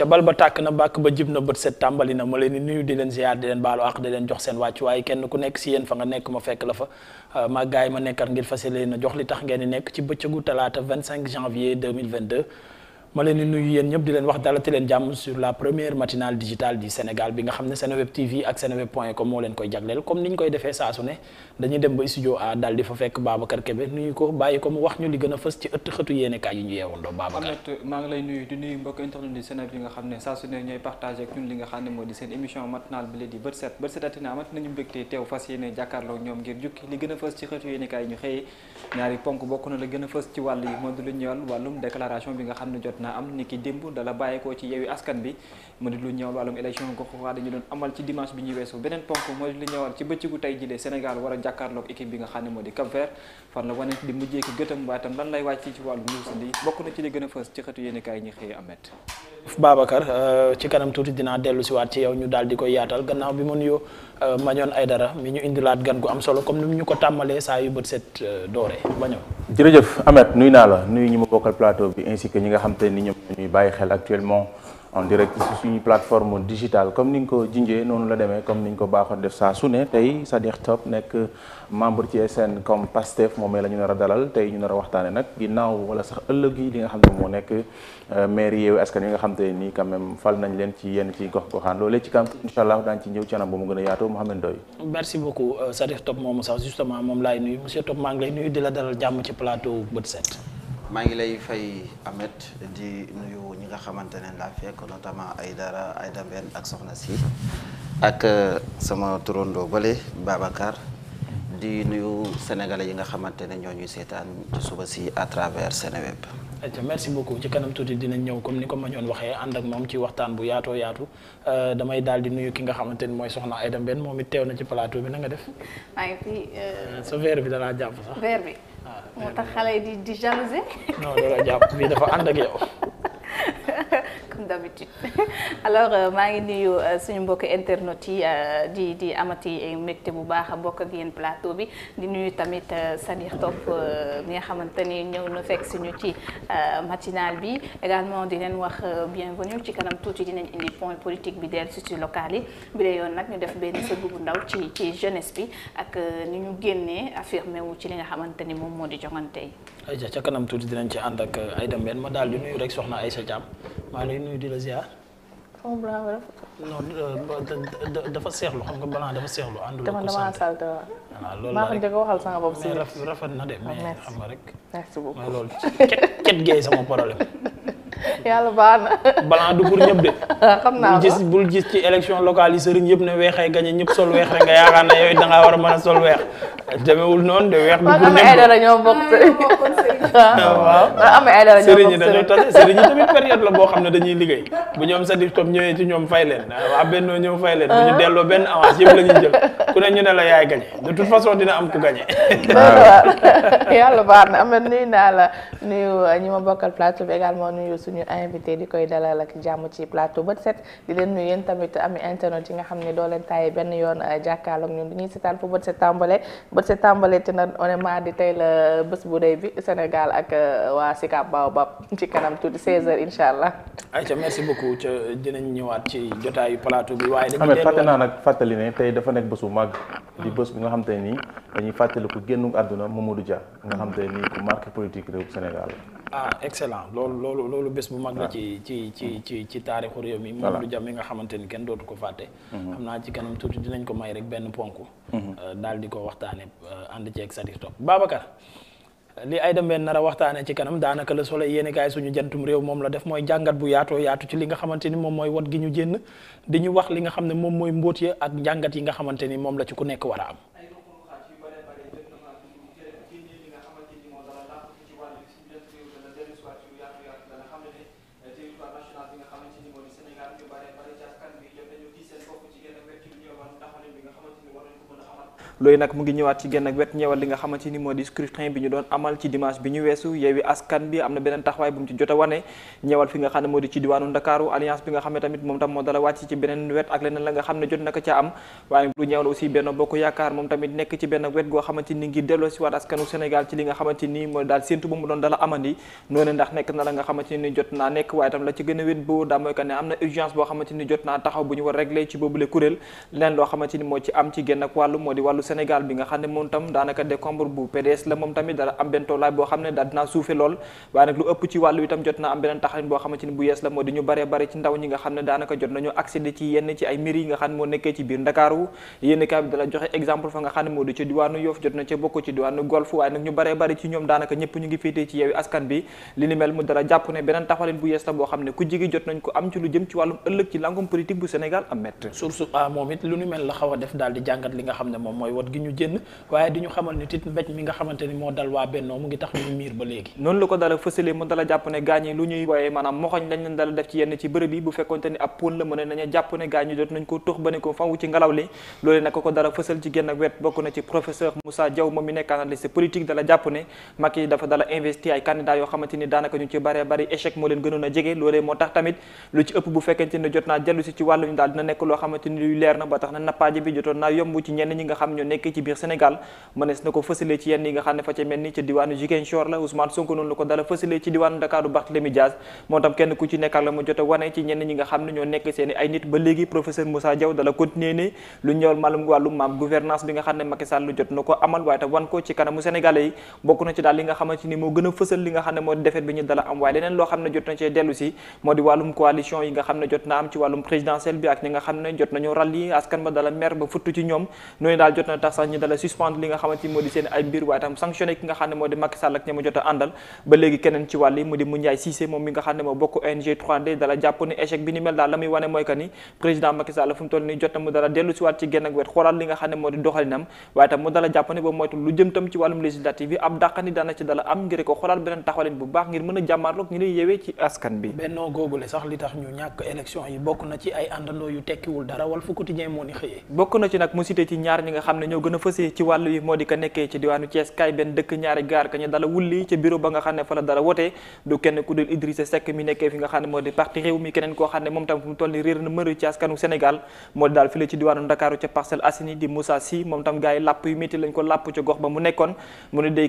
ca bal ba tàkk na bàkk ba jib na bët set tàmbali na ma leen nuyu di leen ziar di leen baalu ak di leen jox seen wàcc waaye kenn ku nekk si yéen fa nga nekk ma fekk la fa maa euh, ma nekkat ngir fas yéene na jox li tax ngeen di nekk ci bëccëgu talaata 25 janvier 2022 ma leen di nuyu yéen ñëpp di leen wax dalati leen jàmm sur la première matinale digitale du Sénégal bi nga xam ne Seneweb TV ak seneweb.com moo leen koy jagleel comme ni ñu a li a nga xam ne moo di seen émission matinale bi léegi bët set bët set atina amat nañu mbégte teew fas yéene jàkkaarloo ñoom ngir jukki li gën a fës ci xëtu yéenekaay yi ñu xëyee ñaari ponk bokk na la gën a fës ci wàll yi moo di lu ñëwal wàllum déclaration bi nga xam ne jot naa am ni ki démb dala bàyyeekoo ci Yewwi Askan Bi mu di lu ñëwal wàllum élection gox dañu doon amal ci dimanche bi ñu weesu beneen ponk mooy lu ñëwal ci bëccëgu tey jilee Sénégal war a jàkkaarloog bi nga xam ne moo di Cap Vert fan la wane di mujjee ki gëtam waaye tam lan lay wàcc ci wàllu ñuusa li bokk na ci li gën a fës ci xëtu yéen kaay ñi xëy amet Babacar euh, ci kanam tuuti dinaa dellu siwaat ci yow ñu daal di koy yaatal gannaaw bi ma nuyoo Euh, Mañoon dara mi ñu indilaat gan gu am solo comme ni mu ñu ko tàmmalee saa yu bët set euh, dooree Mañoon. jërëjëf Ameth nuyu naa la nuyu ñu ma bokkal plateau bi ainsi que ñi nga xam te ni ñoom ñuy bàyyi xel actuellement en direct ci suñu plateforme digitale comme ni nga ko jinjee noonu la demee comme ni ñu ko baaxoon def saa su ne tey Sadikh Top nekk membre ci SN comme Pastef moom la ñu nar dalal tey ñu nar a waxtaanee nag ginnaaw wala sax ëllëg yi li nga xam ne moo nekk. Euh, maire yeewu askan yi nga xam te nii quand même fal nañ leen ci yenn ci gox goxaan loolee ci kam incha allah daan ci ñëw ci anam bu mu gën a yaatoo Mouhamed Ndoye merci beaucoup euh, Sadikh Top moomu sax justement moom laay nuyu monsieur Top maa ngi lay nuyu di la dalal jàmm ci plateau bët maa ngi lay fay Ahmed di nuyu ñi nga xamante ne laa fekk ay dara Aïda damen ak soxna si ak euh, sama turandoo bale Babacar di nuyu sénégalais yi nga xamante ne ñoo ñuy seetaan ci suba si à travers Seneweb ayca merci beaucoup ci kanam tuuti dina ñëw comme ni ko ma ñoon waxee ànd ak moom ci waxtaan bu yaatoo yaatu euh, damay daal di nuyu ki nga xamante ni mooy soxna Aïda benn moom it teew na ci plateau bi nanga def. Euh, euh, sa verre bi danaa jàpp sax. verre bi ah, moo tax xale yi di di jalouser. non jàpp bii dafa ànd ak yow. comme d'habitude alors euh, maa ngi nuyu euh, suñu mbokk internet yi euh, di di amati mbégte bu baax a bokk ak yéen plateau bi di nuyu tamit sa Sadir Top mi nga xamante ni ñëw na fekk suñu ci matinal bi également di leen wax bienvenue ci kanam tuuti dinañ indi point politique bi dellu si ci local yi bi la yoon nag ñu def benn sëgg bu ndaw ci ci jeunesse bi ak ni ñu génnee affirmé wu ci li nga xamante ni moom moo di joŋante yi ay ja ca kanam tuuti dinañ ci ànd ak ay dem benn ma daal di nuyu rek soxna Aïssa Thiam maa ngi lay nuyu di la ziar. non euh, dafa seexlu xam nga balaa dafa seexlu àndul ko sant maa ko njëkk a waxal sama bopp si rafet na ah, rek. merci beaucoup mais loolu cet sama problème. yàlla baax na. balaa du pour ñëpp de. xam naa bul gis bul gis ci élection locale yi sëriñ yëpp ne weexee gañe ñëpp sol weex rek nga yaakaar ne yooyu da war a mën a sol weex demewul noonu de weex. du pour ñëpp de ay dara ñoo bokk ah, yi dañoo tase sëriñ yi boo xam ne dañuy liggéey bu ñoom sa dif tom ñëwee ci ñoom fay leen ah, waa bennoo ñëw fay leen bu ñu ah. delloo benn avance yëpp la jël ku ne ñu ne la yaay gañe de toute façon dina am ku gañe yàlla baax na am na nuyu naa la nuyu ñi ma bokkal plateau bi également nuyu suñu invité di koy dalal ak jàmm ci plateau bët set di leen nuyu yéen tamit ami internet yi nga xam ne doo leen tàyyi benn yoon euh, jàkkaarloog ñun dañuy seetaan fu bët set tàmbale bët set tàmbale te na honnêtement di tey la euh, bés bu dee bi Sénégal ak euh, waa Sicap Baobab ci kanam tuuti 16h incha allah. Aïcha merci beaucoup ca dinañ ñëwaat ci jotaayu plateau bi waaye. dañuy delluwaat fàtte naa nag fàttali ne tey dafa nekk bésu màgg di bés bu nga xam te nii dañuy fàttaliku génnu àdduna Mamadou Dia nga xam te nii ku marqué ah excellent loolu loolu loolu bés bu mag na ci ci ci ci ci taarixu réew mi moom du jàmm yi nga xamante ni kenn dootu ko fàtte mhm. xam naa ci kanam tuuti dinañ ko may rek benn ponk mhm. euh, daal di ko waxtaane euh, ànd ceeg Satir Top baabaka li ay dem nar nara waxtaane ci kanam daanaka la soleil yéeni suñu jantum réew moom la def mooy jàngat bu yaatoo yaatu ci li nga xamante ni moom mooy wat gi ñu jénn di ñu wax li nga xam ne moom mooy mbóot ya ak njàngat yi nga xamante ni moom la ci ku nekk war a am loolu nag mu ngi ñëwaat ci genn ak wet ñëwal li nga xamante ni moo di scrutin bi ñu doon amal ci dimanche bi ñu weesu Yewwi Askan bi am na beneen taxawaay bu mu a dala wàcc ci beneen wet ak am waaye lu daal na la nga xamante a wét boo mooy que am na urgence boo xamante jot naa taxaw bu ñu war régler ci boobule kuréel leneen loo xamante moo ci am ci génn ak wàllu moo di wàllu Sénégal bi nga xam ne moom tam daanaka décombre bu PDS la moom tamit dara am benn toolaay boo xam ne daal dinaa suufe lool waaye nag lu ëpp ci wàllu itam na am beneen taxalin boo xamante ni bu yees la moo di ñu bare bare ci ndaw ñi nga xam ne nga xam ne moo nekkee ci na ca bokk ci diwaanu njaboot gi ñu jënn waaye di ñu xamal ni tit mbéj mi nga xamante moo dal waa bennoo mu ngi tax ñu miir ba léegi noonu la ko dala fësale mu dala jàpp ne gaañ yi lu ñuy wooye maanaam moxoñ lañ dala def ci genn wet bokk na ci professeur Moussa Diaw moom mi nekk analyste politique dala jàpp ne Macky dafa dala investi ay candidat yoo daanaka ñu ci bare bari échec moo leen gënoon a jege loolee moo tax tamit lu ci ëpp bu fekkente ne jot naa jellu si ci nekk ci biir Sénégal mënees na ko fësale ci yenn yi nga xam ne fa ca mel ni ca diwaanu Ziguinchor la Ousmane Sonko noonu la ko dala fësale ci diwaanu Dakaaru Barthélémy Dias moo tam kenn ku ci nekk la mu jot na ko amal waaye tam wan ko ci kanamu Sénégalais yi bokk na ci daal li nga xamante ni moo gën a fësal li nga xam ne moo defet bi ñu dala am waaye leneen loo xam ne jot na cee dellu moo di wàllum coalition yi nga xam ne jot na am ci wàllum présidentiel tax sax ñu dala suspendre li nga xamante moo di seen ay mbir waaye tam sanctionné ki nga xam moo di Macky ak ña ma jot a àndal ba léegi keneen fu ko xoolaat moo ni xëyee bokk na ci nag mu cité ci ñaar ñi nga xam ne ñoo gën a fësee ci wàll wi moo di ka nekkee ci diwaanu Thiès kaay benn dëkk ñaari gaar ka dala wulli ca bureau ba nga xam ne fa la dara wote du kenn ku dul Idrissa Seck mi nekkee fi nga xam ne moo di parti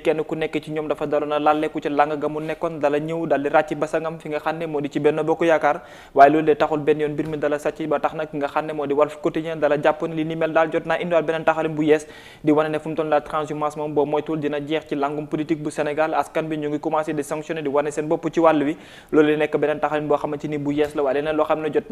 kenn ku nekk ci ñoom dafa daloon a lalleku ca làng ga mu nekkoon dala ñëw dal di ràcc basangam fi nga xam ne moo di ci benn bokk yaakaar waaye loolu de taxul benn yoon mbir mi dala sàcc ba tax nag nga xam ne moo di Walf Quotidien dala jàpp ne bu yees di wane ne fu mu la transhumance moom boo moytuwul dina jeex ci langum politique bu Sénégal askan bi ñu ngi commencé di sanctionné di wane seen bopp ci wàll wi loolu nekk beneen taxalin boo xam ne jot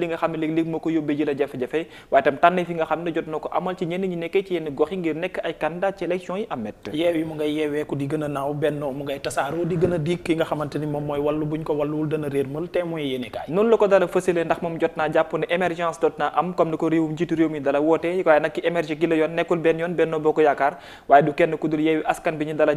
naa moo ko yóbbee ji la jafe-jafe waaye tam tànn nga xam ne jot na ko amal ci ñenn ñi nekkee ci yenn gox yi ngir nekk ay candidat ci élection yi amet yeew yi mu ngay yeeweeku di gën a naaw bennoo mu ngay tasaaroo di gën a diig ki nga xamante moom mooy wàllu buñ ko wàlluwul dana réer mal témoin yéene noonu la ko dara fësale ndax moom jot naa am comme ni ko réewum njiitu réew mi dala woote waaye nag ki émerge gi yoon nekkul benn yoon bennoo boo yaakaar waaye du kenn ku yeewi askan bi ñu dala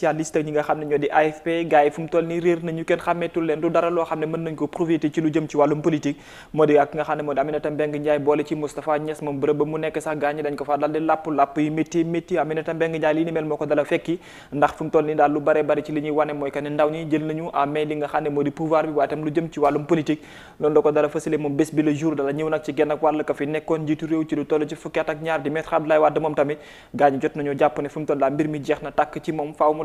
socialiste nii mel moo ko dala fekki ndax fu toll nii daal lu bare bari ci li ñuy wane mooy que ndaw ñi jël nañu en li nga xam ne moo di pouvoir bi waaye tam lu jëm ci wàllum politique loolu ko dara fësale moom bés bi le jour dala ñëw nag ci genn ak wàll ka fi nekkoon jiitu réew ci lu toll ci fukki at ak ñaar di maître Abdoulaye Wade moom tamit gaañu jot nañoo jàpp ne fu toll daal mbir mi jeex na tàkk ci moom faaw mu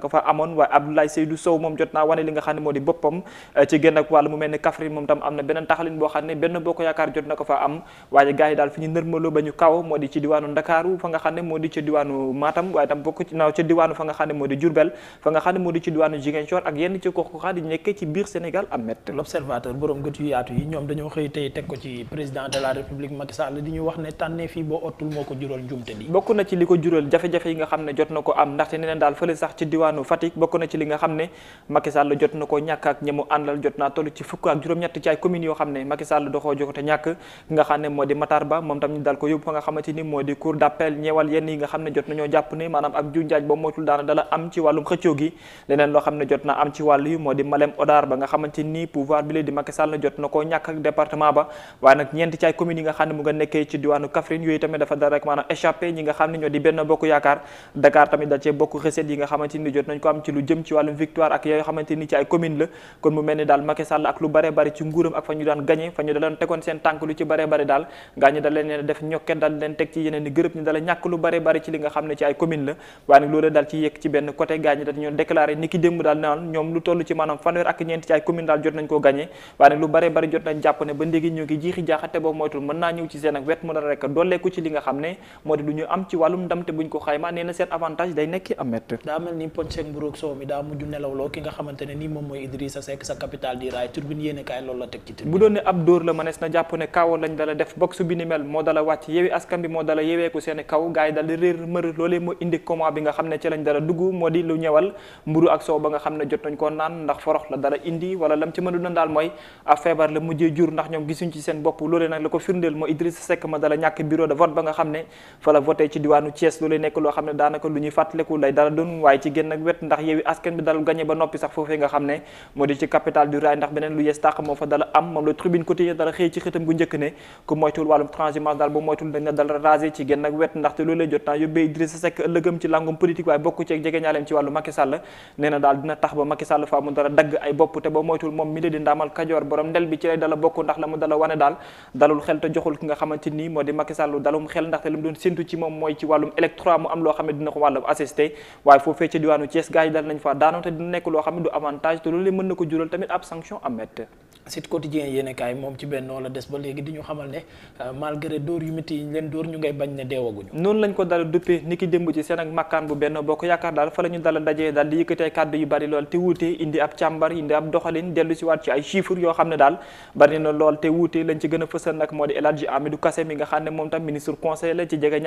daanaka fa amoon waaye Abdoulaye Seydou Sow moom jot naa wane li nga xam ne moo di boppam eh, ci génn ak wàll mu mel ni Kaffrine moom tam am na beneen taxalin boo xam ne ko yaakaar jot na ko fa am waaye gars yi daal fi ñu nërmaloo ba ñu kaw moo di ci diwaanu Ndakaaru waaye tam bokk nekkee ci biir Sénégal am mett l'observateur borom gët yu yaatu yi ñoom dañoo xëy tey teg ko ci président de la République Macky Sall di ñu wax ne tànnee fii boo ottul moo ko jural njumte di bokk na ci li ko jural jafe-jafe yi nga xam ne jot na ko am diwaanu Fatick bokk na ci li nga xam ne Macky Sall jot na ko ñàkk ak ñi Ba waaye nag ñeenti ci ay yi nga xam ne ñoo di benn bokk yaakaar Dakar tamit dal cee bokk recette yi nga xamante bi jot nañ ko am ci lu jëm ci wàllum victoire ak yoo xamante ni ci ay ne ci ay commune la waaye nag loolu daal ci yekk ci benn côté gaa ñi dañoo déclaré ni ki démb daal naan ñoom lu toll ci maanaam fanweer ak ñeent ci ay commune daal jot nañ koo gañe waaye nag lu bare bari jot nañ jàpp ne ba ndéegi ñoo ngi jiixi jaaxate boobu moytul mën naa ñëw ci seen ak wet mu dal rek dooleeku ci li nga xam ne moo di lu am ci wàllum ndamte buñ ko xayma nee seen avantage day nekk amet jàppoon moom mooy Idrissa Seck sa capital di raay turbine yéene kaay loolu la teg ci bu doon ne ab dóor la mënees na jàpp ne kaw lañ dala def box mooy ab feebar la ma dala ñàkk bureau de vote ba nga xam ne fa la voté ci diwaanu Thiès loolee nekk loo xam ne daanaka lu ñuy fàttaliku lay dala doon waaye ci génn nag wet ndax Yewwi Askan Wi dal gagné ba noppi sax foofee nga xam ne moo di ci capitale du rail ndax beneen lu yees tàq moo fa dala am moom la tribune quotidien ne dala bokk ndax la mu dala wane daal dalul xel te joxul ki nga xamante nii moo di Macky Sall dalum xel ndaxte li mu doon séntu ci moom mooy ci wàllum électoral mu am loo xam ne dina ko wàllu assisté waaye foofee ci diwaan diwaanu Thiès gars yi dal nañ fa daanoo du nekk loo xam ne du avantage te loolu mën na ko jural tamit ab sanction am site quotidien yéen kaay moom ci benn wala des ba léegi di ñu xamal ne euh, malgré dóor yu métti yi leen dóor ñu ngay bañ ne deewaguñu noonu lañ ko dal duppee ni ki ci seen ak makkaan bu benn bokk yaakaar daal fa la ñu dajee daal di yëkkatee kàddu yu bari lool te wuute indi ab càmbar indi ab doxalin dellu si waat ci ay chiffres yoo xam ne daal bari na lool te wuute lañ ci gën a fësal nag moo di El Hadji Amidou Kassé mi nga xam ne moom tam ministre conseil ci jege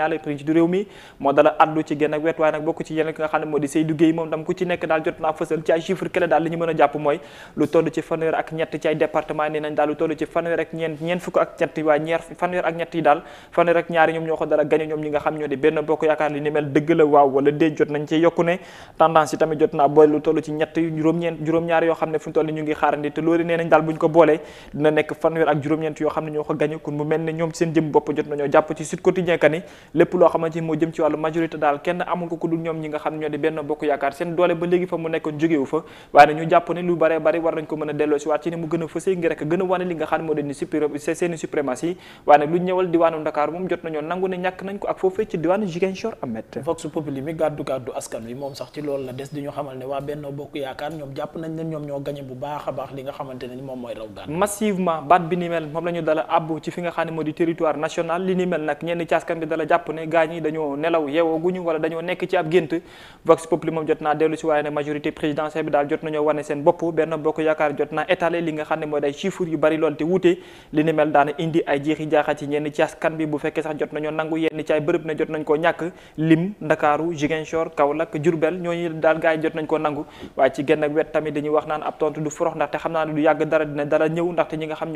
a jàpp mooy département nee nañ daal lu toll ci fanweer ak ñeent ñeent fukk ak ñett waa ñeer fanweer ak ñett yi daal fanweer ak ñaari ñoom ñoo ko dara gañe ñoom ñi nga xam ñoo di benn bokk yaakaar li ni mel dëgg la waaw wala déet jot nañ ci yokku ne tendance yi tamit jot naa boole lu toll ci ñett juróom-ñeent juróom-ñaari yoo xam ne fu ñu toll ñu ngi xaarandi te loolu nee nañ daal buñ ko boolee dina nekk fanweer ak juróom-ñeent yoo xam ne ñoo ko gañe kon mu mel ne ñoom seen jëm bopp jot nañoo jàpp ci Sud Quotidien ka ni lépp loo xamante ni moo jëm ci wàllu majorité daal kenn amul ko ku dul ñoom ñi nga xam ñoo di benn bokk yaakaar seen doole ba léegi fa mu nekkoon jógewu fa waaye ñu jàpp ne lu bare bari war nañ ko mën a delloo si waat ci ne mu gën a fësee ngi rek gën a wane li nga xam ni supérieur waaye ne moom mooy raw gaan moom moom jot naa dellu si waaye ne majorité présidentielle bi daal jot nañoo wane seen bopp Benno Bokk Yaakaar jot naa étaler li nga xam ne mooy day chiffre yu bari lool te wuute li ni daana indi ay jeexi jaaxa ci ñenn ci askan bi bu fekkee sax jot nañoo nangu yenn ci ay bërëb ne jot nañ jot nañ koo nangu waaye ci genn wet tamit dañuy wax naan ab tontu du forox ndaxte xam naa du yàgg dara dina dara ñëw ndaxte ñi nga xam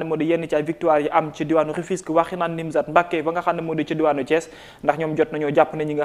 ne ba di yenn ci victoire yi am ci diwaanu Rufisque waxi naan Nimzat Mbacké ba nga xam ne moo di ci diwaanu Thiès ndax ñoom jot nañoo jàpp ne ñi nga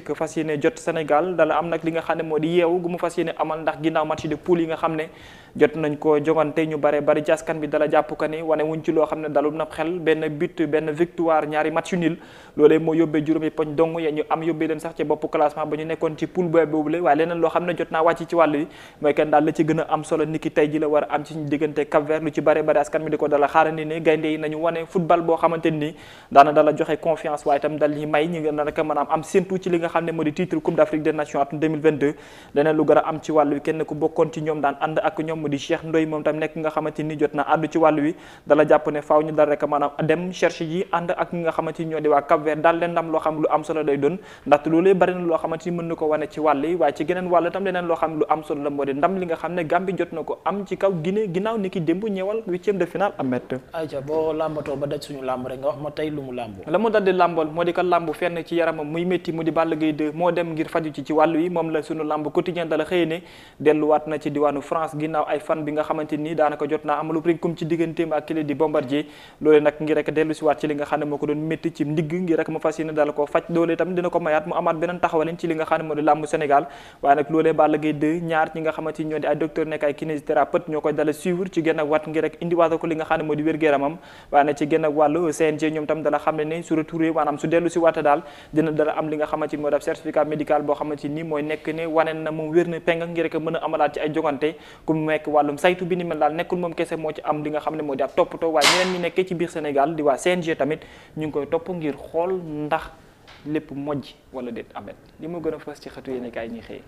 ci que fas yéene jot Sénégal dala am nag li nga xam ne moo di yeewu gu mu fas yéene amal ndax ginnaaw match de poule yi nga xam ne jot nañ koo jongante ñu bare bari ci askan bi dala jàpp ko ni wane wuñ ci loo xam ne dalul na xel benn but benn victoire ñaari match nul loolee moo yóbbee juróomi poñ dong ya ñu am yóbbee leen sax ci bopp classement xam ne jot naa wàcc ci wàll yi mooy kenn daal a am a am ci ñu diggante Cap Vert lu ci bare bari askan bi di ko dala xaarandi boo xamante ni daana dala joxe confiance waaye itam dal ñi may ñi nga naka mën am surtout ci li nga xam ne moo di titre Coupe d'Afrique des Nations atum 2022 leneen lu gën a am ci wàll yi kenn ku bokkoon ci ñoom daan ànd ak mu di Cheikh Ndoye moom tam nekk nga xamante ni jot na àddu ci wàllu wi dala jàpp ne faaw ñu dal rek maanaam dem cherche ji ànd ak nga xamante ñoo di waa Cap Vert ci wàll yi waaye ci geneen wàll tam leneen ci kaw Guinée ginnaaw ni ki démb boo làmbatoo ba daj suñu làmb rek nga wax ma tey lu mu la mu daldi làmbol moo di ko làmb fenn ci yaramam muy métti mu di Balla Gaye 2 moo dem ngir faju ci ci wàllu yi moom la suñu làmb quotidien dala xëy ne delluwaat na ay fan bi nga xamante nii daanaka jot naa amalu rinkum ci digganteem ak kile di bombardier loole nag ngi rek dellu si ci li nga xam ne moo ko doon métti am li nga xamante ni moo daf certificat médical boo xamante ni mooy nekk ne waneen na moom wér na peng ngi rek mën a amalaat ci ay jogante ku mu wàllum saytu bi ni mel daal nekkul moom kese moo ci am li nga xam ne moo di ab toppatoo waaye ñeneen ñi nekkee ci biir Sénégal di waa CNG tamit ñu ngi koy topp ngir xool ndax lépp mojj wala de amet li ma gën a fës ci xëtu yéen kaay ñuy xëyee.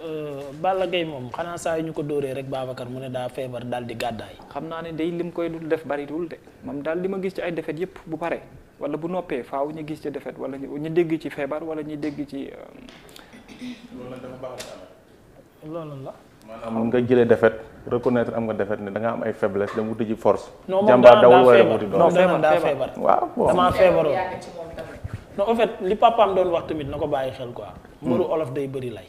Euh, Balla Gaye moom xanaa saa yi ñu ko dóoree rek Babacar mu ne daa feebar daal di gàddaay. xam naa ne day lim koy dul def baritul de moom daal di ma gis ci ay defet yépp bu pare wala bu noppee faaw ñu gis ci defet wala ñu dégg ci feebar wala ñu dégg ci. Euh, loolu maanaam nga jëlee defet reconnaître am nga defet ne danga am ay faiblesse dama wuti ji force. jàmbaar dawul wala wuti doole non vraiment daa feebar waaw bon damaa feebaroon non en fait li papaam doon wax tamit na ko bàyyi xel quoi. mbaru hmm. olof day bëri lay.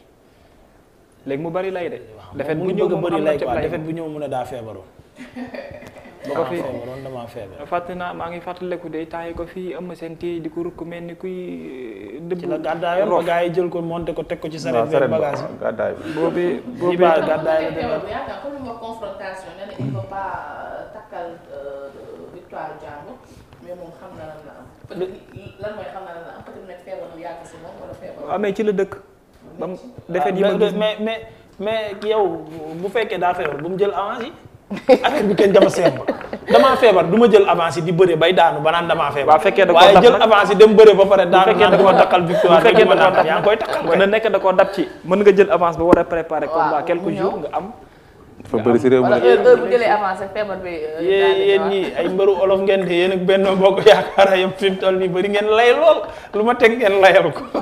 léegi mu bari lay de. defet bu ñëw bëri lay quoi defet bu ñëw mu a daa feebaroon. ba ko fi ah, fàttali naa maa ngi fàttaliku day taay ko fii ëmm seen téye di ko rukk mel ni kuy. Eh, dëbb ci la gàddaay ba yi jël ko monté ko teg ko ci sareet bi bagage bi gàddaay euh, euh, bu yàgg si moom wala feebar. Ah, mais ci la dëkk. ba mu defee yi ah, ma gis mais mais mais bu fekkee daa feebar bu mu jël avance yi. affaire bi kenn dafa seetlu damaa feebar du ma jël avance yi di bëre bay daanu ba naan damaa feebar. waaw fekkee da koo dab waaye jël avance yi dem bëre ba pare daanu naan takkal victoire fekkee da koo dab yaa ngi na koo dab ci mën nga jël avance ba war a préparer combat am. réew mi bu jëlee avancé feebar bi. Euh, yéen ñi ay mbëru olof ngeen de yéen ak benn bokk yaakaar yam fi mu toll nii bëri ngeen lay lool lu ma teg ngeen layal ko.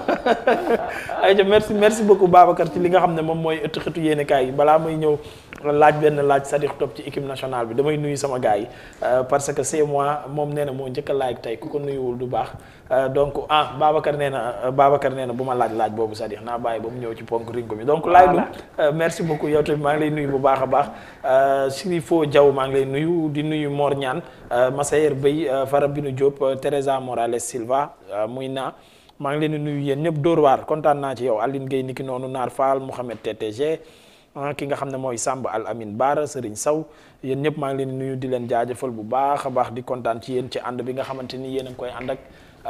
ayca merci merci beaucoup Babacar ci li nga xam ne moom mooy ëtt xëtu yi balaa muy ñëw laaj benn laaj Sadikh Top ci équipe nationale bi damay nuyu sama gars yi euh, parce que c'est moi moom nee na moo njëkk a laaj tey ku ko nuyuwul du baax euh, donc ah Babacar nee na euh, Babacar nee na bu ma laaj laaj boobu Sadikh naa bàyyi ba mu ñëw ci ponk ringo bi donc laaj lu merci beaucoup yow tamit maa ngi lay nuyu bu baax a baax Sirifo jaw maa ngi lay nuyu di nuyu moor ñaan Mor Niane Massayer Bey Farabinu Diop Teresa Morales Silva muy naa maa ngi leen di nuyu yéen ñëpp Dóor waar kontaan naa ci yow Aline Gueye niki noonu Naar Fall Mouhamed TTG Ah, ki nga xam ne mooy Samb Al Amin Baara Serigne Saw yéen ñëpp maa ngi leen nuyu di leen jaajëfal bu baax a baax di kontaan ci yéen ci ànd bi nga xamante ni yéen a ngi koy ànd ak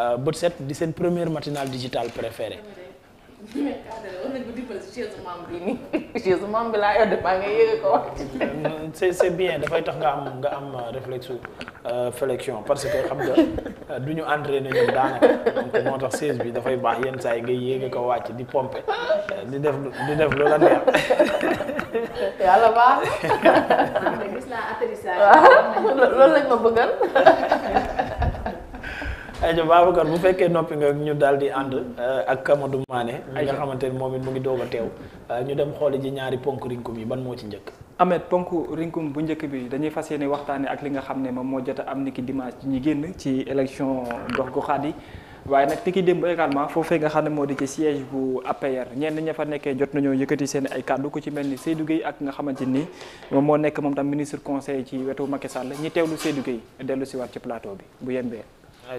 ah, bët set di seen première matinale digitale préférée mais cadre si chaise maam bi nii chaise maam bi laa yor dafaa nga yëge ko wax. c'est c'est bien dafay tax nga am nga am euh, réflexe euh, flexion parce que xam nga euh, du ñu entraîné ñoom daanaka donc moo tax chaise bi dafay baax yenn saa yi nga yéege ko wàcc di pomper di def di def lu la neex. yàlla loolu lañ ma bëggal. ay ajo Babacar bu fekkee noppi nga ñu daal di ànd euh, ak Kamadou Mané mi nga xamante ne moom mu ngi doog a teew euh, ñu dem xooli ji ñaari ponk rinkum yi ban moo ci njëkk Ahmed ponk rinkum bu njëkk bi dañuy fas yéene waxtaane ak li nga xam ne moom moo jot am ni ki dimanche ñi génn ci élection gox goxaat yi waaye nag ti ki démb également foofee nga xam ne moo di ci siège bu APR ñenn ña fa nekkee jot nañoo yëkkati seen ay kàddu ku ci mel ni Seydou Gueye ak nga xamante ni moom moo nekk moom tam ministre conseil ci wetu Macky Sall ñi teewlu Seydou Gueye dellu si waat ci plateau bi bu yembee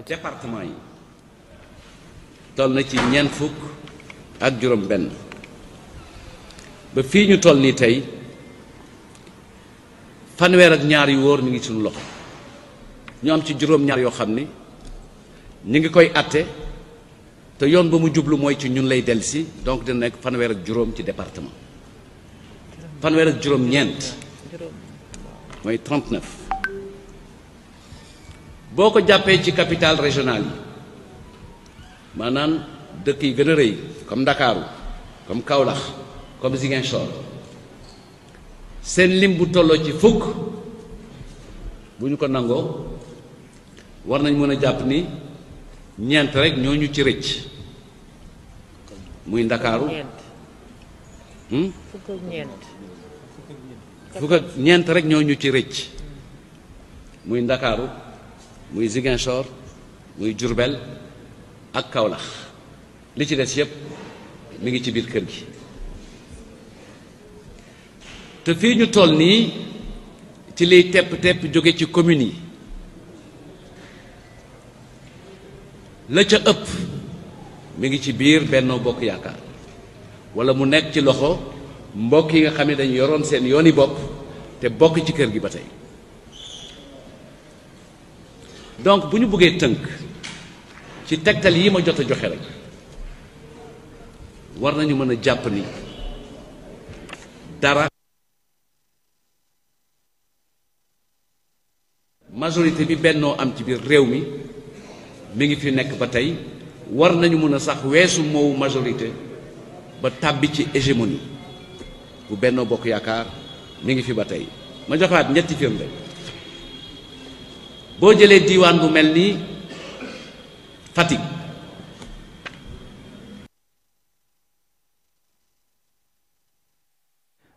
département yi toll na ci ñeent fukk ak juróom benn ba fii ñu toll nii tey fanweer ak ñaar yu wóor ñu ngi suñu loxo ñu am ci juróom-ñaar yoo xam ni ñu ngi koy atte te yoon ba mu jublu mooy ci ñun lay si donc dina nekk fanweer ak juróom ci département fanweer ak juróom ñeent mooy boo ko jàppee ci capital régional yi maanaam dëkk yi gën a rëy comme Ndakaaru comme Kaolack comme Ziguinchor seen lim bu tolloo ci fukk bu ñu ko nangoo war nañ mën a jàpp ni ñeent rek ñooñu ci muy Ndakaaru fukk ak ñeent ci rëcc muy Ndakaaru muy Ziguinchor muy Diourbel ak kawlax li ci des yépp mi ngi ci biir kër gi te fii ñu toll nii ci liy tepp-tepp jóge ci communes yi la ca ëpp mu ngi ci biir Benno Bokk Yaakaar wala mu nekk ci loxo mbokk yi nga xam ne dañu yoroon seen yoon yi bopp te bokk ci kër gi ba tey donc bu ñu bëggee tënk ci tegtal yi ma jot a joxe rek war nañu mën a jàpp ni dara majorité bi bennoo am ci biir réew mi mi ngi fi nekk ba tey war nañu mën a sax weesu moowu majorité ba tàbbi ci hégémonie bu bennoo bokk yaakaar mi ngi fi ba tey ma joxaat ñetti firnde boo jëlee diiwaan bu mel nii Fatick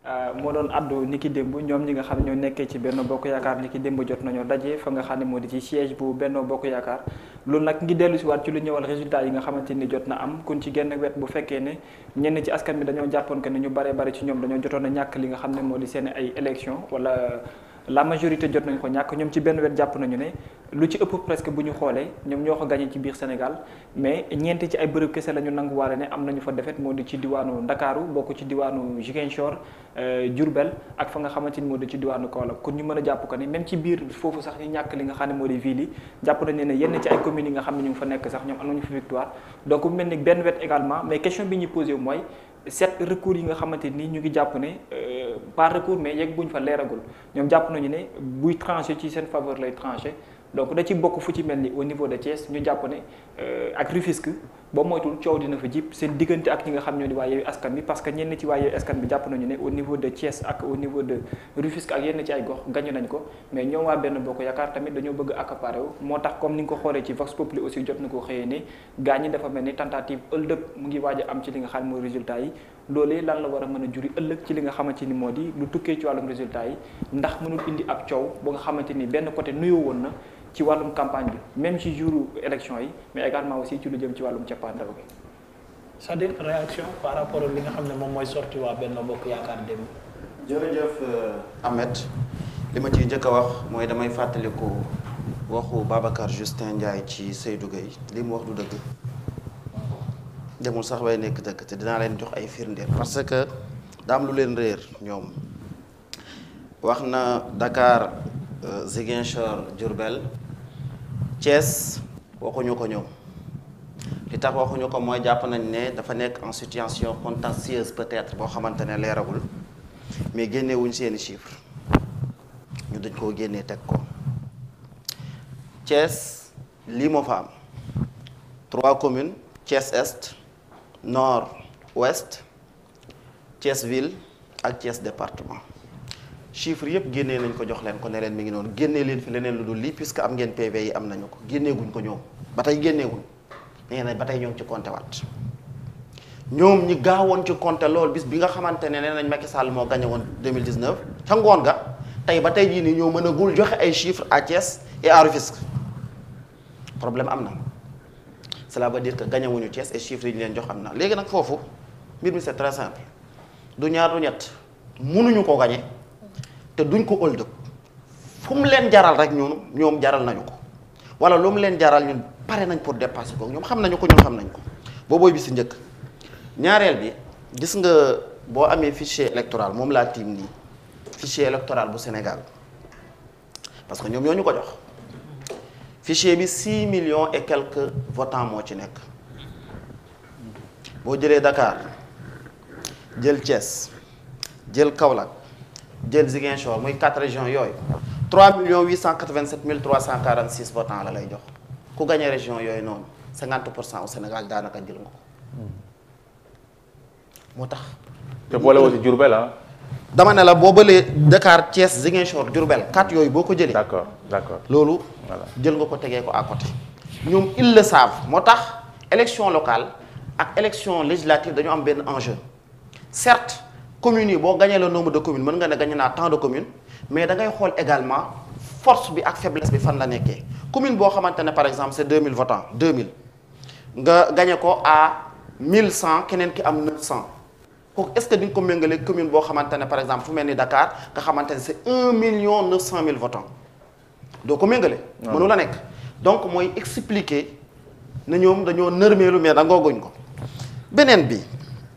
euh, moo doon addu ni ki démb ñoom ñi nga xam ne ñoo nekkee ci Benno Bokk Yaakaar ni ki démb jot nañoo daje fa nga xam ne moo di ci siège bu Benno Bokk Yaakaar loolu nag ngi dellu si waat ci lu ñëwal résultat yi nga xamante ni jot na am kun ci genn wet bu fekkee ne ñenn ci askan bi dañoo jàppoon que ne ñu bare bare ci ñoom dañoo jotoon a ñàkk li nga xam ne moo di seen ay élection wala la majorité jot nañ ko ñàkk ñoom ci benn wet jàpp nañu ne lu ci ëpp presque bu ñu xoolee ñoom ñoo ko gagné ci biir Sénégal mais ñeenti ci ay bërëb kese la ñu nanguwaale ne am nañu fa defet moo di ci diwaanu Ndakaaru bokk ci diwaanu Ziguinchor euh, Diourbel ak fa nga xamante ni moo di ci diwaanu Kaolack kon ñu mën a jàpp ko ne même ci biir foofu sax ñu ñàkk li nga xam ne moo di ville yi jàpp nañu ne yenn ci ay communes yi nga xam ne ñu fa nekk sax ñoom am nañu benn wet également mais question bi ñu sept recours yi nga xamante ni ñu ngi jàpp ne euh, par recours mais yegg buñ fa leeragul ñoom jàpp nañu ne buy tranché ci seen faveur lay tranché donc da ci bokk fu ci mel ni au niveau de Thiès ñu jàpp ne euh, ak Rufisque ba moytul coow dina fa jib seen diggante ak ñi nga xam ñoo di waa Yewwi Askan Wi parce que ñenn ci waa Yewwi Askan Wi jàpp nañu ne au niveau de Thiès nañ ko mais ñoom waa benn bokk yaakaar tamit dañoo bëgg accaparer wu moo tax comme ni nga ko xoolee ci Vox Populi aussi jot na ko xëyee ni gaa ñi dafa mel ni tentative ëldëp mu ngi waaj a am ci li nga mooy résultat yi lan la war a mën a juri ëllëg ci li nga xamante ni moo di lu tukkee ci wàllum résultat yi ndax mënul indi ab coow ba nga xamante ni benn côté nuyoo woon na ci wàllum campagne bi même ci jouru élection yi mais également aussi ci lu jëm ci wàllum cappaandaw bi. c'est-à-dire par rapport li nga xam ne moom mooy sorti waa Benno Bokk Yaakaar démb. jërëjëf euh, li ma ciy njëkk a wax mooy damay fàttaliku waxu Babacar Justin Ndiaye ci Seydou Gueye li mu wax du dëgg demul sax bay nekk dëgg te dinaa leen jox ay firndeel parce que daa lu leen réer ñoom wax na Dakar euh, Ziguinchor Diourbel Thiès waxuñu ko ñoom li tax waxuñu ko mooy jàpp nañ ne dafa nekk en situation contentieuse peut-être boo xamante ne leeragul mais génnewuñ seeni chiffres ñu dañ koo génnee teg ko Thiès lii moo fa am trois communes Thiès Est Nord Ouest Thiès Ville ak Thiès département chiffre yëpp génnee nañ ko jox leen ko ne leen ngi noonu génnee leen fi leneen lu dul lii puisque am ngeen PV yi am nañu ko génneeguñ ko ñoom ba tey génneeguñ nee na ba tey ñoo ci compté waat ñoom ñi ci compté lool bis bi nga xamante ne nee nañ Macky Sall moo gagné woon 2019 ca ngoon ga tey ba tey jii nii ñoo mën a gul joxe ay chiffres à Thiès et à Rufisque problème am na cela veut dire que gagné wuñu Thiès yi ñu leen jox am na léegi nag foofu mbir mi c'est très simple du ñaar du ñett munuñu ko gagné. te duñ ko hold up fu mu leen jaral rek ñoom ñoom jaral nañu ko wala lu mu leen jaral ñun pare nañ pour dépasser ko ñoom xam nañu ko ñun xam nañu ko boobooy bi si njëkk ñaareel bi gis nga boo amee fichier électoral moom laa tiim nii fichier électoral bu Sénégal parce que ñoom ñoo ñu ko jox fichier bi 6 million et quelques votants moo ci nekk boo jëlee dakaar jël Thiès jël Kaolack. jël Ziguinchor mooy quatre régions yooyu 3 millions 887 mille 346 votants la lay jox ku gagné région yooyu noonu 50 pour cent au Sénégal daanaka jël nga ko moo tax. te boole woo si Diourbel ah. dama ne la boo bëlee Dakar Thiès Ziguinchor Diourbel quatre yooyu boo ko jëlee. d'accord loolu. voilà jël nga ko tegee ko à côté. ñoom ils le savent moo tax élection locale ak élection législative dañu am benn enjeu certes. communes yi boo gagné le nombre de communes mën nga ne gagné naa tant de communes mais da xool également force bi ak faiblesse bi fan la nekkee commune boo xamante ne par exemple c'est 2000 votants 2000 nga gagné ko à 1100 keneen ki am 900 kooku est-ce que di nga ko méngale commune boo xamante ne par exemple fu mel ni Dakar nga xamante ne c'est 1 million 900 mille votants doo ko méngale. waaw mënu la nekk donc mooy expliquer na ñoom dañoo nërmeelu mais dangooguñ ko beneen bi.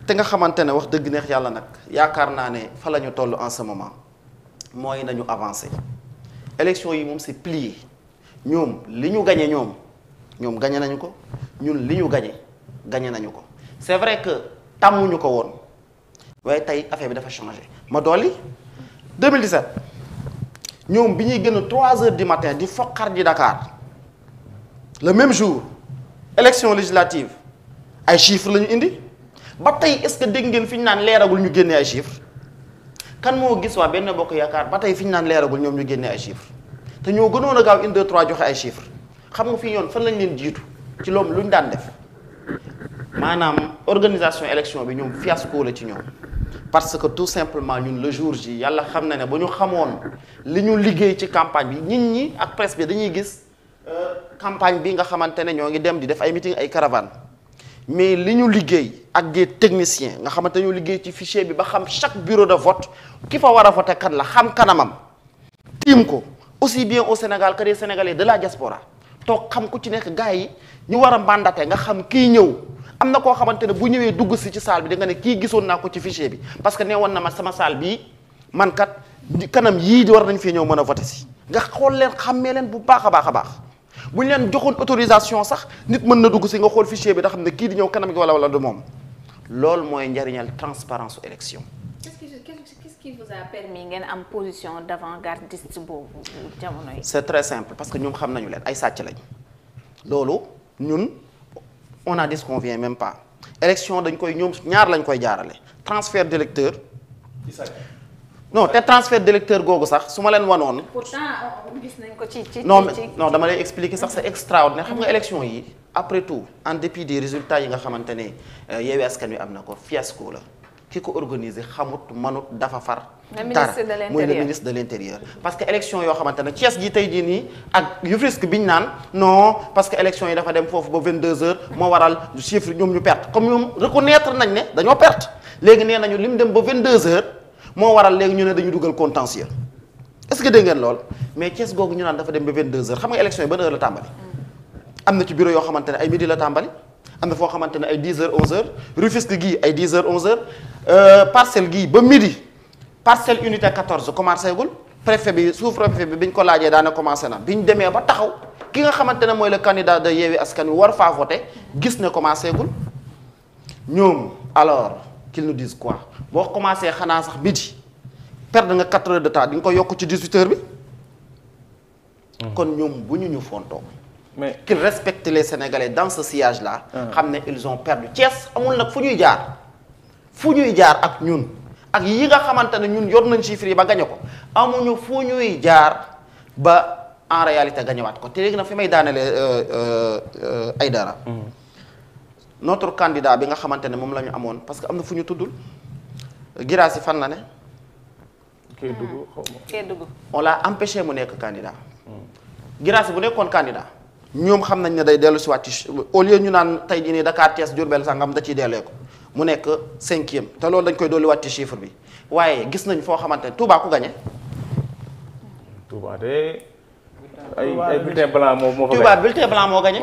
te nga xamante ne wax dëgg neex yàlla nag yaakaar naa ne fa la ñu toll en ce moment mooy nañu avancé élection yi moom c'est plié ñoom li ñu gañee ñoom ñoom gañe nañu ko ñun li ñu gañe gañe nañu ko c'est vrai que tàmmuñu ko woon waaye tey affaire bi dafa changé ma dolli 2017 ñoom bi ñuy gën a 3 heures du matin di foqar ji dakaar le même jour élection législative ay chiffres la ñu indi ba tey est-ce que dégg ngeen fi ñu naan leeragul ñu génnee ay chiffres kan moo gis waa benn bokk yaakaar ba tey fi ñu naan leeragul ñoom ñu génnee ay chiffres te ñoo gënoon a gaaw une deux trois joxe ay chiffres xam nga fii ñoon fan lañ leen jiitu ci loolu lu daan def maanaam organisation élection bi ñoom fiasco la ci ñoom parce que tout simplement ñun le jour ji yàlla xam na ne ba ñu xamoon li ñu liggéey ci campagne bi nit ñi ak presse dañuy gis euh, campagne bi nga xamante ne ñoo ngi dem di def ay meeting ay caravane mais li ñu liggéey ak des technicien nga xamante ñu liggéey ci fichier bi ba xam chaque bureau de vote ki fa war a voté kan la xam kanamam tiim ko aussi bien au Sénégal que des Sénégalais de la diaspora toog xam ku ci nekk gars yi ñu war a mandaté nga xam kii ñëw am na koo xamante ne bu ñëwee dugg si ci salle bi da nga ne kii gisoon naa ko ci fichier bi parce que nee woon na ma sama salle bii man kat kanam yii war nañ fi ñëw mën a voté si nga xool leen xàmmee leen bu baax baax a baax bu ñu leen joxoon autorisation sax nit mën na dugg si nga xool fichier bi da xam ne kii di ñëw kanam gi wala wala du moom loolu mooy njariñal transparence élection. qu'est-ce qui ngeen am position d'avant-gardiste boobu jamono yi. c'est très simple parce que ñoom xam nañu leen ay sàcc lañ loolu ñun on n'en disconvient même pas élection dañ koy ñoom ñaar lañ koy jaarale transfert d'électeur non te transfert d'électeur googu sax su ma leen wanoon. pourtant gis nañ ko ci ci non non dama lay expliquer sax c'est extraordinaire xam nga mhm. élection yi après tout en dépit des résultats yi nga xamante ne euh, Yewwi Askan Wi am na ko fiasco la ki ko organiser xamut manut dafa far. dara muy le ministre de l'intérieur parce que élection yoo xamante ne Thiès gi tey jii nii ak Rufisque biñ naan non parce que élection yi dafa dem foofu ba 22h moo waral chiffre ñoom ñu perte comme ñoom reconnaître nañ ne dañoo perte nee nañu lim dem ba 22h. moo waral léegi ñu ne dañu dugal contentieux est-ce que dégg ngeen lool mais Thiès googu ñu naan dafa dem ba 22 heures xam nga élection yi ban heure la tàmbali. am na ci bureau yoo xamante ne ay midi la tàmbali am na foo xamante ne ay 10 heures 11 heures Rufisque gi ay 10 heures 11 heures euh, parcelle gii ba midi parcelle unité 14 commencé gul préfet bi sous-préfet bi bi ko laajee daane commencé na bi ñu demee ba taxaw ki nga xamante ne mooy le candidat da Yewwi Askan Wi war faa voté gis ne commencé gul ñoom alors. qu'il nous dise quoi boo commencé xanaa sax midi perd nga quatre heures de temps di nga ko yokk ci dix-huit heures bi kon ñoom bu ñu ñu fontoo mais qu'ils respectent les Sénégalais dans ce la xam ne ils ont perdu Thiès amul nag fu ñuy jaar fu ñuy jaar ak ñun ak yi nga xamante ne ñun yor nañ si yi ba gañe ko amuñu fu ñuy jaar ba en réalité gañewaat ko te léegi nag fi may daanele euh, euh, euh, ay dara mm-hmm. notre candidat bi nga xamante ne moom lañu amoon parce que am na fu ñu tuddul Guirassy fan la ne. Kédougou hmm. xaw ma Kédougou on empêché mu nekk candidat. Hmm. Guirassy bu nekkoon candidat. ñoom xam nañ ne day dellu si waat ci ñu naan tey jii nii Dakar Thiès Diourbel sangam da ciy delloo ko mu nekk cinquième te lool dañ koy dolli waat chiffre bi waaye gis nañ foo xamante ne Touba ku gagné. Touba de ay ay bulletin moo fa gagné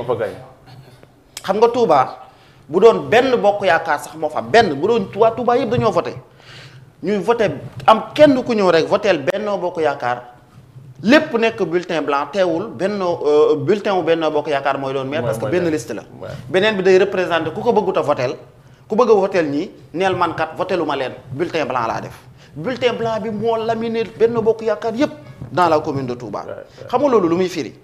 xam nga Touba. bu doon benn bokk yaakaar sax moo fa am benn bu doon waa Touba yëpp dañoo voté ñuy voté am kenn ku ñëw rek votel bennoo bokk yaakaar lépp nekk bulletin blanc teewul bennoo euh, bulletin wu bennoo bokk yaakaar mooy doon maire parce que benn liste la beneen bi day représenté ku ko bëggut a votel ku bëgg a votel ñii neel man kat votelu ma leen bulletin blanc laa def bulletin blanc bi moo laminé benn bokk yaakaar yëpp dans la commune de Touba xam nga loolu lu muy firi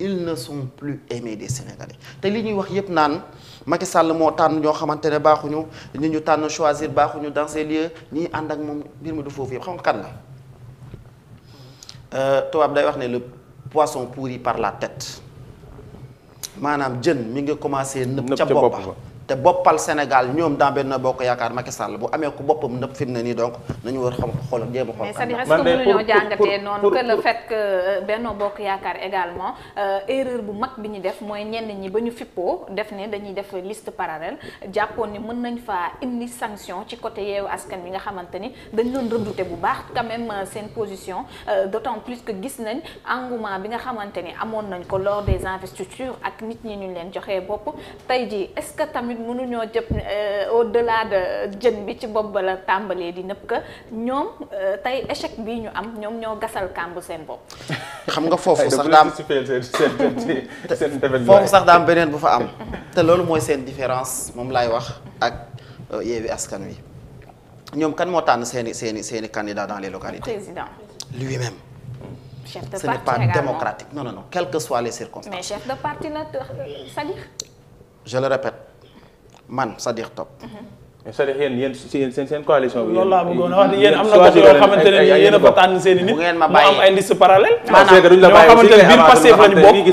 ils ne sont plus aimés des Sénégalais te li ñuy wax yëpp naan Macky Sall moo tànn ñoo xamante ne baaxuñu ñi ñu tànn choisir baaxuñu dans ces lieux ñi ànd ak moom mbir mi du foofu yëpp xam nga kan la euh, tubaab day wax ne le poisson pourri par la tête maanaam jën mi ngi commencé nëb ca bopp te boppal Sénégal ñoom dans benn bokk yaakaar Macky Sall bu amee ku boppam nëpp fi mu ne nii donc nañu war xam xool jéem a xool. mais c'est-à-dire est-ce que mënuñoo noonu que le fait que euh, benn bokk yaakaar également euh, erreur bu mag bi ñu def mooy ñenn ñi ba ñu fippoo def ne dañuy def liste parallèle jàppoon ni mën nañ faa indi sanction ci côté yeewu askan bi nga xamante ni dañ doon redouté bu baax quand euh, seen position d'autant plus que gis nañ engouement bi nga xamante ni amoon nañ ko lors des investitures ak nit ñi ñu leen joxee bopp tamit mënuñoo jëpp euh, au delà de jën bi ci bopp ba la tàmbalee di nëpp que ñoom euh, tey échec bii ñu am ñoom ñoo gasal kàmbu seen bopp. xam nga foofu sax daam foofu sax daam beneen bu fa am. te loolu mooy seen différence moom laay wax ak euh, Yewwi Askan Wi ñoom kan moo tànn seen seeni seeni i seen i candidats dans les localités. président lui-même. chef de démocratique non non non que soient les circonstances. mais je le répète. man Sadikh Top. Sadikh yéen yéen seen seen coalition bi. loolu laa bëggoon a wax ni yéen am na côté yoo xamante ne yéen a fa tànn seen i nit. bu ngeen ma bàyyi mu am ay liste parallèle. maanaam ñoo xamante ne biir Pastef lañu bokk.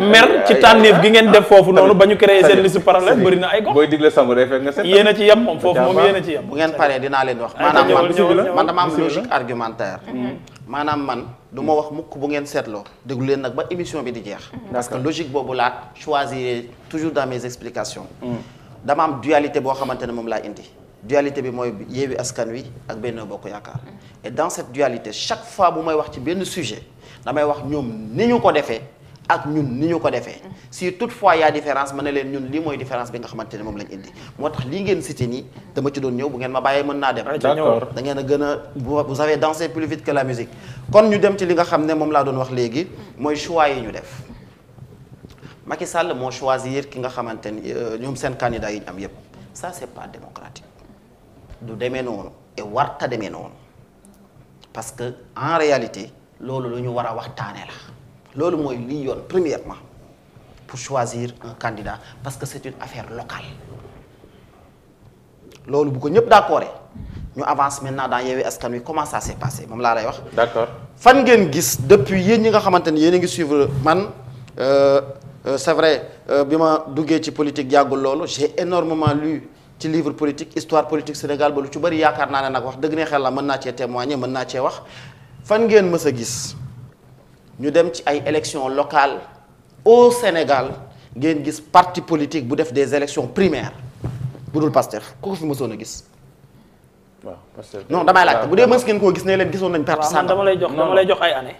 mer ci tànneef gi ngeen def foofu noonu ba ñu créé seen liste parallèle bëri na ay gox. booy digle sangu day fekk nga set. yéen a ci yem moom foofu moom yéen a ci yem. bu ngeen paree dinaa leen wax. maanaam man man dama am logique argumentaire. Mhm. maanaam man du ma wax mukk bu ngeen seetloo déglu leen nag ba émission bi di jeex. parce que logique boobu laa choisir toujours dans mes explications mhm. dama am dualité boo xamante ne moom laa indi dualité bi mooy Yewwi Askan Wi ak Benno Bokk Yaakaar mm-hmm. et dans cette dualité chaque fois bu may wax ci benn sujet damay wax ñoom ni ñu ko defee ak ñun ni ñu ko defee mm-hmm. si toutefois y a différence ma ne leen ñun lii mooy différence bi nga xamante ne moom lañ indi moo tax lii ngeen cité nii dama ci doon ñëw bu ngeen ma bàyyee mën naa dem d'accord ngeen a gën a sawee avez dansé plus vite que la musique kon ñu dem ci li nga xam ne moom laa doon wax léegi mm-hmm. mooy choix yi ñu def Macky Sall moo choisir ki nga xamante ni euh, ñoom seen candidat yi ñu am yépp ça c'est pas démocratique du deme noonu et warta demee noonu parce que en réalité loolu lu ñu war a waxtaanee la loolu mooy lii yoon premièrement pour choisir un candidat parce que c'est une affaire locale loolu bu ko ñëpp d'accord ñu avance maintenant dans Yewwi Askan Wi comment ça s'est passé moom laa lay wax. d'accord fan ngeen gis depuis yéen ñi nga xamante ni yéen ngi suivre euh, Euh, c'est vrai euh, bi ma duggee ci politique yàggul loolu j'ai énormément lu ci livre politique histoire politique Sénégal ba lu ci bëri yaakaar naa ne nag wax dëgg ne xel la mën naa cee témoigner mën naa cee wax fan ngeen mës a gis ñu dem ci ay élections locale au Sénégal ngeen gis parti politique bu def des élections primaires bu dul Pastef ku ko fi mësoon a gis. waaw Pastef non damay laajte bu dee mës ngeen koo gis ne leen gisoon nañ. parti sànq dama lay jox lay ay années.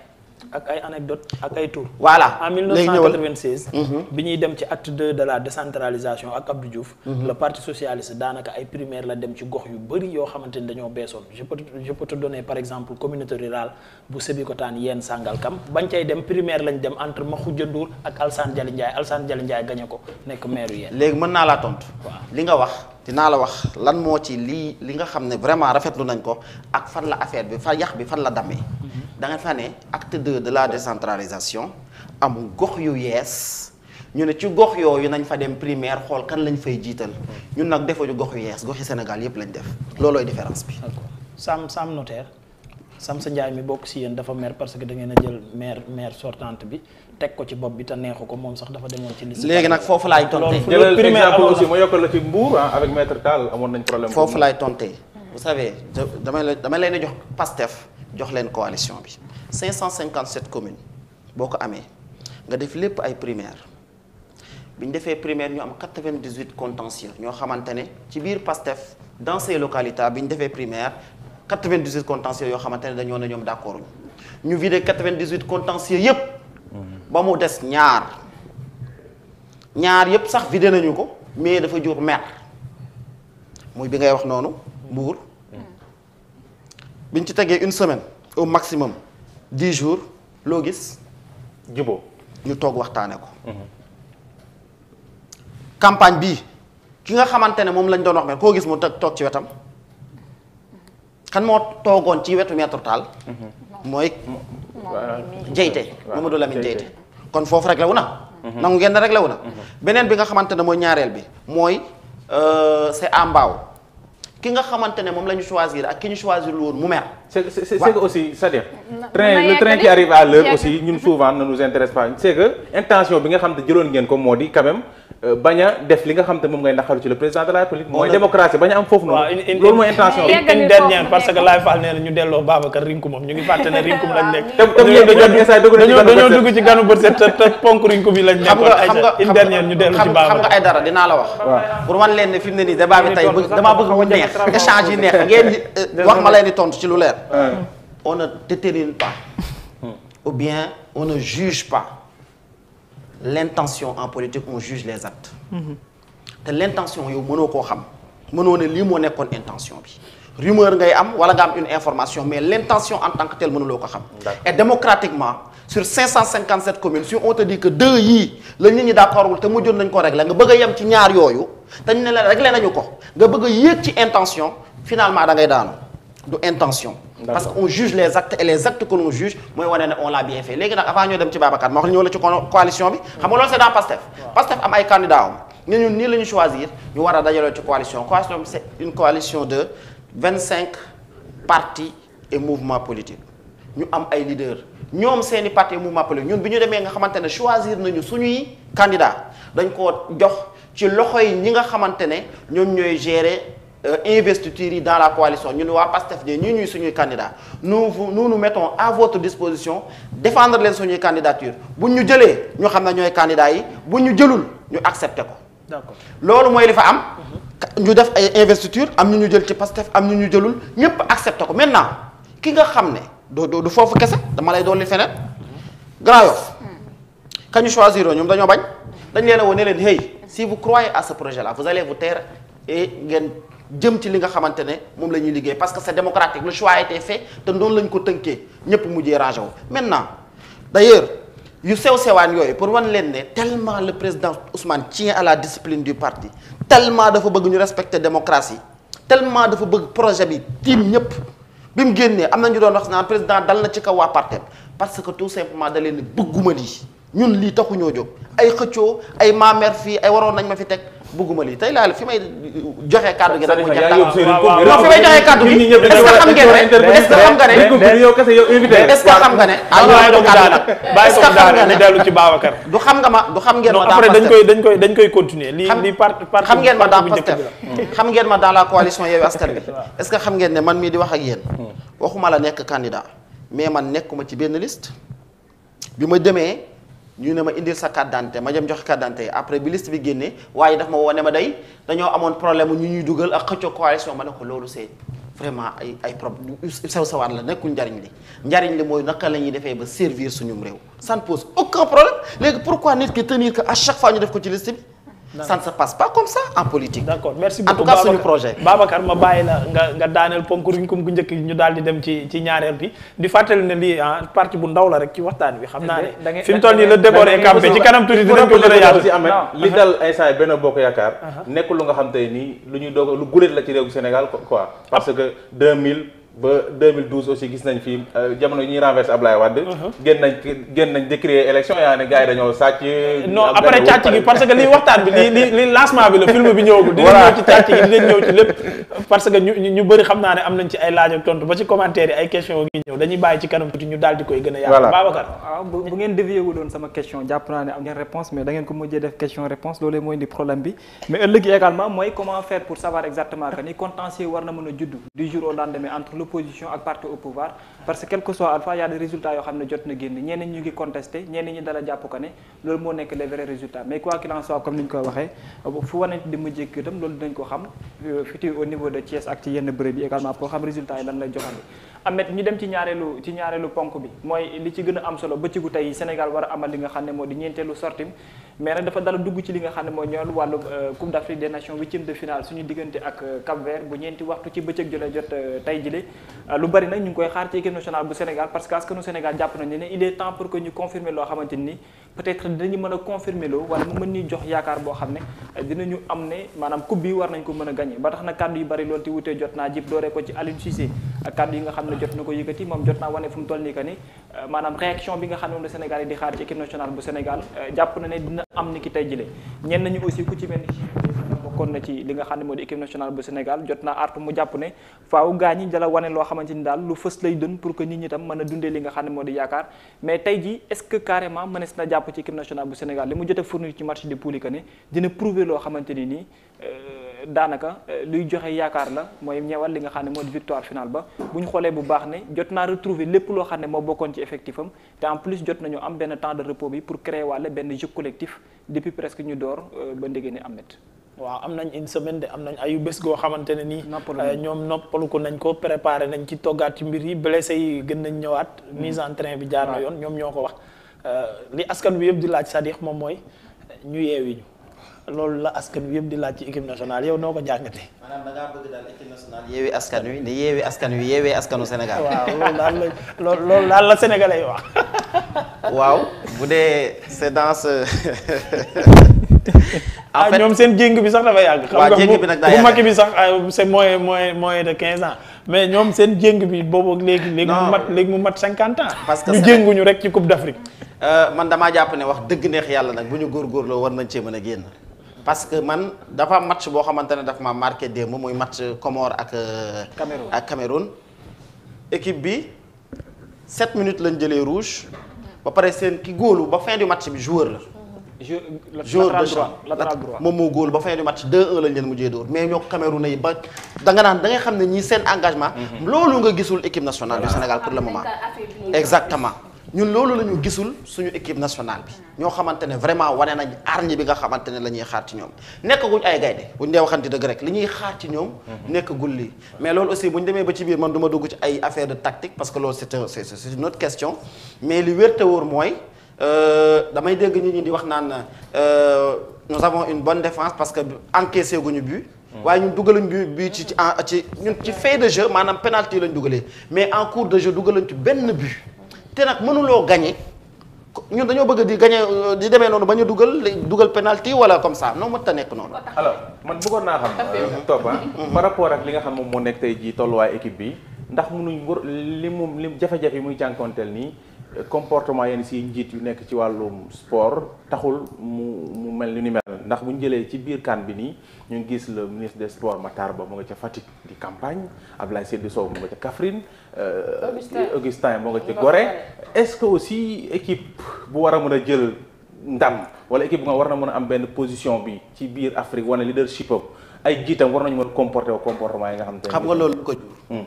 ak ay anecdote ak ay tour voilà en 1996. Mhm. bi ñuy dem ci at 2 de la décentralisation ak Abdou Diouf. Mhm. le parti socialiste daanaka ay primaire la dem ci gox yu bëri yoo xamante ni dañoo beesoon je peux je peux te donner par exemple communauté rurale bu Sébikotane yéen Sangalkam bañ cay dem primaire lañu dem entre Makhoudia Ndour ak Alsane Dialy Ndiaye Alsane Dialy Ndiaye gañe ko nekk maire yéen. léegi mën naa laa tontu. waaw li nga wax dinaa la wax lan moo ci lii li nga xam ne vraiment rafetlu nañ ko ak fan la affaire bi fa bi fan la damee. Mhm. da fa ne acte deux de la décentralisation am gox yu yees ñu ne ci gox yooyu nañ fa dem primaire xool kan lañ fay jiital ñun nag defuñu gox yu yees gox goxi Sénégal yépp lañ def loolooy différence bi. d'accord Sam Sam notaire sa Ndiaye mi bokk si yéen dafa maire parce que dangeen ngeen a jël maire maire sortante bi teg ko ci bopp bi te neexu ko moom sax dafa demoon ci liste. léegi nag foofu laay tontee. ma yokkal la ci Mbour ah, avec maître Tall amoon nañ problème. foofu laay tontee. bu savee damay la damay leen jox Pastef jox leen coalition bi 557 communes boo ko amee nga def lépp ay primaire bi ñu defee primaire ñu am 98 contentieux ñoo xamante ne ci biir Pastef dans ces bi ñu defee primaire 98 contentieux yoo xamante ne dañoo na ñoom d'accord ñu vidé 98 contentieux yépp ba mu des ñaar ñaar yépp sax vidé nañu ko mais dafa jur mer muy bi ngay wax noonu Mbour biñ ci tegee une semaine au maximum dix jours loo gis. jubóo ñu toog waxtaane ko. campagne bii ki nga xamante ne moom lañ doon wax mais koo gis mu toog ci wetam kan moo toogoon ci wetu Maître Tall. mooy. Jeyte Mamadou Lamine Jeyte kon foofu réglé wu na. nangu ngeen ne réglé wu na. Mhm. beneen bi nga xamante ne mooy ñaareel bi mooy euh, c'est à ki nga xamante ne moom la ñu choisir ak ki ñu choisir lu mu mer. c'est c'est que aussi cest à train le train qui arrive à l'heure aussi ñun souvent ne nous intéresse pas c'est que intention bi nga xam ne jëloon ngeen ko moo di quand Euh, bañ def li nga xam ngay naqaru ci le président de la république ñu delloo Babacar Rinkum moom ñu ngi fàtte ne Rinkum lañ nekk dañoo dugg ci ganu bët set te ponk Rinkum yi lañ nekk xam nga xam nga ay dara dinaa la wax pour man leen damaa bëgg mu neex échange yi neex ngeen euh, wax ma leen tontu ci lu leer on ne détermine pas ou bien on ne juge pas l'intention en politique on juge les mhm. te l'intention yow mënoo koo xam mënoo ne lii moo nekkoon intention bi rumeur ngay am wala nga am une information mais l'intention en tant que telle mënuloo ko xam et démocratiquement sur 557 communes si on te dit que deux yii la nit ñi d'accord wul te mujjoon nañ ko régler nga bëgg a yem ci ñaar yooyu dañ ne la régler nañu ko nga bëgg a yéeg ci intention finalement da ngay daanu du intention parce que on juge les actes les actes que l'on juge mooy wane ne on l'a bien fait léegi nag avant ñoo dem ci Babacar ma wax la ñëw la ci coalition bi xam nga loolu c'est dans am ay candidats am ñu ñun nii choisir ñu war a dajaloo ci coalition coalition bi c'est une coalition de vingt cinq partis et mouvements politiques ñu am ay leaders ñoom seeni parti et mouvement politique ñun bi ñu demee nga xamante ne choisir nañu suñuy candidat dañ koo jox ci loxo yi ñi nga xamante ne ñoom ñooy gérer Euh, investiture yi dans la coalition ñun waa PASTEF de ñu ñuy suñuy candidat nous nous nous mettons à votre disposition défendre leen suñuy candidature bu ñu jëlee ñu xam ne ñooy candidats yi buñ ñu jëlul ñu accepté ko. d'accord loolu mooy li am. Mhm. ñu def ay investiture am ñu ñu jël ci PASTEF am ñu ñu jëlul ñëpp accepté ko maintenant ki nga xam ne du du foofu kese dama lay dolli feneen. Mhm. Grand Yoff mhm. ka ñu choisir ñoom dañoo bañ. dañ leen a woo ne leen hey si vous croyez à ce projet là vous allez vous taire et ngeen. jëm ci li nga xamante ne moom la ñuy liggéey parce que c'est démocratique le choix a été fait te noonu lañ ko tënkee ñëpp mujjee rangé wu maintenant d'ailleurs yu sew sewaan yooyu pour wan leen ne tellement le président Ousmane tient à la discipline du parti tellement dafa bëgg ñu respecter démocratie tellement dafa bëgg projet bi tiim ñëpp bi mu génnee am na ñu doon wax naan président dal na ci kaw waa partem parce que tout simplement da leen bëgguma lii ñun lii taxuñoo jóg ay xëccoo ay maameer fii ay waroon nañ ma fi teg bëgguma lii tey laal fi may joxe kàddu gi nag mu ñett non fi may joxe kàddu gi est-ce que xam ngeen ne est-ce xam nga ne xam nga ne est-ce que xam nga ne ngeen ma après dañ koy dañ koy dañ koy continuer li li parti parti xam ngeen ma dans Pastef hmm. xam ngeen ma dans la coalition Yewwi Askan Wi hmm. est-ce que xam ngeen ne man mii di wax ak yéen hmm. waxuma la nekk candidat mais man nekkuma ci benn liste bi ma demee ñu ne ma indil sa carte d'identité ma jëm joxe carte d'identité après bi liste bi génnee waaye daf ma woo ne ma day dañoo amoon problème ñu ñuy dugal ak xëccoo coalition ma ne ko loolu c'est vraiment ay ay problème sew sawaat la nekkul njariñ li njariñ li mooy naka la ñuy defee ba servir suñum réew ça ne pose aucun problème léegi pourquoi nit ki tenir que à chaque fois ñu def ko ci liste bi ça ne se passe pas comme ça en politique. d'accord merci beaucoup en ma bàyyi la nga nga daaneel ponk ruñ ko njëkk ñu daal di dem ci ci ñaareel bi di fàttali ne lii ah bu ndaw la rek ci waxtaan wi. xam naa ne eh, fi mu toll nii la déboré campé ci kanam tuuti dinañ ko gën a yaatu. li dal instant yi benn bokk yaakaar. nekkul lu nga xam tey nii lu ñuy doog lu guléet la ci réewu Sénégal quoi. parce que 2000. ba 2012 aussi gis nañ fi euh, jamono uh-huh. nañ génn nañ décrier élection yaa ne gars dañoo sàcc. non après càcc gi parce que li waxtaan bi li li li bi la film bi ñëw ci càcc ñëw ci lépp. parce que ñu ñu bëri xam naa ne am nañ ci ay laaj ak tontu ba ci commentaire ay question yi ñëw dañuy bàyyi ci kanam tuuti ñu daal di koy gën a. voilà yàq Babacar. waaw ah, bu bu ngeen dévié wu doon sama question jàpp naa ne am ngeen réponse mais da ko mujjee def question l'opposition ak parti au pouvoir parce que soit alpha y a des résultats yoo xam ne jot na génn ñeneen ñu ngi contesté ñeneen ñi dala jàpp ko ne loolu moo nekk les vrais mais quoi qu'il en soit comme ni ñu koy waxee fu wanante di mujjee itam loolu dinañ ko xam euh, futur au niveau de Thiès ak ci yenn bërëb yi également pour xam résultats yi lan lay joxandi Ahmed ñu dem ci ñaareelu ci ñaareelu ponk bi mooy li ci gën a am solo bëccëgu tey Sénégal war a amal li nga xam ne moo di ñeenteelu sortim mais nag dafa dala dugg ci li nga xam ne mooy ñool wàllu euh, Coupe d'Afrique des Nations huitième de finale suñu diggante ak euh, Cap Vert bu ñeenti waxtu ci bëccëg jële jot euh, tey jile lu bari nag ñu ngi koy xaar ci équipe nationale bu Sénégal parce que askanu Sénégal jàpp nañu ne il e temps pour que ñu confirmer loo xamante ni peut-être dinañu mën a confirmer loo mu mën ñu jox yaakaar boo xam ne euh, dinañu am ne maanaam coupe bi war nañ ko mën a gagné ba tax na kàddu yi bari loolu te wutee jot naa jib dooree ko ci Aliou Cissé ak kàddu yi nga xam ne jot na ko yëkkati moom jot naa wane fu mu toll nii que ni euh, maanaam réaction bi nga xam ne moom la Sénégal yi di xaar ci équipe nationale bu Sénégal euh, jàpp na ne dina am ni ki tey jëlee ñenn nañu aussi ku ci mel ni kon na ci li nga xam ne moo di équipe nationale bu Sénégal jot naa artu mu jàpp ne faaw gaa dala wane loo xamante ni daal lu fës lay doon pour que nit ñi tam mën a dundee li nga xam ne moo tey ji est-ce que carrément mënees na jàpp ci a fournir ci match de poule que ne dina prouver loo xamante ni nii euh, daanaka euh, luy joxe yaakaar la mooy ñewal li nga xam ne moo di victoire finale ba bu ñu xoolee bu baax ne jot naa retrouver lépp loo xam ne moo bokkoon ci effectif am te en plus jot nañu am benn temps de repos bi pour créer wàlle benn jeu collectif depuis presque ñu door euh, ba ndégée ne amet waaw am nañ une semaine de am nañ ayu bés goo xamante ne nii. Euh, ñoom noppalu nañ ko préparé nañ ci toggaat ci mbir yi blessé yi gën nañ ñëwaat. Mm-hmm. mise en train bi jaar na yoon ñoom ñoo ko wax. Euh, li askan bi yëpp di laaj cest à moom mooy ñu yeewi ñu loolu la askan bi yëpp di laaj ci équipe nationale yow noo ko jàngatee. maanaam da ngaa bëgg daal équipe yeewi askan wi ni yeewi askan wi yeewee askanu Sénégal. waaw loolu daal la loolu daal la sénégalais yi wax. waaw bu dee c'est en ah, fait ñoom seen jéng bi sax dafa yàgg. waaw jéng bi nag daa yàgg bi sax ah, c'est moins moins moins de 15 ans mais ñoom seen jéng bi boobu ak léegi. léegi mu mat léegi mu mat 50 ans. parce que ñu jénguñu rek ci Coupe d'Afrique. Euh, man damaa jàpp ne wax dëgg neex yàlla nag bu ñu góor góorloo war nañ cee mën a génn. parce que man dafa am match boo xamante ne daf ma marqué démb muy match Comores ak. Euh, Cameroun ak Cameroun. équipe bi 7 minutes lañ jëlee rouge. ba pare seen ki góolu ba fin du match bi joueur la. joueur de champ latéral droit moom moo góol ba fin du match 2-1 lañ leen mujjee dóor mais ñoo Cameroun yi ba da naan da xam ne ñii seen engagement mhm. loolu nga gisul équipe nationale du Sénégal pour le moment exactement ñun loolu la ñu gisul suñu équipe nationale bi ñoo xamante ne vraiment wane arñi bi nga xamante ne la ñuy xaar ci ñoom nekkaguñ ay gaynde buñ dee waxante dëgg rek li ñuy xaar ci ñoom mhm. nekkagul lii mais loolu aussi bu ñu demee ba ci biir man Euh, damay dégg nit ñi di wax naan euh, nous avons une bonne défense parce que encaissé guñu but. Mm. waaye ñun dugaluñ bi bi ci ci ci ñun ci fait de jeu maanaam penalty lañ dugalee mais en cours de jeu dugaluñ ci benn but te nag mënuloo gagné ñun dañoo bëgg di gagné euh, di demee noonu ba ñu dugal dugal penalty wala comme ça non mënut a nekk noonu. alors man bëggoon naa xam. topp par rapport ak li nga xam moom moo nekk tey jii tolluwaay équipe bi ndax mënuñ li mu li jafe-jafe yi muy jànkonteel nii. comportement yenn si njiit yu nekk ci wàllu sport taxul mu mu mel ni mel ndax bu ñu jëlee ci biir kan bi nii ñu ngi gis le ministre des sports Matar Ba mu nga ca Fatick di campagne Abdoulaye Seydou Sow mu nga ca Kaffrine euh, Augustin mu nga ca Gorée est-ce que aussi équipe bu war a mën a jël ndam wala équipe nga war na mën a am benn position bi ci biir Afrique wane leadership am ay jiitam war nañu mën comporter wu comportement yi nga xam te xam nga loolu ko jur hmm.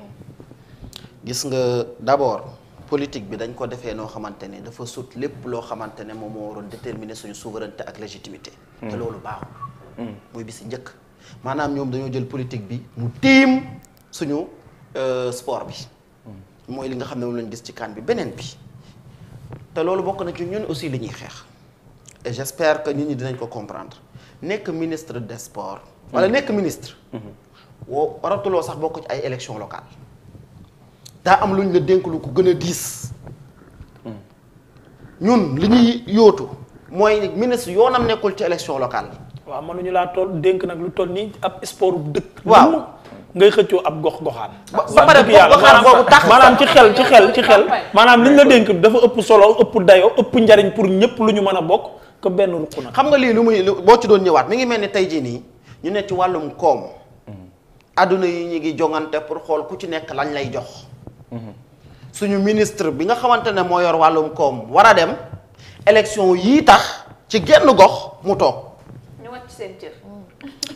gis nga d'abord politique bi dañ ko defee noo xamante ne dafa sut lépp loo xamante ne moom moo waroon déterminé suñu souveraineté ak légitimité. Hmm. te loolu baaxul. Hmm. muy bi njëkk maanaam ñoom dañoo jël politique bi mu tiim suñu euh, sport bi. Hmm. mooy li nga xam ne moom lañu gis ci kan bi beneen bi te loolu bokk na ci ñun aussi li ñuy xeex et j'espère que nit ñi dinañ ko comprendre nekk ministre de sport wala nekk ministre. woo waratuloo sax bokk ci ay élections locale daa am lu ñu la dénk lu ko gën a diis ñun li ñuy yootu mooy ministre yoonam nekkul ci élection locale. waaw ñu laa toll dénk nag lu toll nii ab sport dëkk. waaw ngay xëccoo ab gox goxaan. ba pare gox goxaan boobu tax maanaam ci xel ci xel ci xel. maanaam li ñu la dénk bi dafa ëpp solo ëpp dayo ëpp njariñ pour ñëpp lu ñu mën a bokk ko benn ruq nag. xam nga lii lu muy boo ci doon ñëwaat mi ngi mel ni tey jii nii ñu ne ci wàllum koom. Mm. adduna yi ñu ngi jongante pour xool ku ci nekk lañ lay jox. suñu ministre bi nga xamante ne moo yor wàllum koom war a dem élection yii tax ci genn gox mu toog. ñu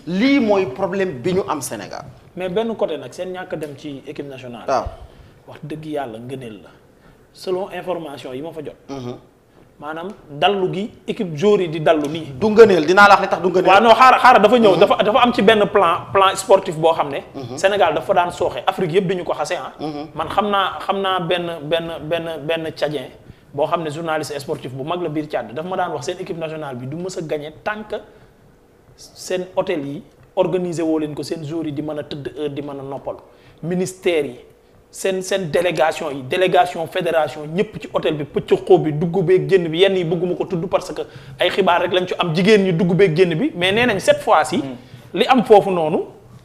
lii mooy problème bi ñu am Sénégal. mais benn côté nag seen ñàkk dem ci équipe nationale. waaw wax dëgg yàlla ngëneel la selon information yi ma fa jot. Mhm. maanaam dallu gi équipe jour yi di dallu nii. du ngëneel dinaa la wax li tax du ngëneel. waaw non xaaral xaaral dafa ñëw mhm. dafa dafa am ci benn plan plan sportif boo xam ne. Mhm. Sénégal dafa daan sooxe Afrique yëpp dañu ko xase ah. Mhm. man xam naa xam naa benn benn benn benn Tchadien boo xam ne journaliste sportif bu mag la biir Tchad dafa ma daan wax seen équipe nationale bi du mës a gagné tant que seen hôtel yi organiser woo leen ko seen joueur yi di mën a tëdd heure di mën a noppal ministère yi. seen seen délégation yi délégation fédération ñëpp ci hôtel bi pëcc xóob bi dugg génn bi yenn yi bëgguma ko tudd parce que ay xibaar rek lañ ci am jigéen ñi dugg beeg bi mais nee nañ cette fois ci hmm. li am foofu noonu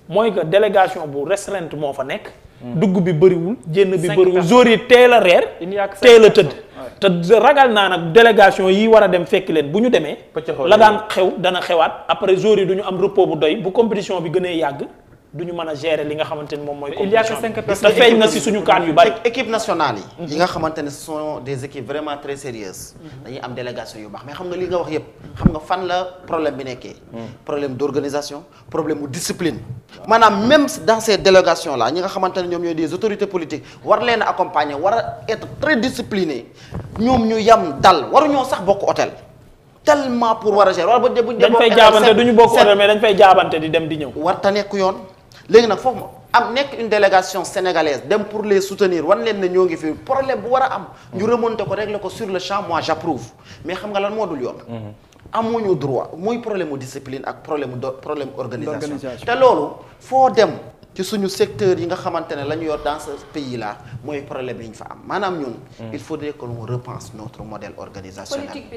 mooy que délégation bu restreinte moo fa nekk. Hmm. dugg bi bëriwul génn bi bëriwul jour yi teel a reer. teel a tëdd. te ragal naa nag délégation yi war a dem fekki leen bu ñu demee. la daan xew dana xewaat après jour yi du ñu am repos bu doy bu compétition bi gënee yàgg. du ñu mën a gérer li nga xamante ni moom mooy. compétition bi te feeñ na si suñu kaan yu bari. équipe nationale yi. Mm-hmm. yi nga xamante mm-hmm. am délégation yu baax mais xam nga li nga wax yépp xam nga fan la problème bi nekkee. Mm-hmm. problème d'organisation problème mu discipline. maanaam même dans ces délégations ñi nga xamante ne ñoom ñooy des autorités politiques war leen a a être très discipliné ñu yam dal waruñoo sax bokk hôtel. tellement pour war a gérer wala ba bu ñu. dañ fay jaabante duñu bokk hôtel mais dañ di dem di ñëw. war ta nekk yoon. léegi nag foofu am nekk une délégation sénégalaise dem pour les soutenir wan leen na ñoo ngi fi problème bu war a am. ñu mm-hmm. remonter ko régler ko sur le champ moi j'approuve mais xam nga lan moo dul yoon. Mm-hmm. amuñu droit muy problème mu discipline ak problème mu do problème organisation. te loolu foo dem. ci suñu secteur yi nga xamante ne la ñu yor dans ce pays là mooy problème yi ñu fa am maanaam ñun. Mm. il faudrait que l'on repense notre modèle organisationnel. politique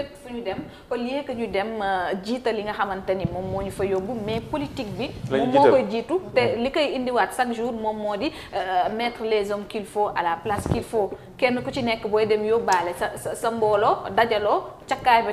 bi ñu dem euh, jiital li nga xamante ni moom moo ñu fa yóbbu mais politique bi. moom moo koy jiitu te mm. indiwaat chaque jour moom moo di euh, mettre les hommes qu'il faut à la place qu'il kenn ku ci nekk booy dem yóbbaale sa sa mbooloo dajaloo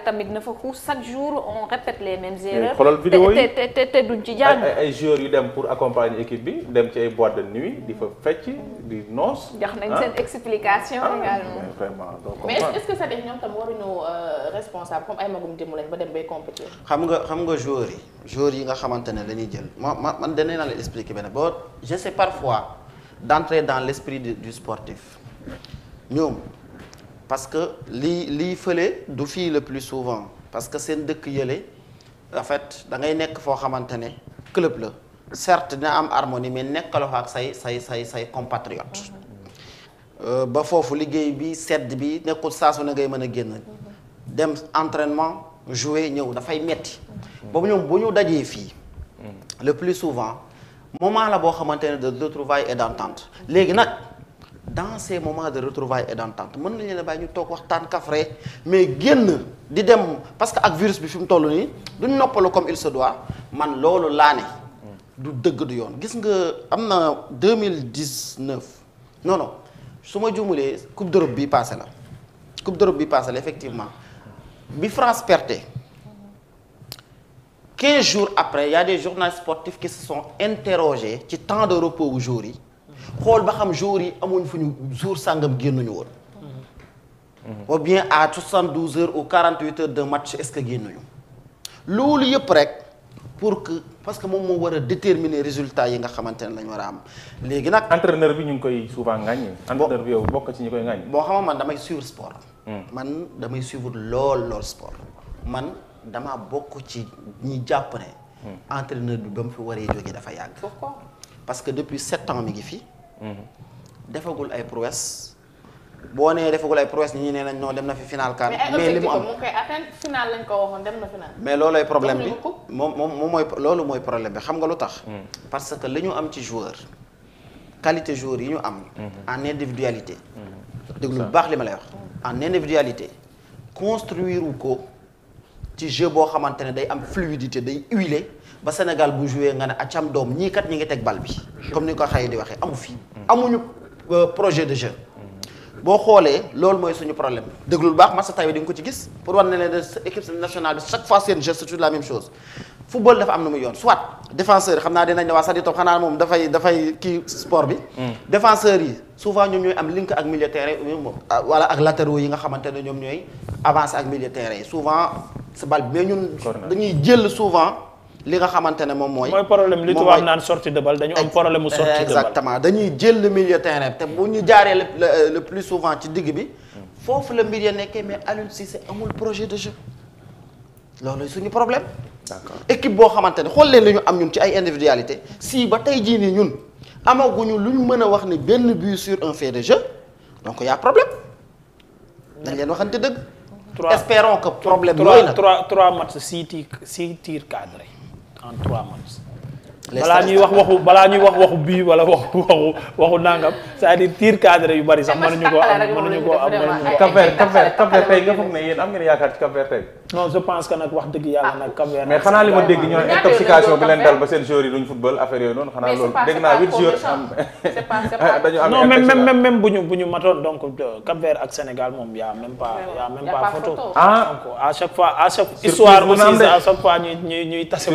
tamit na fa xuus chaque jour on répète les mêmes erreurs. te te te duñ ci jàng. ay joueurs yu dem pour accompagner équipe bi dem ci ay boîte de nuit di fa fecc di noos. jox nañ ah. seen explication. Ah, également vraiment donc. mais est-ce que ça def ñoom tam waruñu euh, responsable comme ay magum jëmm lañ ba dem bay compétir. xam nga xam nga joueurs yi joueurs yi nga xamante ne dañuy jël ma ma man danañ la expliquer benn boo je sais parfois d'entrer dans l'esprit du sportif ñoom parce que lii lii fële du fii le plus souvent parce que seen dëkk yële. en fait da ngay nekk foo xamante ne club la certes dina am harmonie mais nekkaloo fa ak say say say say compatriotes euh, ba foofu liggéey bi sedd bi nekkul saa su ne ngay mën a génn dem entraînement jouer ñëw dafay metti boobu ñoom bu ñu dajee fii mm. le plus souvent moment la boo xamante ne de retrouvailles et d'entente léegi nag dans ces moments de retrouvailles et d'entente mën nañ leen a bàyyi ñu toog waxtaan kafre mais génn di dem parce que ak virus bi fi mu toll nii duñ noppalu comme il se doit man loolu laa ne du dëgg du yoon gis nga am na 2019 non non su ma juumalee coupe d'Europe bi passé la coupe d'Europe bi passé la effectivement bi France perte 15 jours après y a des journalistes sportifs qui se sont interrogés ci temps de repos wu jour yi xool ba xam jour yi amuñ fu ñu jour sàngam génnuñu woon. ou bien à 72 heures ou 48 heures de match est-ce que génnuñu. loolu yëpp rek pour que parce que moom moo war a déterminer résultat yi nga xamante ne lañ war a am léegi nag. entraîneur bi ñu ngi koy souvent ŋàññi. entraîneur bi yow bokk ci ñi koy ŋàññi. boo xam man damay suivre sport. Hmm. man damay suivre lool lool sport. man damaa bokk ci ñi jàpp ne. Hmm. entraîneur bi ba mu fi waree jógee dafa yàgg. parce que depuis sept ans mi ngi fi. defagul ay prouesse boo nee defagul ay prouesse ñi nee nañ noo dem na fi final kan mais li mu am mu mais loolooy problème bi moom moom mooy loolu mooy problème bi xam nga lu tax hmm. parce que li ñu am ci joueur qualité joueur yi ñu am hmm. en individualité hmm. déglu baax li ma lay wax en individualité construire ko ci jeu boo xamante ne day am fluidité day huilé ba Sénégal bu joué nga ne acam doom ñii kat ñi ngi teg bal bi. comme ni ko xëy di waxee amu fi. amuñu euh, projet de jeu. boo xoolee loolu mooy suñu problème déglu lu baax match tey di nga ko ci gis pour war na leen équipe nationale bi chaque fois seen jeu c'est toujours la même chose. football dafa am na muy yoon soit défenseur yi xam naa dinañ ne waa sax di topp xanaa moom dafay dafay kii sport bi. Hmm. défenseurs yi souvent ñoom ñooy am link li nga xamante ne moom mooy. problème li tubaab naan sortie de balle dañu am problème mu de balle exactement dañuy jël le milieu terrain te ñu jaaree le plus souvent ci digg bi foofu la mbir ya nekkee mais Aliou Cissé amul projet de jeu loolu suñu problème. d'accord équipe boo xamante ne xool leen li ñu am ñun ci ay individualité si ba tey jii nii ñun amaguñu ñu mën a wax ni benn but sur un fait de jeu donc y a problème dañ leen waxante dëgg. espérons que problème. yooyu la trois trois matchs six tirs six tirs cadrés. en trois months. balaa ñuy wax waxu balaa ñuy wax waxu bii wala waxu waxu waxu nangam cest dire tiir cadre yu bari sax mënuñu ko am mënuñu ko am mënuñu ko am. Cap-Vert Cap-Vert tey nga foog ne yéen am ngeen yaakaar ci Cap-Vert tey. non je pense wax dëgg yàlla ah. nag Cap-Vert. mais xanaa li ma dégg ñoom intoxication bi même même bu ñu bu ñu matoon donc euh, Cap-Vert ak Sénégal moom y'a même pas y'a même pas photo ah à chaque fois à chaque histoire aussi à chaque fois ñuy ñuy ñuy tase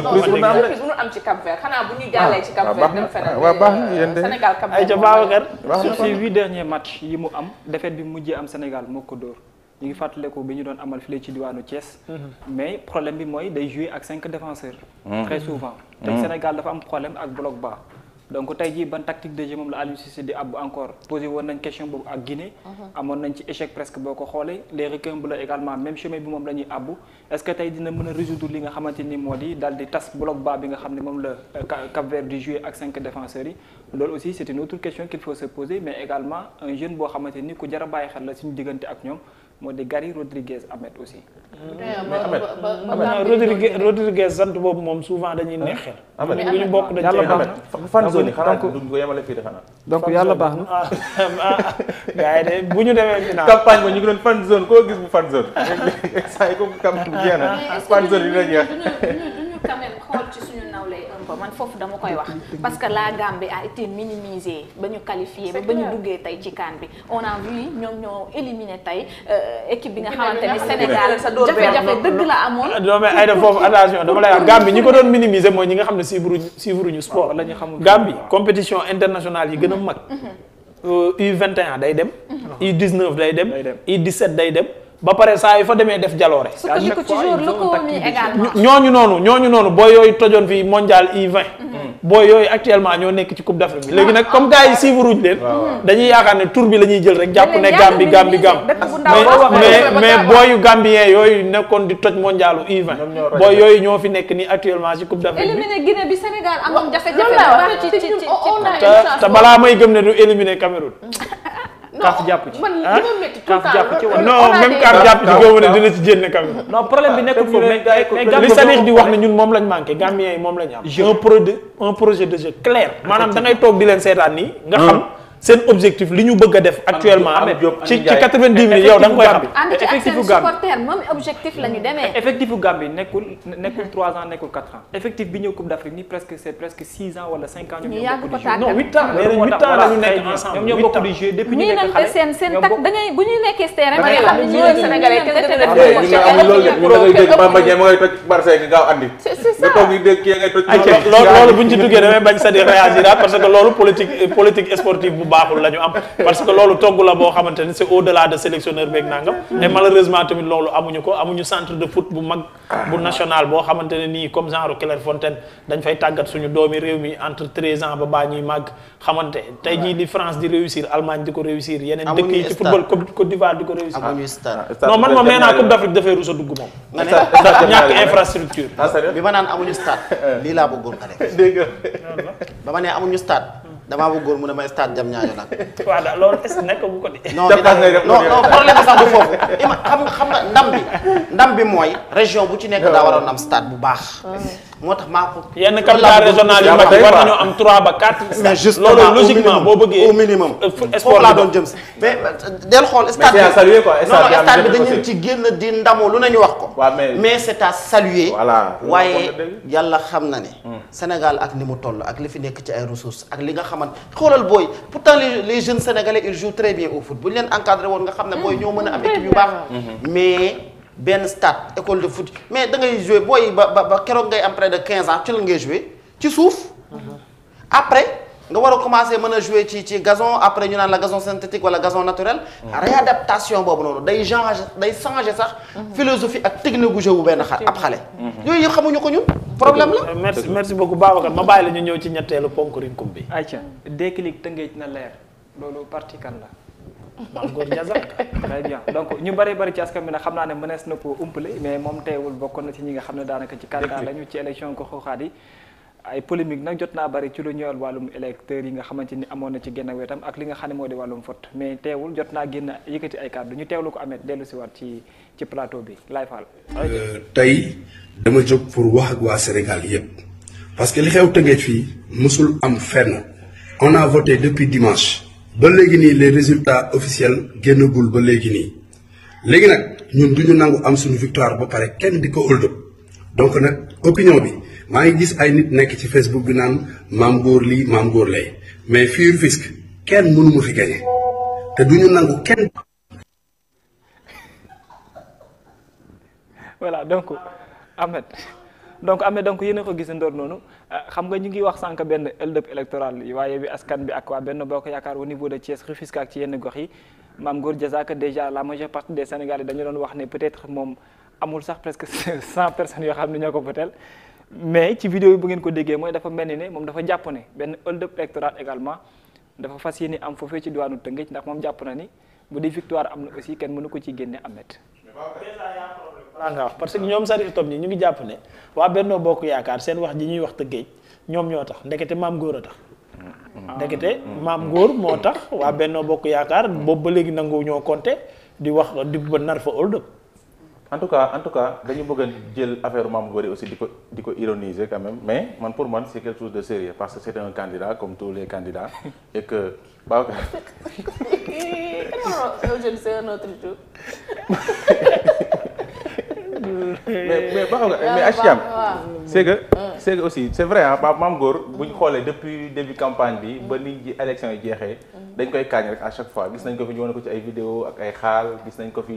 bu ñu jàllee ah, ci Cap ah, Vert ah, baax na yéen de Sénégal ay ca Babacar sur ces huit derniers matchs yi mu am défaite bi mujjee am Sénégal moo ko dóor ñu ngi fàttaliku bi ñu doon amal fii ci diwaanu Thiès. Mhm. mais problème bi mooy day jouer ak cinq défenseurs. Mhm. très souvent. Mhm. te Sénégal dafa am problème ak bloc bas. donc tey jii ban tactique de jeu moom la Aliou Cissé di àbb encore posé woon nañ question boobu ak Guinée. Mhm. amoon nañ ci échec presque boo ko xoolee les Requins-Bleus également même chemin bi moom la àbb est tey dina mën a résoudre li nga xamante ni moo di daal di tas bloc bas bi nga xam ne moom la euh, Cap-Vert di jouer ak cinq défenseurs yi loolu aussi c'est une autre question qu'il faut se poser mais également un jeune boo xamante ni ku jar a bàyyi xel la suñu diggante ak ñoom moo di Gary Rodriguez Ahmed aussi. Hmm. mais Ahmed Ahmed Rodriguez sant boobu moom souvent dañuy neex xel. Ahmed bu ñu bokk dañ cee Ahmed fan zone yi xanaa duñ ko yemale fii de donc yàlla baax na. Ah, ah, ah, gars yi de ñu demee final. campagne ñu ngi doon fan zone koo gis bu fan zone. saa yi comme campagne bi jeex na fan zone yi dina jeex. mais ko man foofu dama koy wax parce que la Gambie a été minimisée ba ñu qualifié ba ba ñu duggee tey ci kaan bi on a ñoom ñoo éliminé tey euh, équipe bi nga xamante ni Sénégal jafe-jafe dëgg la amoon ah, non mais Aïda foofu attention dama lay wax Gambie ñi ko doon minimiser mooy ñi nga xam ne suivre suivre ñu sport la ñu xamul Gambie compétition internationale yi gën a mag mhm. U21 euh, day dem mhm. U19 day dem U17 day dem ba pare saa yu fa demee def jaloore. à chaque fois ñooñu noonu ñooñu noonu booy yooyu tojoon fii mondial U20. Mm-hmm. booy yooyu actuellement ñoo nekk ci coupe d'Afrique bi léegi nag comme gars yi ah, suivre wuñ leen. dañuy yaakaar ne tour bi la ñuy jël rek jàpp ne Gambie Gambie Gambie. mais mais booyu Gambien yooyu nekkoon di toj mondialu U20. booy yooyu ñoo fi nekk nii actuellement ci coupe d'Afrique bi. éliminé Guinée bi te balaa may gëm ne du éliminé Cameroun kaaf jàpp ci man ah? li ma métti tout jàpp ci wala non même kaaf jàpp ci góobu ne dina ci génne kam non problème bi ah, nekkul foofu mais li Sadikh di wax ne ñun moom lañ manqué Gambien yi moom lañ am un projet un projet de jeu clair maanaam da ngay toog di leen seetaan nii nga xam seen objectif li ñu bëgg def actuellement ci quatre-vingt-dix mille yow da koy xam effectif u Gambie moom objectif ñu demee effectif u Gambie nekkul nekkul trois ans nekkul quatre ans effectif bi ñëw Coupe d'Afrique ni presque six ans wala cinq ans ñu yàgg di jouer depuis ñu nekk xale seen seen tak bu ñu nekkee seen rek nga xam ne ñoo sénégalais kenn da nga ñu da ngay dégg Bamba Dieng ma ngay toj Marseille nga gaaw andi nga toog yi dégg kii ñu ci duggee damay bañ sa di réagir baaxul la ñu am parce que loolu togg la boo xamante ni c'est au delà de sélectionneur beeg nangam et mm. malheureusement tamit loolu amuñu ko amuñu centre de foot bu mag bu national boo xamante ne nii comme genre Clairefontaine dañ fay tàggat suñu doomi réew mi entre treize ans ba baa ñuy màgg xamante tey jii li France di réussir Allemagne di ko réussir yeneen dëkk yi ci football Côte d'Ivoire di ko réussir ah, non man moom nee naa Coupe ah, ma naan amuñu stade lii damaa bëggoon mu ne ma stade jam ñaajo nag. waaw da loolu est nekk bu ko di. non non problème bi sax foofu. xam xam nga ndam bi ndam bi mooy région bu ci nekk daa war a am stade bu baax. moo tax maa ko. yenn capital régional yu mag yi war nañoo am 3 ba 4. Euh, laa doon jëm si. mais euh, del xool stade bi mais c'est à saluer quoi. dañu ci génn di ndamoo lu nañu wax ko. mais c'est à saluer. voilà waaye yàlla xam na ne. Hmm. Sénégal ak ni mu toll ak li fi nekk ci ay ressources ak li nga xaman xoolal booy pourtant les les jeunes sénégalais ils jouent très bien au foot bu ñu leen encadré woon nga xam ne booy ñoo mën a am équipe yu baax hmm. mais. benn stade école de foot mais da ngay jouer booy ba ba keroog ngay am près de 15 ans ci la ngay jouer ci suuf. Mm-hmm. après nga war a commencer man a jouer ci ci gazon après ñu naan la gazon synthétique wala gazon naturel. Mm-hmm. réadaptation boobu noonu day changer day changer sax. Mm-hmm. philosophie ak technique gu bu benn xar ab xale. yooyu yëpp xamuñu ko ñun. problème la merci merci beaucoup Babacar ma bàyyi la ñu ñëw ci ñetteelu ponk rinkum bi. ayca déclic tëngeej na leer loolu partie kan la. maam Ngor Ndiazaka très donc ñu bari bari ci askan bi nag xam naa ne mënees na ko umpale mais moom teewul bokkoon na ci ñi nga xam ne daanaka ci candidat lañu ci élection ko xooxaat yi ay polémique nag jot naa bari ci lu ñëwal wàllum électeurs yi nga xamante ni amoon na ci genn wetam ak li nga xam ne moo di wàllum vote mais teewul jot naa génn yëkkati ay kàddu ñu teewlu ko amet dellu si waat ci ci plateau bi Laye Fall euh, tey dama jóg pour wax ak waa Sénégal yëpp parce que li xew tëngeej fii mësul am fenn on a voté depuis dimanche ba léegi nii les résultats officiels génnagul ba léegi nii léegi nag ñun duñu nangu am suñu victoire ba pare kenn di ko hold donc nag opinion bi maa ngi gis ay nit nekk ci Facebook bi naan maam góor lii maam góor lay mais fii Rufisque kenn mënu ma fi gañe te duñu nangu kenn. voilà donc Ahmed. donc amee donc yéen a ko gisandoor noonu ah, xam nga ñu ngi wax sànq benn ëllëg électoral yi waaye bi askan bi ak waa benn boo ko yaakaar au niveau de Thiès Rufisque ak ci yenn gox yi Mame Gor déjà la majeure partie des Sénégalais dañu doon wax ne peut-être moom amul sax presque cent personnes yoo xam ne ñoo ko voteel mais ci vidéo bu ngeen ko déggee mooy dafa mel ni ne moom dafa jàpp ne benn hold-up électoral également dafa fas yéene am foofee ci diwaanu Tëngéej ndax moom jàpp na ni bu dee victoire am na aussi kenn mënu ko ci génne laa nga wax parce que ñoom Sariif Tom ñi ñu ngi jàpp ne waa Bennoo Bokk Yaakaar seen wax ji ñuy wax tëggeej ñoom ñoo tax ndekete maam góor a tax ndekete maam góor moo tax waa Bennoo Bokk Yaakaar boobu ba léegi nangu ñoo compté di wax di ba nar fa hold up en tout cas en tout cas dañu bëgg a jël affaire maam góor yi aussi di ko di ko ironiser quand même mais man pour man c'est quelque chose de sérieux parce que c'est un candidat comme tous les candidats et que Babacar. mais mais baax nga mais HCM ah, c'est que ah. c'est que aussi c'est vrai ah maam góor bu ñu xoolee depuis début campagne bi ba nit ji élection yi jeexee mm. dañ koy kaañ rek a chaque fois gis nañ ko fi ñu wane ko ci ay vidéo ak ay xaal gis nañ ko fi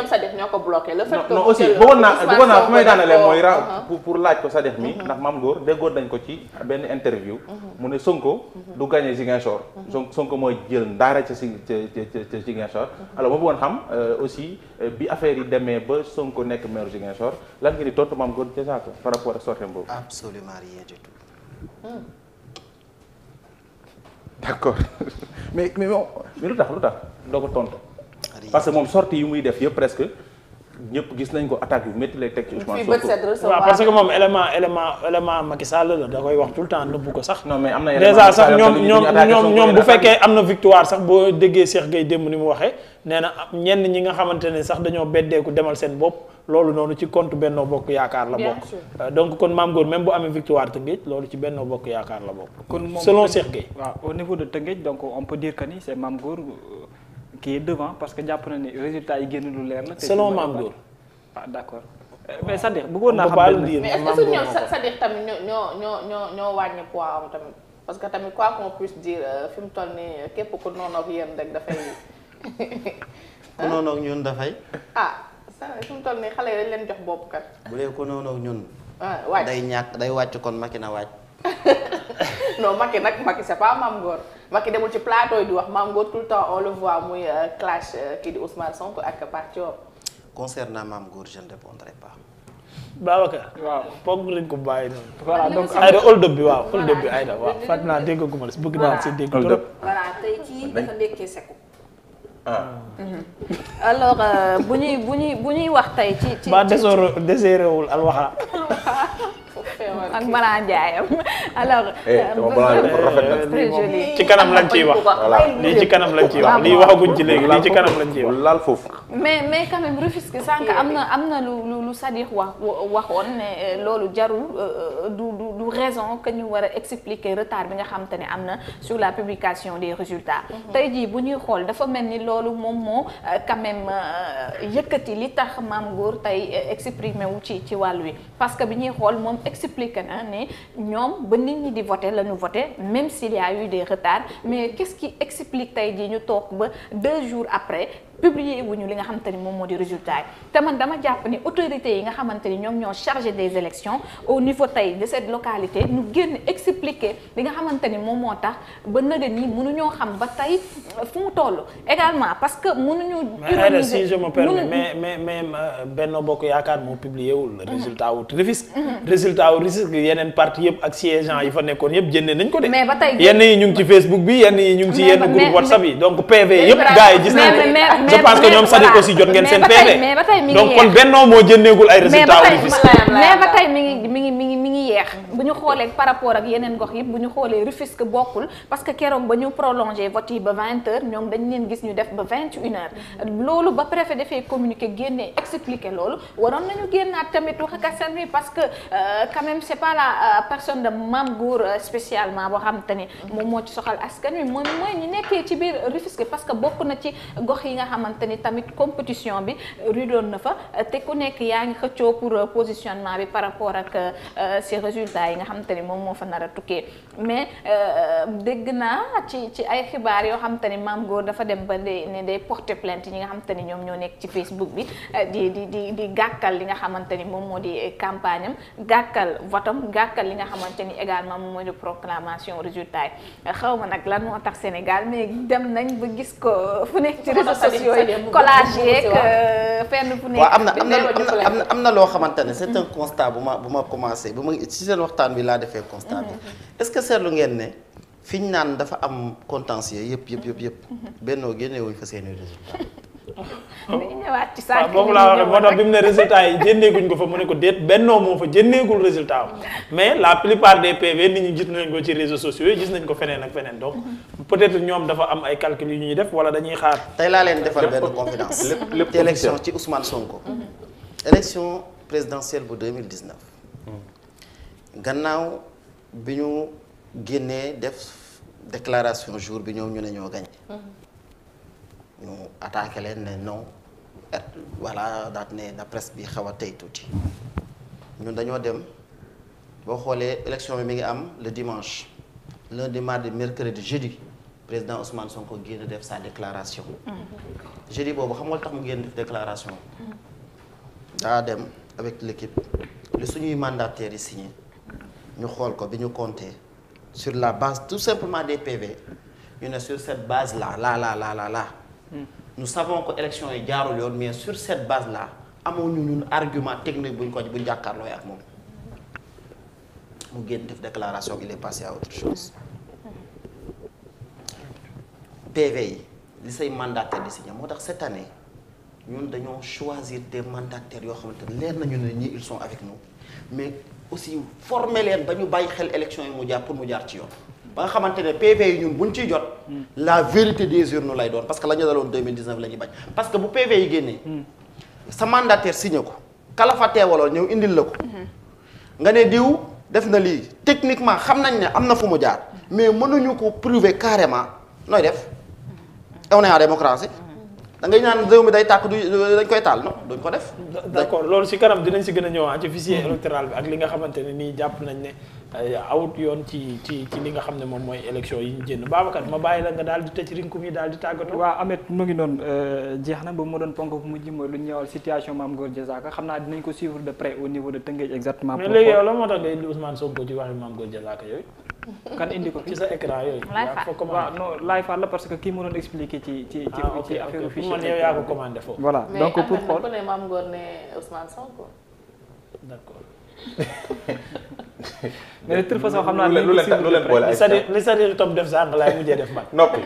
ñoom Sadikh ñoo ko bloqué. le fait que non aussi bëggoon naa naa fi may daanalee mooy ra uh-huh. pour pour laaj ko Sadikh mi uh-huh. ndax maam Ngor déggoon dañ ko ci benn interview. Uh-huh. mu ne Sonko. du gagné Ziguinchor. Sonko mooy jël ndaare ca si ca ca Ziguinchor. alors ma bëggoon xam euh, aussi euh, bi affaire yi demee ba Sonko nekk maire Ziguinchor lan nga di tontu maam Ngor par rapport ak sorteem boobu. absolument rien du tout. Hmm. d'accord mais mais lu tax lu tax doo ko tontu. parce que moom sortie yu muy def yëpp presque ñëpp gis nañ ko attaque yu métti lay teg ci Ousmane Sonko parce que moom élément élément élément Macky Sall la da koy wax tout le temps nëbbu ko boo déggee Cheikh Gueye démb ni waxee nee na ñenn ñi nga xamante ne sax dañoo beddeeku demal seen bopp loolu noonu ci compte Benno Bokk Yaakaar la bokk. Euh, donc kon Mame Gor même bu amee victoire Tëngéej loolu ci Benno Bokk Yaakaar la bokk. kon moom selon Cheikh Gueye. waaw kii est devant parce que jàpp na ni résultat yi génn lu leer na selon Mame Goor ah, d' accord. mais c'est-à-dire bëggoon naa xam mais est ce que ñoom cest ñoo ñoo ñoo ñoo parce que tamit quoi qu'on puisse dire euh, euh, képp ku noonu ak yéen rek dafay. ku noonu ah, dañ leen jox bopp bu dee ku noonu ah, ñàkk day wàcc kon na wàcc. non nag Macky Macky demul ci plateau yi di wax Mame Goor tout le temps on le voit muy euh, clash euh, kii di Ousmane Sonko ak Pape Diop. concernant Mame Gour je ne répondrai pas. waaw foog nañ ko bàyyi noonu. voilà donc Aïda hold up bi waaw hold bi Aïda waaw fàttali naa dégg gu ma la si bëgg dafa nekkee sekku. Ah. Mhm. alors euh, bu ñuy bu ñuy bu ñuy wax tey. ci ci ba desooré al waxa ak balaa njaayam alors. ci euh, euh, kanam lañ ciy wax. lii ci kanam lañ ciy wax lii waxaguñ ci léegi lii ci kanam lañ ciy wax. laal foofu. mais mais quand même Rufisque sànq am na am na lu lu Sadikh wax waxoon ne euh, loolu jarul du du du raison que ñu war a expliquer retard bi nga xam ne am na sur la publication des résultat mhm. tey jii bu ñuy xool dafa mel ni loolu moom moo quand même yëkkati li tax maam góor tey exprimé wu ci ci wàll wi parce que bi ñuy xool moom exprimé expliqué na ne ñoom ba nit ñi di voté la ñu voté même s'il y a eu mais qu'est-ce qui explique tey jii ñu toog ba deux jours après publier wuñu li nga xamante ni moom moo di résultat yi te man dama jàpp ni autorités yi nga xamante ni ñoom ñoo chargé des élections au niveau tey de cette localité ñu génn expliquer li nga xamante ni moom moo tax ba nëgë nii mënuñoo xam ba tey fu mu toll également parce que mënuñu ironiser si je me permets mais mais mais euh, Benno Bokk Yaakaar moo publié wul mhm. résultat wu Rufisque mhm. résultat wu Rufisque yeneen parti yëpp ak siégeant yi fa nekkoon yëpp jëndee nañ yi ñu je pense que ñoom Sadik aussi jot ngeen seen PV mais ba tey mi ngi mi ngi mi ngi yeex bu ñu xoolee par rapport ak yeneen gox yëpp bu ñu xoolee Rufisque bokkul parce que keroog ba ñu prolongé vote yi ba 20 heures ñoom dañ leen gis ñu def ba 21 heures loolu ba préfet dafay communiqué génnee expliqué loolu waroon nañu génnaat tamit wax ak askan wi parce que euh, quand même c'est pas la euh, personne de Mame Gour euh, spécialement boo xam te ni moom moo ci soxal askan wi mooy ñu nekkee ci biir Rufisque parce que bokk na ci gox yi nga xam xamante ni tamit compétition bi rudoon na fa te ku nekk yaa ngi xëccoo pour positionnement bi par rapport ak ces euh, résultats yi nga xamante ni moom moo fa nara a tukkee mais euh, dégg naa ci ci ay xibaar yoo xamante ni maam dafa dem ba ne day porter plainte nga xamante ni ñoom ñoo nekk ci Facebook bi euh, di di di di gàkkal li nga xamante ni moom moo di campagne gàkkal votam gàkkal li nga xamante ni également moom moo di proclamation résultat yi xaw ma nag lan moo tax Sénégal mais dem nañ ba gis ko fu nekk ci réseaux collage yeeg euh, fenn fu nekk. am na am na am na am na loo xamante ne c'est mm-hmm. un bu ma bu ma commencé bu ma si seen waxtaan bi laa defee constat bi mm-hmm. est-ce que seetlu ngeen ne fi ñu naan dafa am contentieux yëpp yëpp yëpp benn mm-hmm. bennoo génnewuñ fa seeni résultat indiwaat oh. ci moom laa waxee moo tax bi mu ne résultat yi jëndeeguñ ko fa mu ne ko déet bennoo moo fa jëndeegul résultat am mais la plupart p PV nit ñi gis nañ ko ci réseaux sociaux yi gis nañ ko feneen ak feneen donc mm-hmm. peut-être ñoom dafa am ay calcul yu ñuy def wala dañuy xaar. tey laa leen defal benn confidence lépp lépp élection ci Ousmane Sonko. Mm-hmm. élection présidentielle bu 2019. Mm-hmm. gannaaw bi ñu génnee def déclaration jour bi ñoom ñu ne ñoo gagné. ñu attaqué leen ne non et voilà daat ne na presse bi xaw a tey tuuti ñun dañoo dem boo xoolee élection bi mi ngi am le dimanche lundi mardi mercredi jeudi président Ousmane Sonko génn def sa déclaration. Mm-hmm. jeudi boobu xam nga tax mu génn def déclaration. Mm-hmm. daa dem avec l'équipe li suñuy mandataires yi signé ñu xool ko bi ñu compté sur la base tout simplement des PV ñu ne sur cette base là là là là là. nous savons que élection yi jaarul yoon mais sur cette base là amuñu ñun argument technique buñ ko buñ jàkkaarloo ak moom mu génn def déclaration il est passé à autre chose PV yi li say mandataire di signé moo tax cette année ñun dañoo choisir te mandataires yoo xamante ne leer nañu ne ñi ils avec nous mais aussi former leen ba ñu bàyyi xel élection yi mu jaar pour mu jaar ci yoon ba nga xamante ne PV yi ñun buñ ciy jot. Hmm. la vérité des urnes lay doon parce que la ñu daloon 2019 la ñuy bañ parce que bu PV yi génnee. Hmm. sa mandataire signé ko kalafa fa teewaloon ñëw indil la ko. Hmm. nga ne diw def na lii techniquement xam nañ ne am na fu mu jaar mais mënuñu ko prouver carrément nooy def on est en démocratie. da ngay naan réew mi day tàkk du koy taal non duñ ko def. d'accord loolu ci kanam dinañ si gën a ñëwaat ci fichier électoral bi ak li nga xamante ne nii jàpp nañ ne. Euh, awut yoon ci ci ci li nga xam ne moom mooy élection yi ñu jënd Babacar ma bàyyi la nga daal di tëj rinkum yi daal di tàggatoo. waaw Ameth mu ngi noonu euh, jeex na ba mu doon ponk bu mujj mooy lu ñu ñëwal situation Mame Gor Diazaka xam naa dinañ ko suivre de près au niveau de Tëngéej exactement. mais léegi yow la moo tax nga indi Ousmane Sonko ci waxi Mame Gor Diazaka yooyu. kan indi ko ci sa écran yooyu. laay faal la parce que kii mu doon expliqué ci ci ci ah, ci affaire fichier. mu man yow yaa ko commandé mais de façon xam naa lu leen boole ay li Sadio Top def sànq laay mujjee def man noppi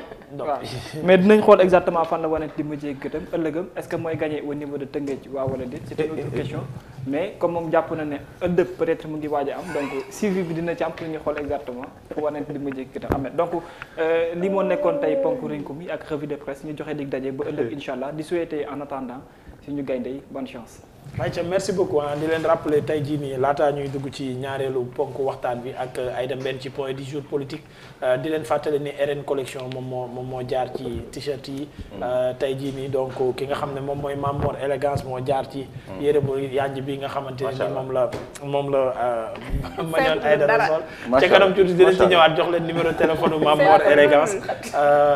mais dinañ xool exactement fan la wane di mujjee gëtam ëllëgam est ce que mooy gagné au niveau de Tëngéej waaw wala déet c'est une autre eh, eh, eh. mais comme moom jàpp na ne ëllëg peut être mu ngi waaj a am donc suivi bi dina ci am pour ñu xool exactement fu wane di mujjee gëtam am na moo nekkoon tey ponk Rinku mi ak revue joxe dig daje ba ëllëg incha allah di souhaiter en attendant suñu gaynde yi bonne chance Aïcha merci beaucoup ah di leen rappeler tey jii nii laataa ñuy dugg ci ñaareelu ponk waxtaan bi ak euh, Aïda Mbène ci point du jour politique euh, di leen fàttali ni RN collection moom moo moom moo jaar ci t-shirt mm. euh, tey jii nii donc ki nga xam ne moom mooy Mamor élégance moo jaar ci. Mm. yére bu yànj bi nga xamante ne ni moom la moom la. mañoon Aïda la sol ca kanam tuuti dinañ ci ñëwaat jox leen numéro téléphone Mamor élégance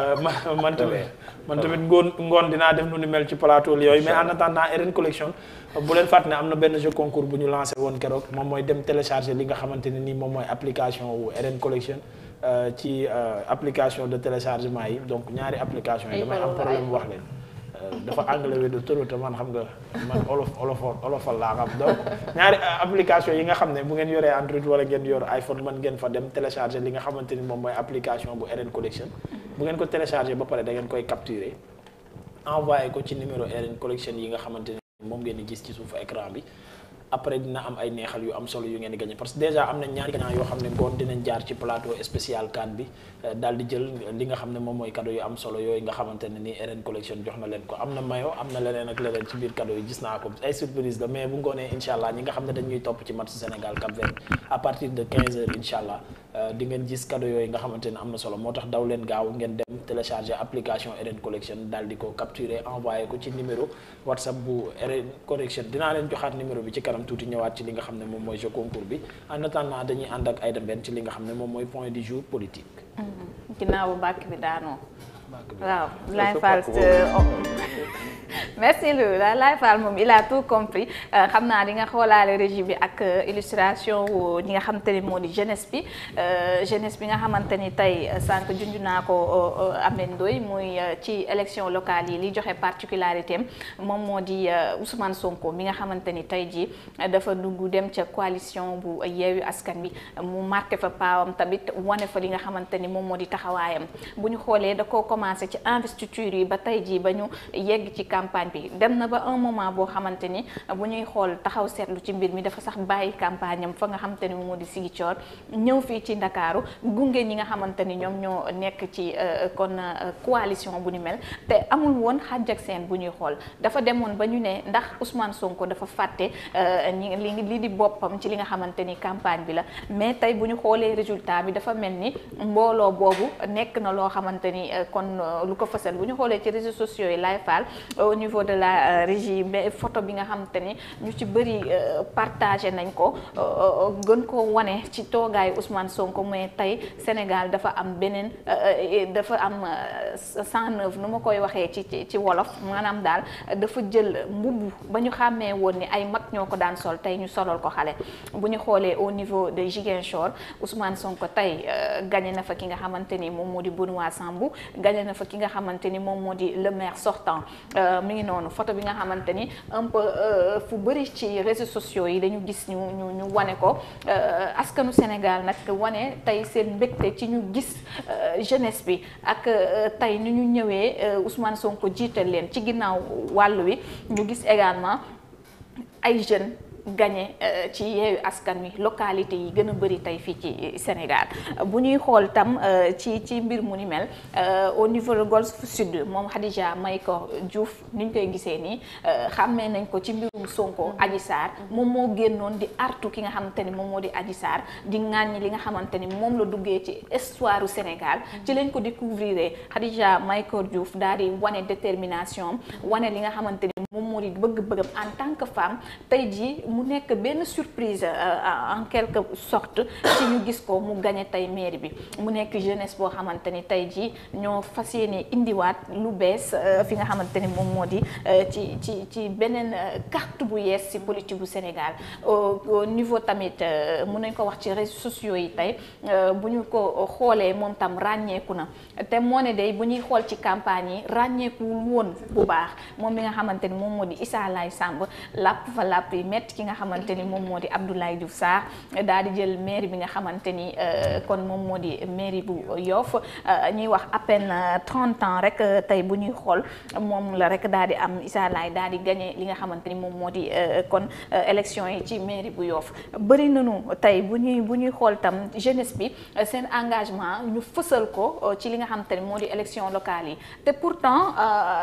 man tamit man tamit ngoon ngoon dinaa dem nu ni mel ci plateau yooyu mais en attendant RN collection. bu leen fàtte ne am na benn jeu concours bu ñu lancé woon keroog moom mooy dem télécharger li nga xamante ne nii moom mooy application wu RN Collection euh, euh, de téléchargement yi donc ñaari application yi damay am problème wax leen euh, dafa anglais wi de trop te man xam nga man olof olof olofal laa xam donc yi nga xam ne bu ngeen yoree Android wala ngeen yor iPhone man ngeen fa dem télécharger li nga xamante ni moom mooy application bu RN Collection bu ngeen ko télécharger ba pare da ngeen koy capturer envoyé ko ci numéro RN Collection yi nga xamante ni moom ngeen di gis ci suufu écran bi après dina am ay neexal yu am solo yu ngeen di gagné parce que déjà am na ñaari gagnant yoo xam ne ngoon dinañ jaar ci plateau spécial CAN bi euh, daal di jël li nga xam ne moom mooy kado yu am solo yooyu nga xamante ne ni RN collection jox na leen ko am na mayo am na leneen ak leneen ci biir kado yi gis naa ko ay surprise la mais bu ngoonee incha allah ñi nga xam ne dañuy topp ci match Sénégal Cap Vert à partir de 15 heures Euh, di ngeen gis yooyu nga xamante ne am na solo moo tax daw leen gaaw ngeen dem télécharger application RN Collection daal di ko capturer envoyé ko ci numéro WhatsApp bu RN Collection dinaa leen joxaat numéro bi ci kanam tuuti ñëwaat ci li nga xam ne moom mooy jeu concours bi en attendant dañuy ànd ak Aïda Mbène ci li nga xam ne moom mooy point du jour politique. Mm-hmm. ginnaaw bàkk bi daanoo. merci Lola Laye Fall moom il a tout compris euh, xam naa di nga xoolaale régi bi ak euh, illustration wu ñi nga xamante ni moo di jeunesse bi euh, jeunesse bi nga xamante ni tey sànq junj naa ko Ameth Ndoye muy ci élection locale yi li joxe particularité am moom moo di Ousmane Sonko mi nga xamante ni tey jii dafa dugg dem ca coalition bu Yewwi Askan Wi mu marqué fa paawam tamit wane fa li nga xamante ni moom moo di taxawaayam bu ñu xoolee da koo commencé ci investiture yi ba tey jii ba ñu yegg ci campagne bi dem na ba un moment boo xamante ni bu ñuy xool taxaw seetlu ci mbir mi dafa sax bàyyi campagne am fa nga xamante ni moo di Ziguinchor ñëw fii ci Ndakaaru gunge ñi nga xamante ni ñoom ñoo nekk ci euh, kon koalition euh, bu ni mel te amul woon xàjj ak bu ñuy xool dafa demoon ba ñu ne ndax Ousmane Sonko dafa fàtte euh, ñi li di boppam ci li nga xamante ni campagne bi la mais tey bu ñu xoolee résultat bi dafa mel ni mbooloo boobu nekk na loo xamante ni kon lu ko fësal bu ñu xoolee ci réseau sociaux yi lay faal au niveau de la euh, régie mais photo bi nga xamante ni ñu ci bëri euh, partagé nañ ko euh, gën koo wane ci toogaayu Ousmane Sonko mais tey Sénégal dafa am beneen dafa am 109 nu ma koy waxee ci ci wolof maanaam daal dafa jël mbubb ba ñu xàmmee woon ni ay mag ñoo ko daan sol tey ñu solal ko xale bu ñu xoolee au niveau de Ziguinchor Ousmane Sonko tey gagné na fa ki nga xamante ni moom moo di Benoît Sambou gañe na fa ki nga xamante ni moom moo di le maire sortant mi ngi noonu photo bi nga xamante ni un peu euh, fu bëri ci réseaux sociaux yi dañu gis ñu ñu wane ko euh, askanu Sénégal nag wane tey seen mbégte ci ñu gis euh, jeunesse bi ak tey ni ñu ñëwee Ousmane Sonko jiital leen ci ginnaaw wàll wi ñu gis également ay jeunes. gagné euh, ci yeewu askan wi localité yi gën a bëri tey fii ci Sénégal bu ñuy xool tam euh, ci ci mbir mu ni mel euh, au niveau de Golf Sud moom Khadija Mahécor Diouf ni ñu koy gisee nii xàmmee nañ ko ci mbirum Sonko Adji Sarr moom moo génnoon di artu ki nga xamante ni moom moo di Adji di ŋàññi li nga xamante ni moom la duggee ci histoire Sénégal ci lañ ko découvrir Khadija Mahécor Diouf daal di wane détermination wane li nga xamante ni moom moo di bëgg-bëggam en tant que femme mu nekk benn surprise euh, euh, en quelque sorte ci ñu gis ko mu gañe tey maire bi mu nekk jeunesse boo xamante ni tey jii ñoo fas yéene indiwaat lu bees euh, fi nga xamante ni moom moo di ci ci ci beneen carte bu yees ci politique bu Sénégal niveau tamit mun nañ ko wax ci réseaux sociaux yi tey bu ñu ko xoolee moom tam ràññeeku na te moo ne dey bu ñuy xool ci campagne yi ràññeeku woon bu baax moom mi nga xamante ni moom moo di Issa Laye Samb làpp fa làpp yi metti ki nga xamante ni moom moo di Abdoulaye Diouf Sarr daal di jël mairie bi nga xamante ni euh, kon moom moo di mairie bu yoof euh, ñuy wax à peine 30 euh, ans rek tey bu ñuy xool moom la rek daal di am Issa Laye daal di gagné li nga xamante ni moom moo di kon élection yi ci mairie bu yoof bëri nañu tey bu ñuy bu ñuy xool tam jeunesse bi seen engagement ñu fësal ko ci li nga xamante ni moo di élection locale yi te pourtant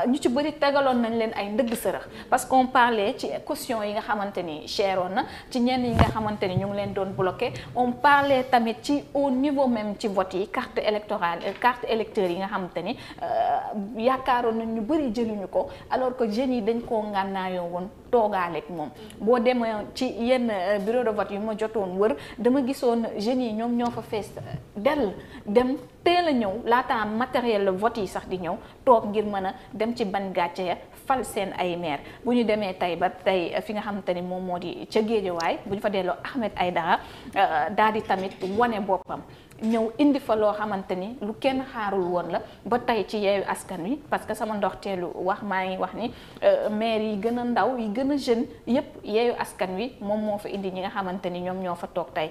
ñu ci bëri tegaloon nañ leen ay ndëgg sërëx parce qu'on parlait ci caution yi nga xamante cheroon na ci ñenn yi nga xamante ni ñu ngi leen doon bloqué on parlait tamit ci au niveau même ci vote yi carte électorale euh, carte électeur yi nga xamante ni euh, yaakaaroon nañ ñu bëri jëluñu ko alors que jeunes yi dañ koo ngànnaayoo woon toogaaleeg moom boo demee ci yenn euh, bureau de vote yu ma jotoon wër dama gisoon jeunes yi ñoom ñoo fa fees dell dem teel a ñëw laata matériel vote yi sax di ñëw toog ngir mën a dem ci ban gàcce fal seen ay maire bu ñu demee tey ba tey fi nga xamante ni moom moo di ca Géejawaay bu ñu fa delloo Ahmed Aïdara euh, daal di tamit wane boppam ñëw indi fa loo xamante ni lu kenn xaarul woon la ba tey ci yeewu askan wi parce que sama ndox teelu wax maa ngi wax ni euh, maire yi gën a ndaw yi gën a jeune yépp yeewu askan wi moom moo fa indi ñi nga xamante ni ñoom ñoo fa toog tey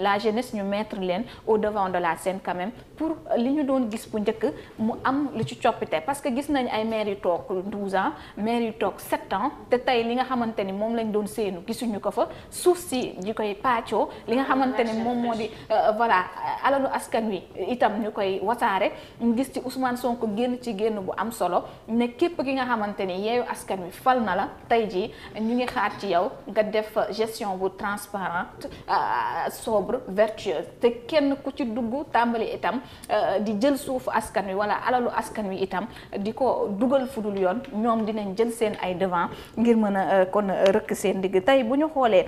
la jeunesse ñu leen au devant de la scène quand pour li ñu doon gis bu njëkk mu am lu ci coppite parce que gis nañ ay maire yu toog 12 ans maire yu toog 7 ans te tey li nga xamante ni moom lañ doon seenu gisuñu ko fa suuf si di koy paccoo li nga xamante ni moom moo di euh, voilà alalu askan wi itam ñu koy wasaare ñu gis ci Ousmane Sonko génn ci génn bu am solo ne képp ki nga xamante ni yeeyu askan wi fal na la tey jii ñu ngi xaar ci yow nga def gestion bu transparente euh, sobre vertueuse te kenn ku ci dugg tàmbali itam euh, di jël suufu askan wi wala alalu askan wi itam di ko dugal fudul yoon ñoom dinañ jël seen ay devant ngir mën a euh, kon rëkk seen digg tey bu ñu xoolee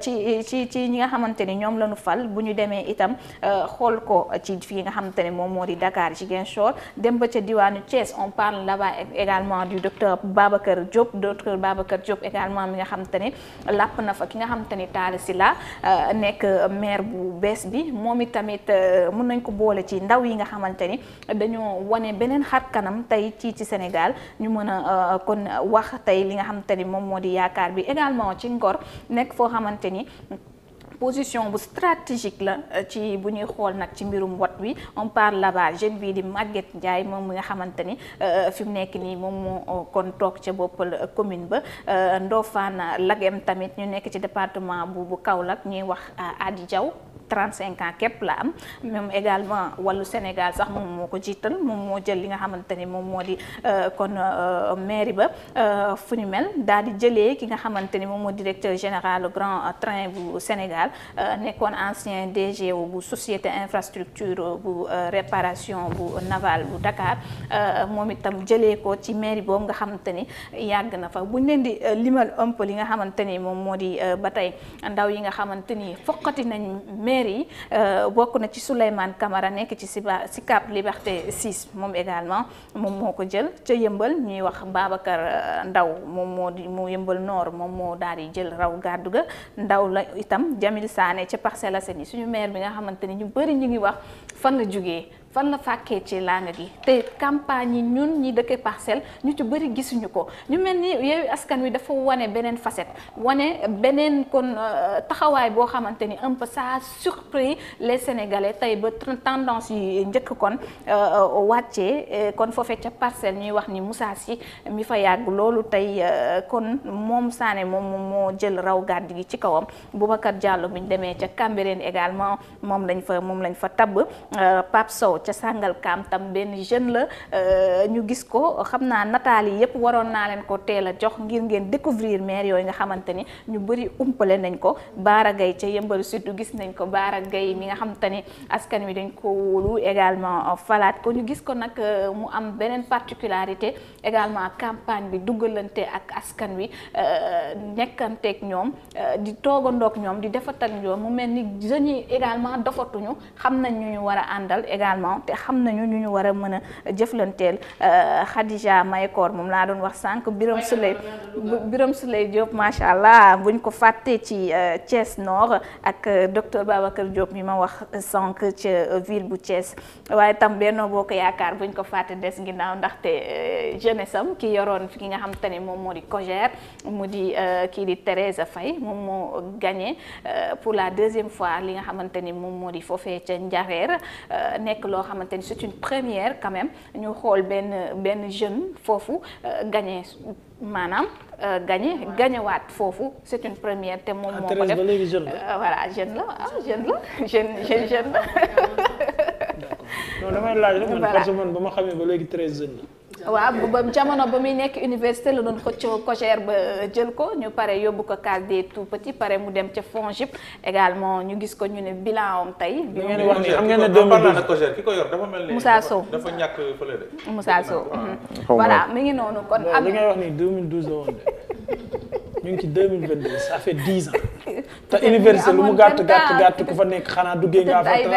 ci ci ci ñi nga xamante ni ñoom lañu fal bu ñu demee itam xool ko ci fii nga xamante ne moom moo di Dakar Ziguinchor dem ba ca diwaanu Thiès on parle là-bas également du docteur Babacar Diop baaba Babacar Diop également mi nga xamante ne làpp na fa ki nga xamante ni Talla la euh, nekk maire bu bees bi moom itamit euh, mun nañ ko boole ci ndaw yi nga xamante ni dañoo wane beneen xar kanam tey ci ci Sénégal ñu mën a euh, kon wax tey li nga xamante ni moom moo di yaakaar bi également ci Ngor nekk foo xamante position bu stratégique la euh, ci bu ñuy xool nag ci mbirum wat wi on parle là-bas jeune bii di Maguette Ndiaye moom mi nga xamante ni euh, fi mu nekk nii moom moo euh, kon toog ca boppal commune ba Ndofane Lagem tamit ñu nekk ci département bu bu Kaolack ñuy wax Adi Diaw 35 ans képp la am moom également wallu Sénégal sax moom moo ko jiital moom moo jël li nga xamante ni moom moo di kon mairie ba fu ñu mel daal di jëlee ki nga xamante ni moom moo directeur général grand train bu Sénégal Sénégal euh, nekkoon ancien DG bu société infrastructure bu euh, réparation bu naval bu Dakar euh, moom itam jëlee ko ci mairie boobu nga xamante ni yàgg na fa buñ leen di limal un li nga xamante ni moom moo di ba tey ndaw yi nga xamante ni foqati nañ mairie yi bokk na ci Souleymane kamara nekk ci si Sicap Liberté 6 moom également moom moo ko jël ca yëmbal ñuy wax Babacar Ndaw moom moo di yëmbal nord moom moo daal di jël raw gàddu ga ndaw la itam jami Jamil Sané ca Parcelles Assainies suñu maire bi nga xamante ni ñu bëri ñu ngi wax fan la jógee fan la fàkkee ci làng gi te campagne yi ñun ñi dëkkee parcelle ñu ci bëri gisuñu ko ñu mel ni Yewwi Askan Wi dafa wane beneen facette wane beneen kon euh, taxawaay boo xamante ni un peu ça a surpris les sénégalais tey ba tendance yi njëkk kon euh, wàcce euh, kon foofe ca parcelle ñuy wax ni Moussa Sy mi fa yàgg loolu tey kon moom Sané moom moo jël raw gàdd gi ci kawam Boubacar Diallo jàll ñu demee ca Cambérène également moom lañ fa moom lañ fa tabb Pape Sow ca Sangalkam tam benn jeune la euh, ñu gis ko xam naa nataal yi yëpp waroon naa leen ko teel a jox ngir ngeen découvrir maire yooyu nga xamante ni ñu bari umpale nañ ko Baara Gaye ca Yëmbal Sud gis nañ ko Baara Gaye mi nga xamante ni askan wi dañ ko wóolu également euh, falaat ko ñu gis ko nag euh, mu am beneen particularité également campagne bi duggalante ak askan wi nekkanteeg ñoom di toogandoog ñoom di defatak ñoom mu mel ni jeunes également dofatuñu xam différent te xam nañu ñu ñu war a mën a jëflanteel euh, Khadija Mahécor moom laa doon wax sànq Biram Souley Biram Souley Diop macha allah buñ ko fàttee ci euh, Thiès noor ak euh, docteur Babacar Diop mi ma wax sànq ca ville bu Thiès waaye tam Benno Bokk Yaakaar buñ ko fàtte des ginnaaw ndaxte jeunesse am ki yoroon ki nga xam te ne moom moo di Cogère mu di kii di Thérèse fay moom moo gagné pour la deuxième fois li nga xamante ni moom moo di foofee ca Njareer nekk loo xamante ni c'est une première quand ñu xool benn benn jeune foofu euh, gagné maanaam euh, gagné gagné waat foofu c'est une première te moom ah, moo ko def euh, voilà jeune la ah jeune la jeune jeune jeune la non damay laaj rek man parce que man ba ma xamee ba léegi treize jeunes la waa ba jamono ba muy nekk université la doon xëccoo cogère ba euh, jël ko ñu pare yóbbu ko case des tout petits pare mu dem ca fon FONGIP également ñu gis ko ñu ne bilan am tey. bi ngeen wax ni am ngeen ne 2012 cogère ki ko yor dafa mel ni. Moussa Sow dafa ñàkk fële de. Moussa Sow ah. mhm. voilà mi ngi noonu kon. am li ngay wax ni 2012 la woon de ñu ngi ci 2022 ça fait 10 ans. te université lu mu gàtt gàtt gàtt ku fa nekk xanaa duggee nga fa. ay 20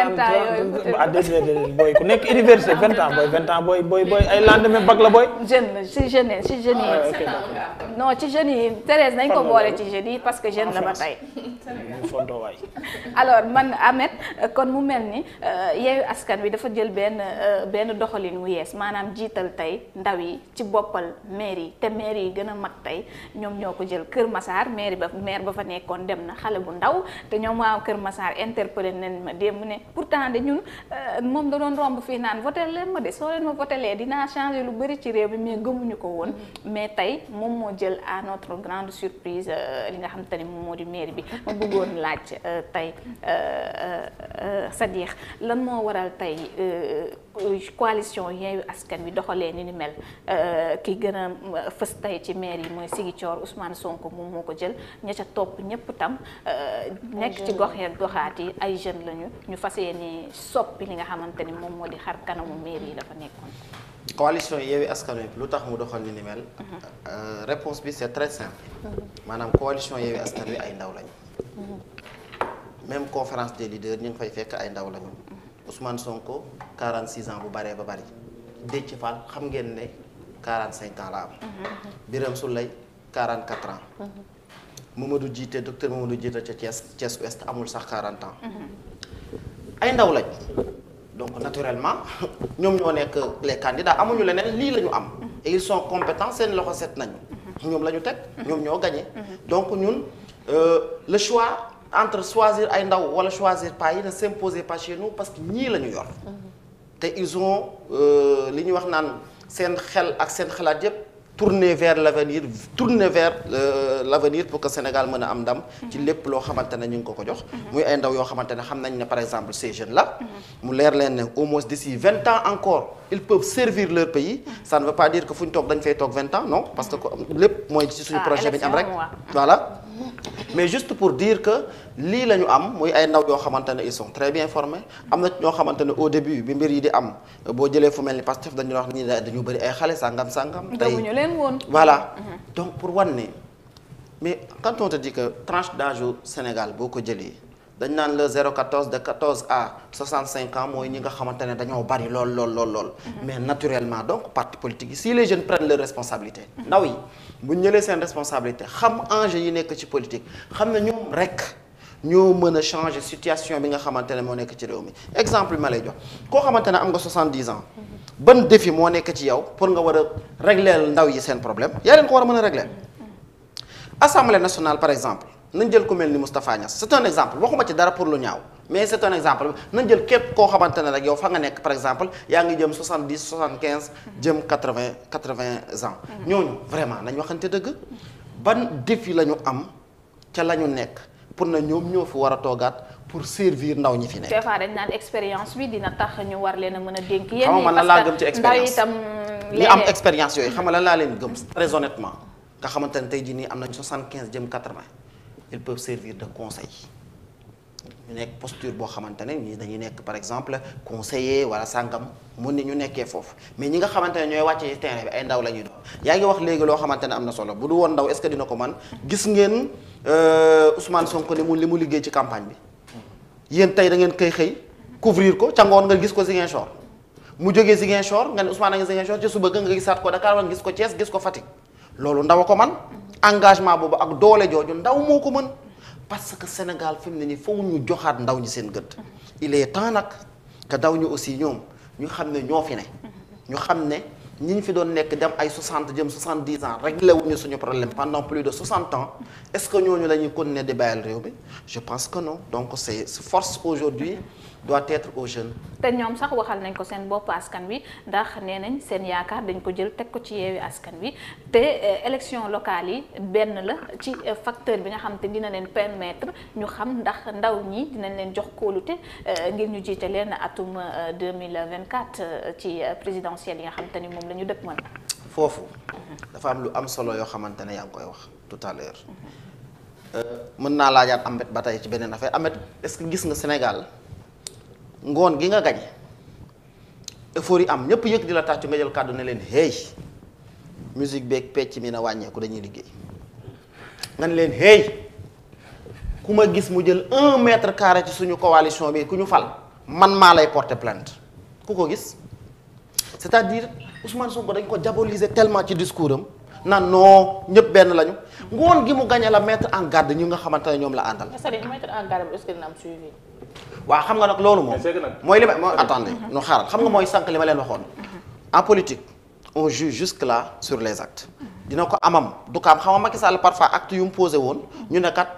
ku nekk université 20 ans booy 20 ans booy booy booy ay lendemain mag la booy. jeune la si jeune si jeune ci jeune yi Thérèse nañ ko boole ci jeune parce que jeune la ba tey. alors man Ahmed kon mu mel ni euh, yeeyu askan wi dafa jël benn euh, benn doxalin wu yees maanaam jiital tey ndaw yi ci boppal maire yi te maire yi gën a mag tey ñoom ñoo ko jël Kër masaar maire ba maire ba fa nekkoon dem na xale bu ndaw te ñoom waaw Kër masaar interpellé nañ ma mu ne pourtant de ñun euh, moom da doon romb fii naan voté leen ma de soo leen ma voté bëri ci réew bi mais gëmuñu ko woon mm-hmm. mais tey moom moo jël à notre grande surprise euh, li nga xam te moom moo di mairie bi ma bëggoon laaj euh, tey euh, c'est-à-dire lan moo waral tey coalition Yewwi Askan Wi doxalee ni ni mel ki gën a fës tey ci maire yi mooy Ziguinchor Ousmane sonk moom moo ko jël ña ca topp ñëpp tam nekk ci gox ya goxaat yi ay jeunes lañu ñu fas ni soppi li nga xamante ni moom moo di xar kanamu maire yi dafa nekkoon coalition Yewwi Askan Wi lu tax mu doxal ni ni mel. Uh-huh. réponse bi c'est très simple. Uh-huh. maanaam coalition Yewwi Askan Wi ay ndaw lañu. Uh-huh. même conférence des leaders ñu ngi fay fekk ay ndaw lañu. Ousmane Sonko 46 ans bu baree ba bari. Déthié Fall xam ngeen ne 45 ans la am. Birame Souleye 44 ans. Mamadou Djité docteur Mamadou Djité ca Thiès Thiès Ouest amul sax 40 ans. ay ndaw lañ. donc naturellement ñoom ñoo nekk les candidats amuñu leneen lii la ñu am. et ils sont compétents seen loxo set nañu. ñoom la ñu teg ñoom ñoo gagné. donc ñun euh, le choix entre choisir ay ndaw wala choisir pas yi ne s'imposer pas chez nous parce que ñii la ñu yor. te ils ont euh, li ñu wax naan seen xel ak seen xalaat yëpp. tourner vers l'avenir tourner vers euh, l'avenir pour que Sénégal mën a am ndam ci mhm. lépp loo xamante ne ñu ngi ko ko jox mhm. muy ay ndaw yoo xamante ne xam nañ ne par exemple ces jeunes la mhm. mu leer leen ne au moins d'ici vingt ans encore ils peuvent servir leur pays ça ne veut pas dire que fu ñu toog dañ fay toog vingt ans non parce que lépp mooy ci suñu ah, projet bi ñu am rek voilà mais juste pour dire que lii la ñu am muy ay ndaw yoo xamante ne ils très bien formés am na ñoo xamante ne au début bi mbir yi di am boo jëlee fu mel ni Pastef dañu wax ni dañu bëri ay xale sàngam sàngam. tey ñu leen woon. voilà mhm. donc pour wan ne mais quand on te dit que tranche d'âge Sénégal boo ko jëlee. dañ naan le 014 de 14 à 65 ans mooy ñi nga xamante ne dañoo bari lool lool lool lool. Mm-hmm. mais naturellement donc parti politique yi si les jeunes prennent leur responsabilité. Mm-hmm. ndaw yi bu ñu jëlee seen responsabilité xam enjeu yi nekk ci politique xam na ñoom rek ñoo mën a changer situation bi nga xamante ne moo nekk ci réew mi exemple bi ma lay jox koo xamante ne am nga 70 ans. Mm-hmm. ban défi moo nekk ci yow pour nga war a régler ndaw yi seen problème yaa ko war mën a régler. assemblée nationale par exemple. nañ jël ku mel ni Moustapha Niass c'est un exemple waxuma ci dara pour lu ñaaw mais c'est un exemple nañ jël képp koo xamante ne rek yow fa nga nekk par exemple yaa ngi jëm 70 75 jëm 80 80 ans. Mm-hmm. ñooñu vraiment nañ waxante dëgg ban défi la ñu am ca la ñu nekk pour na ñoom ñoo fi war a toogaat pour servir ndaw ñi fi nekk. des fois dañ naan expérience bi dina tax ñu war leen a mën a dénk. yéen ñi parce que ndaw itam ñi am expérience yooyu xam nga lan laa leen gëm très honnêtement nga xamante ne tey jii nii am nañ 75 jëm 80. ils peuvent servir de conseil ñu nekk posture boo xamante ne dañuy nekk par exemple conseiller wala sàngam mun ni ñu nekkee foofu mais ñi nga xamante ñooy wàcce ci terrain bi ay ndaw la ñuy yaa ngi wax léegi loo xamante am na solo bu du woon ndaw est dina ko man gis ngeen euh, Ousmane Sonko li mu mu liggéey ci campagne bi yéen tey da ngeen xëy couvrir ko cangoon nga gis ko Ziguinchor mu jógee Ziguinchor nga ne Ousmane a ngi Ziguinchor ci suba nga gisaat loolu ndaw a ko man engagement boobu ak doole jooju ndaw moo ko mën parce que Sénégal fi mu ne nii foofu ñu joxaat ndaw ñi seen gët il est temps nag que ndaw ñi aussi ñoom ñu xam ne ñoo fi ne. ñu xam ne ñi ñu fi doon nekk dem ay 60 jëm 70 ans réglé wuñu suñu problème pendant plus de 60 ans est-ce que ñooñu la ñuy continuer di bàyyil réew bi je pense que no donc c'est force aujourd'hui doit être aux jeunes. te ñoom sax waxal nañ ko seen bopp askan wi ndax nee nañ seen yaakaar dañ ko jël teg ko ci yeewi askan wi te eh, élection locale yi benn la ci eh, facteur bi nga xam te dina leen permettre ñu xam ndax ndaw ñi dinañ leen jox kóolute eh, ngir ñu jiite leen atum 2024 ci présidentielle yi nga xam ni moom la ñu dëkk man foofu dafa am lu am solo yoo xamante ne yaa ngi koy wax tout à mm-hmm. euh, mën naa laajaat Ameth ba tey ci beneen affaire Ameth est que gis nga Sénégal ngoon gi nga gañe effort yi am ñëpp yëg di la tàccu nga jël kàddu ne leen hey musique beeg pecc mi na wàññeeku dañuy liggéey nga ne leen hey ku ma gis mu jël un mètre carré ci suñu coalition bi ku ñu fal man maa lay porter plainte ku ko gis c'est-à-dire Ousmane Sonko dañ ko diaboliser tellement ci discours am na non ñëpp benn lañu ngoon gi mu gañe la mettre en garde ñi nga xamante ne ñoom la àndal. mettre waaw xam nga nag loolu moom mooy li ma mooy attendez nu xaaral xam nga mooy sànq li waxoon en politique on juge jusque là sur les actes dina ko amam du am xam a Macky Sall parfois acte yu mu posé woon ñu ne kat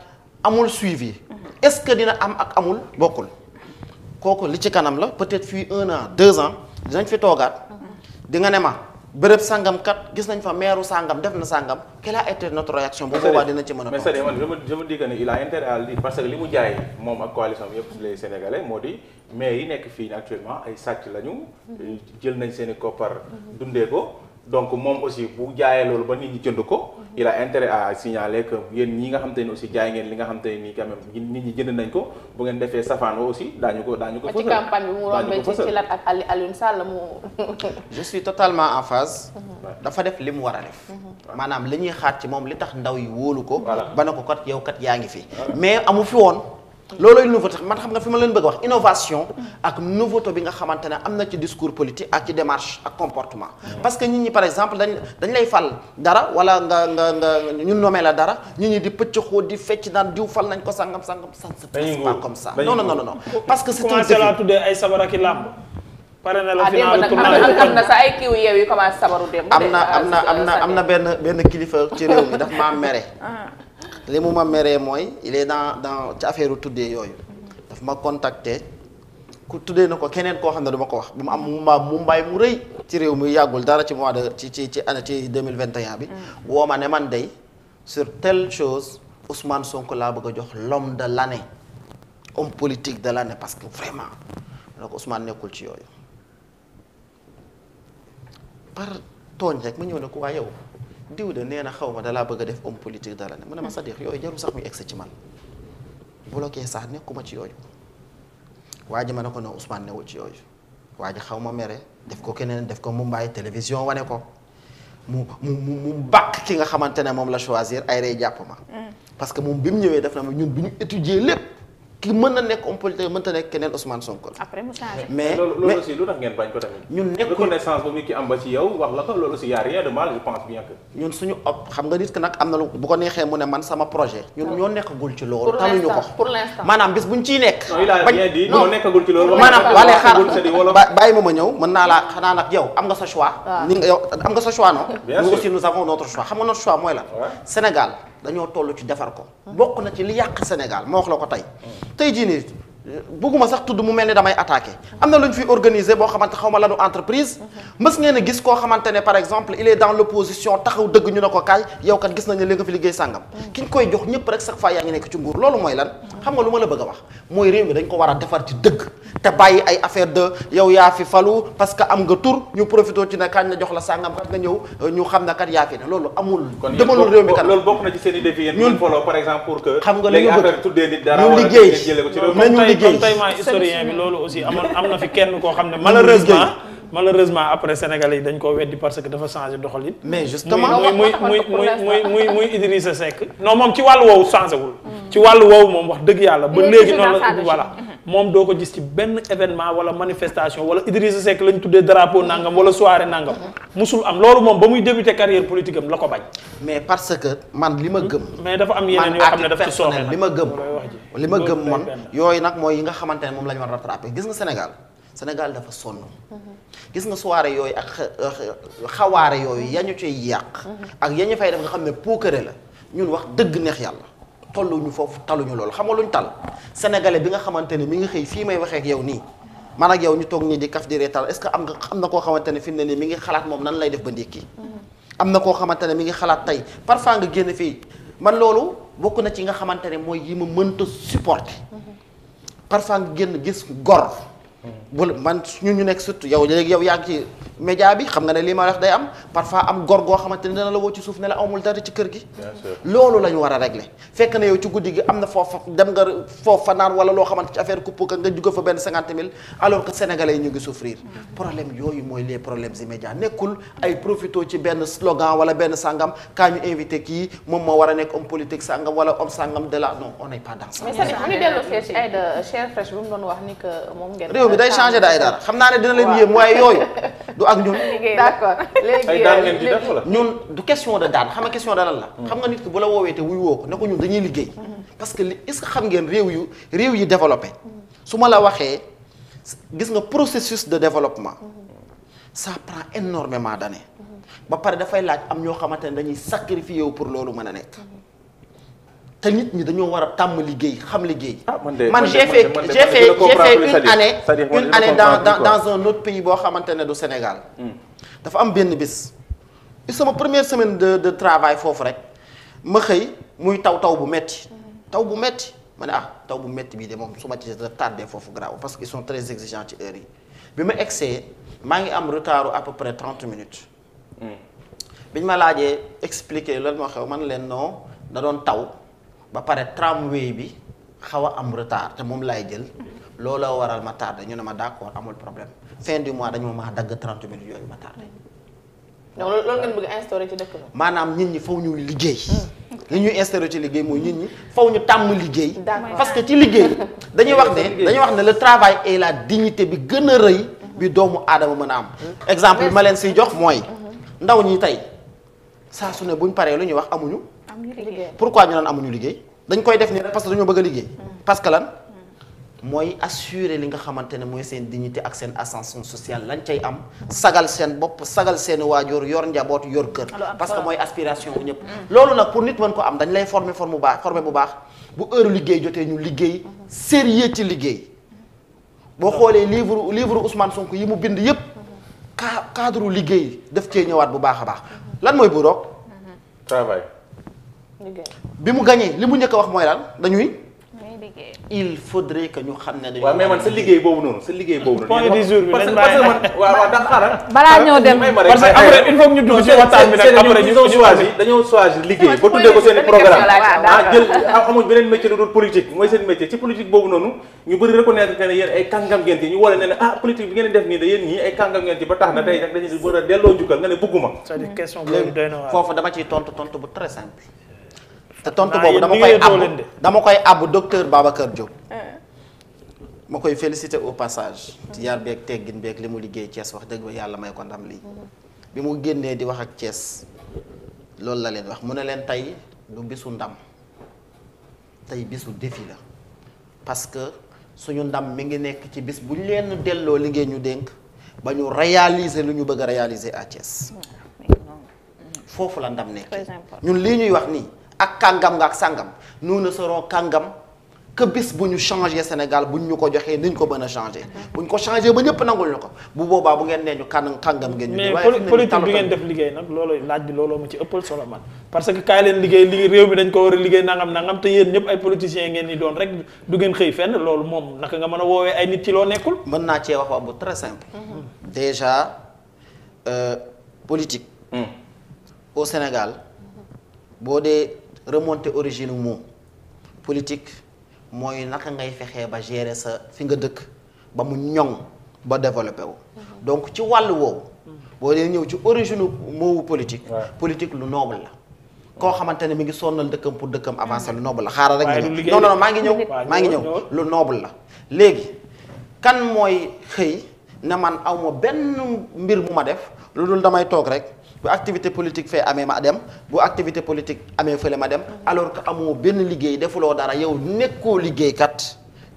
amul suivi est-ce que dina am ak amul bokkul kooku li ci kanam la peut-être fii un an deux ans dinañ fi toogaat dinga nga ne ma bërëb sangam kat gis nañ fa meeru sangam def na sangam quelle a été notre réaction. bu boobaa dina ci mën a mais c'est man je me dis ma ne il a intérêt à le dire parce que li mu jaay moom ak coalition bi yëpp les sénégalais moo di mais yi nekk fii actuellement ay sàcc lañu. Mhm. jël nañ seen i koppar dundee ko. donc moom aussi bu jaayee loolu ba nit ñi jënd ko mhm. il a intérêt à signaler que yéen ñi nga xam te ni aussi jaay ngeen li nga xam te ni quand même nit ñi jënd nañ ko bu ngeen defee safaan aussi daañu ko daañu ko fësal ci campagne bi mu rombee ci ci Lat ak Aliou Sall mu je suis totalement en phase mhm. dafa def li mu war a def mhm. maanaam li ñuy xaar ci moom li tax ndaw yi wóolu ko ba na ko kat yow kat yaa ngi fi mais amu fi woon loolu nouveau tax man xam nga fi ma leen bëgg wax innovation ak nouveauté bi nga xamante ne am na ci discours politique ak ci démarche ak comportement parce que nit ñi par exemple dañ dañ lay fal dara wala nga nga nga ñu nommé la dara nit ñi di pëcc xóot di fecc naan diw nañ ko sangam sangam ça se comme ça non non non non parce que c'est un défi commencé laa tuddee ay sabar ah, am na sa ay kiw yeew yu commencé sabaru démb am na am na euh, am na am na benn benn kilifa ci réew mi daf maa mere ah. li mu ma meree mooy il dan dans dans ci affaire tuddee yooyu daf ma contacter ku tuddee na ko keneen koo xam ne du ko wax ba mu am mumba mumbaay mu rëy ci réew mi yàggul dara ci mois de ci ci ci année ci 2021 bi mm. woo ma ne man day sur telle chose Ousmane Sonko laa bëgg a jox lom de l'année homme politique de l'année parce que vraiment donc Ousmane nekkul ci yooyu par tooñ rek ma ñëw ne ko waa yow diw de nee na xaw ma dalaa bëgg a def homme politique dala ne mu ne ma Sadiq yooyu jarul sax muy egsi ci man bloqué sax nekkuma ci yooyu waa ji ma ne ko ne Ousmane newul ci yooyu waa ji xaw ma mere def ko keneen def ko mu Mumbai télévision wane ko mu mu mu mu bàq ki nga xamante ne moom la choisir ay rey jàpp ma mm. parce que moom bi mu ñëwee def na ma ñun bi ñu étudier lépp ki mën na nekk homme politique mën ta nekk keneen Ousmane Sonko la. après mu changé. mais loolu aussi lu tax ngeen bañ ko tamit. ñun nekkul reconnaissance boobu ki am ba ci yow wax la ko loolu aussi y a rien de mal je pense bien que. ñun suñu op xam nga nit ki nag am na lu bu ko neexee mu ne man sama projet. ñun ñoo nekkagul ci loolu. taluñu ko pour l'instant maanaam bis buñ ciy nekk. non il a rien dit ñoo nekkagul ci loolu. maanaam wala xaar bàyyi ma ma ñëw mën naa laa xanaa nag yow am nga sa choix. Ah. ni nga yow am nga sa choix non. bien sûr nous aussi nous avons notre choix xam nga notre choix mooy la Sénégal dañoo toll ci defar ko bokk na ci li yàq Sénégal ma wax la ko tey mm. tey jii nii bëgguma sax tudd mu mel ni damay attaqué am na lu ñu fi organisé boo xamante xaw ma lanu entreprise mës ngeen a gis koo xamante ne par exemple il est dans ko a war a defar ci dëgg te bàyyi ay affaire de yow yaa fi falu parce que am nga tur ñu profité ci ne kañ la jox la sàngam kat nga ñëw euh, ñu xam ne kat yaa fi ne loolu amul demalul réew mi kat loolu bokk par exemple pour que xam nga lu ñu bëgg liggéey historien bi loolu aussi amoon am na fi kenn koo xam ne malheureusement malheureusement après sénégal yi dañ koo weddi parce que dafa changé doxalin. mais justement muy muy muy muy muy muy Idrissa Seck. non moom ci wàllu woowu changé wul. Mm. ci wàllu woowu moom wax dëgg yàlla ba léegi noonu la voilà. Mm-hmm. moom doo ko gis ci benn événement wala manifestation wala Idrissa Seck lañ tuddee drapeau nangam wala soirée nangam. Mm-hmm. musul am loolu moom ba muy débuté carrière politique am la ko bañ. mais parce que man li ma gëm. Mm-hmm. mais dafa am yeneen yoo xam ne daf ci sooxe li ma gëm. li ma gëm man yooyu nag mooy yi nga xamante ne moom la ñu war a gis nga Sénégal. Sénégal dafa sonn. gis nga soirée yooyu ak xawaare yooyu yañu ñu ciy yàq. ak ya ñu fay def nga xam ne puukare la ñun wax dëgg neex yàlla. tolluñu foofu taluñu loolu xam nga luñ tal sénégalais bi nga xamante ne mi nga xëy fii may waxeek yow nii man ak yow ñu toog nii di kaf di tal est que am nga am na koo xamante ne fi mu ne nii mi ngi xalaat moom nan lay def ba ndékki. am na koo xamante ne mi ngi xalaat tey parfois nga génn fii man loolu bokk na ci nga xamante ne mooy yi ma mënta supporter. parfois nga génn gis gor. wala man suñu ñu nekk surtout yow yaa ngi ci média bi xam nga ne lii ma wax day am parfois am góor xamante ni dana la woo ci suuf ne la amul dara ci kër gi. loolu la ñu war a régler fekk na yow ci guddi gi am na foofa dem nga foofa naan wala loo xamante ka nga jugg fa benn cinquante mille alors que sénégalais yi ñu ngi souffrir. problème yooyu mooy sangam kaa ñu invité kii moom moo war a nekk homme politique sangam wala homme sangam de la non pas dans mais Sani bu ñu dellu Fresh bu mu doon wax ni que moom ngeen. changé daay dara xam naa ne dina leen yéem waaye yooyu du ak ñun d'accord du question de daan xam nga question de hmm. xam nga nit ki bu la woowee te wuy woo ko ne ko ñun dañuy liggéey parce que li est-ce que xam ngeen réew yu réew yi développé hmm. su ma la waxee gis nga processus de développement ça prend énormément d'années hmm. ba pare dafay laaj am ñoo xamante ne dañuy sacrifier wu pour loolu mën a nekk te nit ñi dañoo war a tàmm liggéey xam liggéey. ah man de man de j'ai fait j'ai fait une année une année dans un autre pays boo xamante ne du Sénégal. Hmm. dafa am benn bés. sama première semaine de de travail foofu rek ma xëy muy taw taw bu metti taw bu metti ma ne ah taw bu metti bii de moom su ma ci def tardé foofu grave parce qu'ils son très exigeants ci heure yi bi ma egsee maa ngi am retard à peu près trente minutes. Hmm. biñ ma laajee expliquer lan moo xew man leen non da taw. ba pare tramway bi xaw a am retard te moom laay jël looloo waral ma tardé ñu ne ma d'accord amul problème fin du mois dañu ma dagg 30 minutes yooyu ma tardé. donc loolu ngeen bëgg instauré maanaam nit ñi faw ñu liggéey. Hmm, li ñu instauré ci liggéey mooy nit ñi faw ñu tàmm liggéey. parce que ci liggéey dañuy wax ne dañuy wax ne le travail et la dignité bi gën a rëy. Hmm. bi doomu aadama mën a am. Hmm. exemple ma leen siy jox mooy. ndaw ñi tey saa su ne buñ paree lu ñuy wax amuñu. pourquoi ñu naan amuñu liggéey dañ koy def nii rek parce que dañoo bëgg a liggéey mm. parce lan mm. mooy assurer li nga xamante ne mooy seen dignité ak seen ascension sociale lañ cay am sagal seen bopp sagal seen waajur yor njaboot yor kër parce que mooy aspiration wu ñëpp mm. loolu nag pour nit mën ko am dañ lay former forme bu baax former bu bu heure liggéey jotee ñu liggéey mm-hmm. sérieux ci liggéey mm-hmm. boo xoolee livre livre Ousmane Sonko yi mu bind yépp mm-hmm. cadre liggéey def cee ñëwaat bu baax a baax lan mooy buroog travail bi mu gagné li mu njëkk wax mooy lan dañuy. il faudrait que ñu xam ne dañuy. waaw mais man sa liggéey boobu noonu sa liggéey ba tuddee ko seen programme ah jël ah, amuñ beneen métier lu dul politique mooy seen métier ci politique boobu noonu ñu bëri reconnaître que ne yéen ay kàngam ngeen ñu wala ne ah politique bi ngeen def nii da yéen ñii ay kàngam ngeen ba tax na tey a delloo njukkal nga ne bugguma. foofu dama ciy tontu tontu bu très simple te tontu boobu dama koy àbb dama koy àbb docteur Babacar Diop. Ah. ma koy féliciter au passage. ci yar beeg teggin beeg li mu liggéey Thiès wax dëgg ba yàlla may ko ndam lii. Mm-hmm. bi mu génnee di wax ak Thiès loolu la leen wax mu ne leen tey du bisu ndam tey bisu défi la parce que suñu ndam mi ngi nekk ci bis bu ñu leen delloo liggéey ñu dénk ba ñu réaliser lu ñu bëgg a réaliser à Thiès. Mm-hmm. foofu la ndam nekk ñun lii ñuy wax nii. ak kàngam nga ak sàngam nous ne serons kàngam que bis bu ñu changé Sénégal bu ñu ko joxee ni ko mën a changé. bu ñu ko changé ba ñëpp nangul ñu ko bu boobaa bu ngeen nee ñu kàn kàngam ngeen. ñu mais def liggéey nag looloo laaj bi looloo mu ci ëppal que kaay leen li réew mi dañ ko war a liggéey nangam nangam te yéen ñëpp ay politiciens ngeen ni doon rek du ngeen xëy fenn loolu moom naka nga mën a woowee ay nit ci loo nekkul. mën naa cee wax wax bu très simple. Mhm. déjà euh, politique. Mm. au Sénégal boo dee. remonter origine mu politique mooy naka ngay fexee ba gérer sa fi nga dëkk ba mu ñoŋ ba développé wu. Mhm. donc ci wàll woowu. Mhm. boo dee ñëw ci origine moowu politique. politique lu noble la. koo xamante ne mi ngi sonnal dëkkam pour dëkkam avancer lu noble la xaaral rek. nga ñëw non non maa ngi ñëw maa ngi ñëw lu noble la. léegi kan mooy xëy na man awma benn mbir mu ma def lu dul damay toog rek. bu activité politique fee amee ma dem bu activité politique amee fële ma dem alors que amoo benn liggéey defuloo dara yow nekkoo liggéeykat